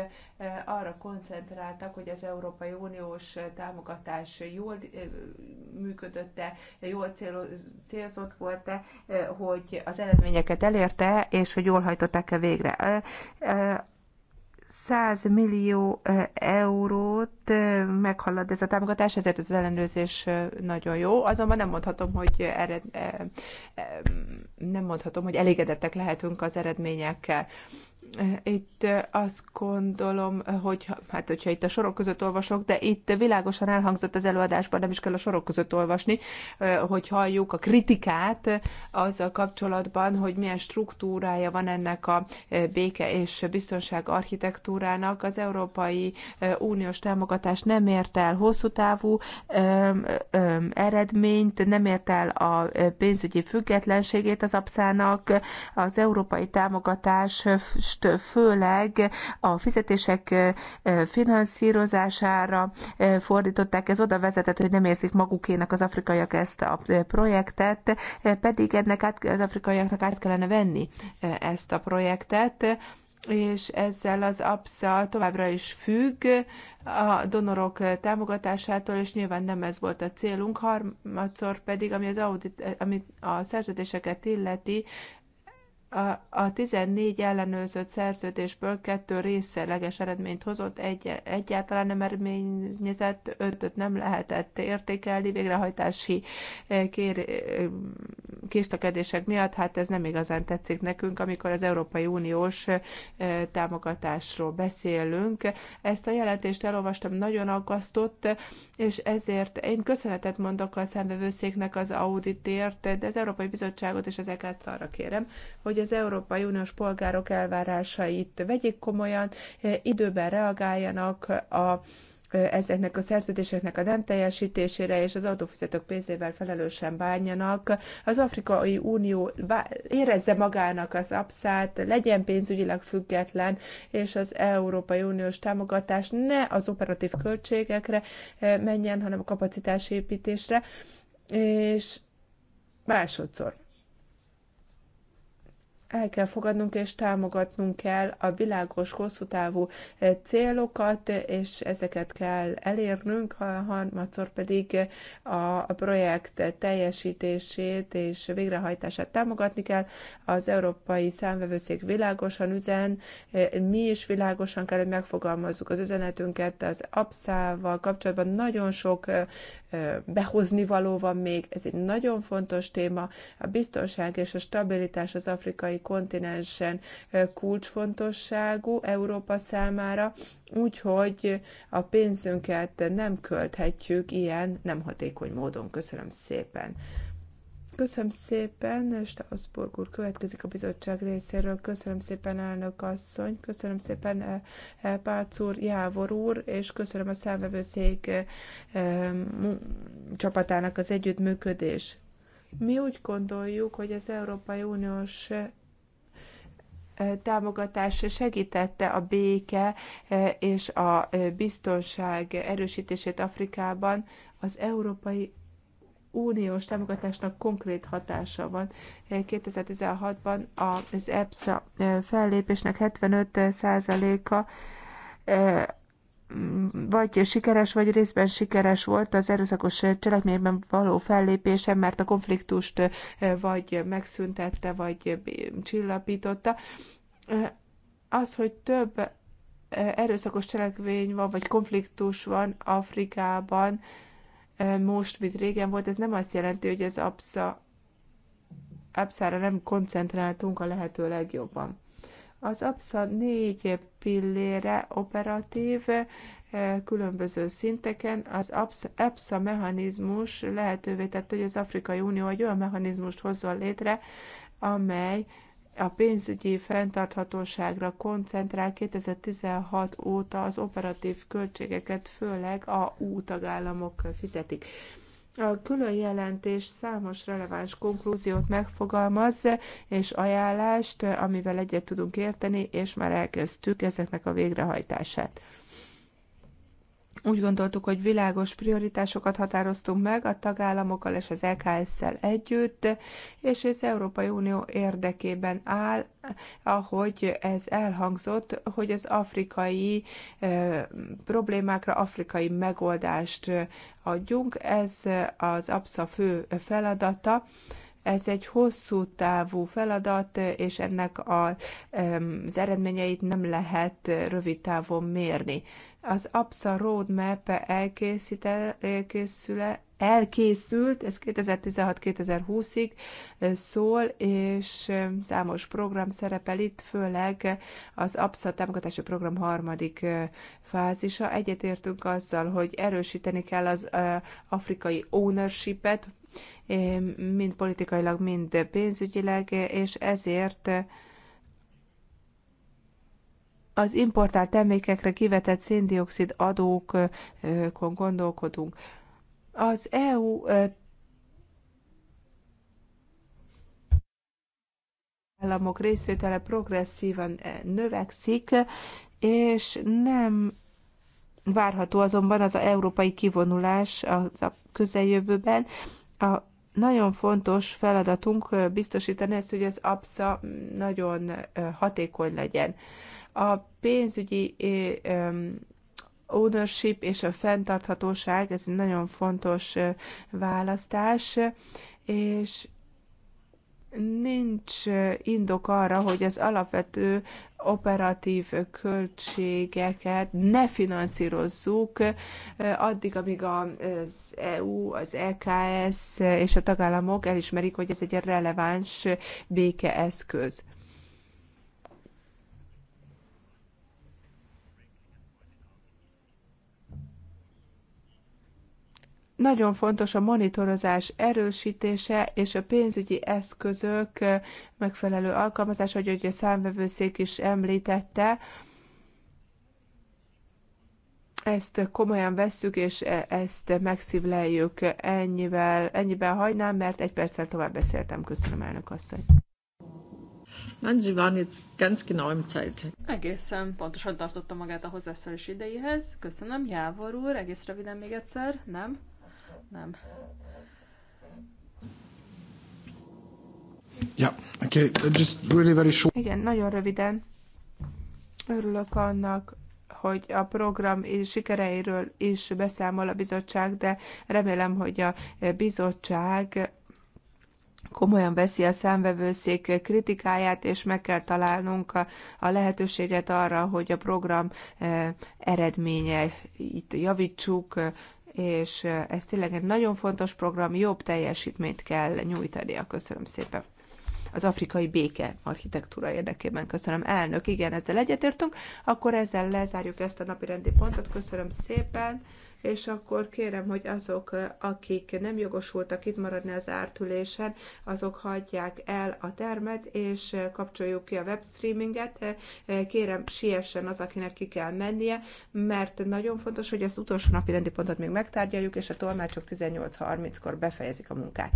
arra koncentráltak, hogy az Európai Uniós támogatás jól működötte, jól célzott volt-e, hogy az eredményeket elérte, és hogy jól hajtották-e végre 100 millió eurót meghallad ez a támogatás, ezért az ellenőrzés nagyon jó. Azonban nem mondhatom, hogy ered, nem mondhatom, hogy elégedettek lehetünk az eredményekkel itt azt gondolom, hogy hát hogyha itt a sorok között olvasok, de itt világosan elhangzott az előadásban, nem is kell a sorok között olvasni, hogy halljuk a kritikát azzal kapcsolatban, hogy milyen struktúrája van ennek a béke és biztonság architektúrának. Az Európai Uniós támogatás nem ért el hosszú távú eredményt, nem ért el a pénzügyi függetlenségét az abszának, az európai támogatás most főleg a fizetések finanszírozására fordították. Ez oda vezetett, hogy nem érzik magukének az afrikaiak ezt a projektet, pedig ennek át, az afrikaiaknak át kellene venni ezt a projektet és ezzel az APSA továbbra is függ a donorok támogatásától, és nyilván nem ez volt a célunk. Harmadszor pedig, ami, az audit, ami a szerződéseket illeti, a, a 14 ellenőrzött szerződésből kettő részleges eredményt hozott, egy egyáltalán nem eredményezett, ötöt nem lehetett értékelni végrehajtási e, kér, e, késlekedések miatt, hát ez nem igazán tetszik nekünk, amikor az Európai Uniós e, támogatásról beszélünk. Ezt a jelentést elolvastam, nagyon aggasztott, és ezért én köszönetet mondok a szembevőszéknek az auditért, de az Európai Bizottságot és az eks arra kérem, hogy hogy az Európai Uniós polgárok elvárásait vegyék komolyan, eh, időben reagáljanak a eh, ezeknek a szerződéseknek a nem teljesítésére és az adófizetők pénzével felelősen bánjanak. Az Afrikai Unió érezze magának az abszát, legyen pénzügyileg független, és az Európai Uniós támogatás ne az operatív költségekre eh, menjen, hanem a kapacitásépítésre, és másodszor el kell fogadnunk és támogatnunk kell a világos, hosszú távú e, célokat, és ezeket kell elérnünk, ha harmadszor pedig a projekt teljesítését és végrehajtását támogatni kell. Az Európai Számvevőszék világosan üzen, e, mi is világosan kell, hogy megfogalmazzuk az üzenetünket, az abszával kapcsolatban nagyon sok e, behozni való van még, ez egy nagyon fontos téma, a biztonság és a stabilitás az afrikai európai kontinensen kulcsfontosságú Európa számára, úgyhogy a pénzünket nem költhetjük ilyen nem hatékony módon. Köszönöm szépen. Köszönöm szépen, Strasbourg úr következik a bizottság részéről. Köszönöm szépen, elnök asszony, köszönöm szépen, eh, eh, Pálc úr, Jávor úr, és köszönöm a számvevőszék eh, csapatának az együttműködés. Mi úgy gondoljuk, hogy az Európai Uniós támogatás segítette a béke és a biztonság erősítését Afrikában. Az Európai uniós támogatásnak konkrét hatása van. 2016-ban az EPSA fellépésnek 75%-a vagy sikeres, vagy részben sikeres volt az erőszakos cselekményben való fellépése, mert a konfliktust vagy megszüntette, vagy csillapította. Az, hogy több erőszakos cselekvény van, vagy konfliktus van Afrikában most, mint régen volt, ez nem azt jelenti, hogy ez absza, abszára nem koncentráltunk a lehető legjobban. Az APSA négy pillére operatív, eh, különböző szinteken. Az EPSA mechanizmus lehetővé tette, hogy az Afrikai Unió egy olyan mechanizmust hozzon létre, amely a pénzügyi fenntarthatóságra koncentrál 2016 óta az operatív költségeket főleg a U tagállamok fizetik. A külön jelentés számos releváns konklúziót megfogalmaz, és ajánlást, amivel egyet tudunk érteni, és már elkezdtük ezeknek a végrehajtását. Úgy gondoltuk, hogy világos prioritásokat határoztunk meg a tagállamokkal és az EKS-szel együtt, és ez Európai Unió érdekében áll, ahogy ez elhangzott, hogy az afrikai eh, problémákra afrikai megoldást adjunk. Ez az APSA fő feladata ez egy hosszú távú feladat, és ennek a, az eredményeit nem lehet rövid távon mérni. Az APSA Roadmap -e elkészül, elkészült, ez 2016-2020-ig szól, és számos program szerepel itt, főleg az APSA támogatási program harmadik fázisa. Egyetértünk azzal, hogy erősíteni kell az afrikai ownership-et, mind politikailag, mind pénzügyileg, és ezért az importált termékekre kivetett széndiokszid adókon gondolkodunk. Az EU államok részvétele progresszívan növekszik, és nem várható azonban az a európai kivonulás a közeljövőben. A nagyon fontos feladatunk biztosítani ezt, hogy az APSA nagyon hatékony legyen. A pénzügyi ownership és a fenntarthatóság, ez egy nagyon fontos választás, és nincs indok arra, hogy az alapvető operatív költségeket ne finanszírozzuk addig, amíg az EU, az EKS és a tagállamok elismerik, hogy ez egy releváns békeeszköz. Nagyon fontos a monitorozás erősítése és a pénzügyi eszközök megfelelő alkalmazása, hogy a számvevőszék is említette, ezt komolyan vesszük, és e, ezt megszívleljük. Ennyivel, ennyiben hagynám, mert egy perccel tovább beszéltem. Köszönöm, elnök asszony. Nein, Sie waren jetzt ganz genau im Zeit. Egészen pontosan tartotta magát a hozzászólás idejéhez. Köszönöm, Jávor úr, egész röviden még egyszer, nem? Nem. Yeah, okay, just really very short. Igen, nagyon röviden. Örülök annak, hogy a program sikereiről is beszámol a bizottság, de remélem, hogy a bizottság komolyan veszi a számvevőszék kritikáját, és meg kell találnunk a, a lehetőséget arra, hogy a program eh, eredménye itt javítsuk, és ez tényleg egy nagyon fontos program, jobb teljesítményt kell nyújtani, Köszönöm szépen. Az afrikai béke architektúra érdekében. Köszönöm, elnök. Igen, ezzel egyetértünk. Akkor ezzel lezárjuk ezt a napi rendi pontot. Köszönöm szépen és akkor kérem, hogy azok, akik nem jogosultak itt maradni az ártülésen, azok hagyják el a termet, és kapcsoljuk ki a webstreaminget. Kérem, siessen az, akinek ki kell mennie, mert nagyon fontos, hogy az utolsó napi rendi pontot még megtárgyaljuk, és a tolmácsok 18.30-kor befejezik a munkát.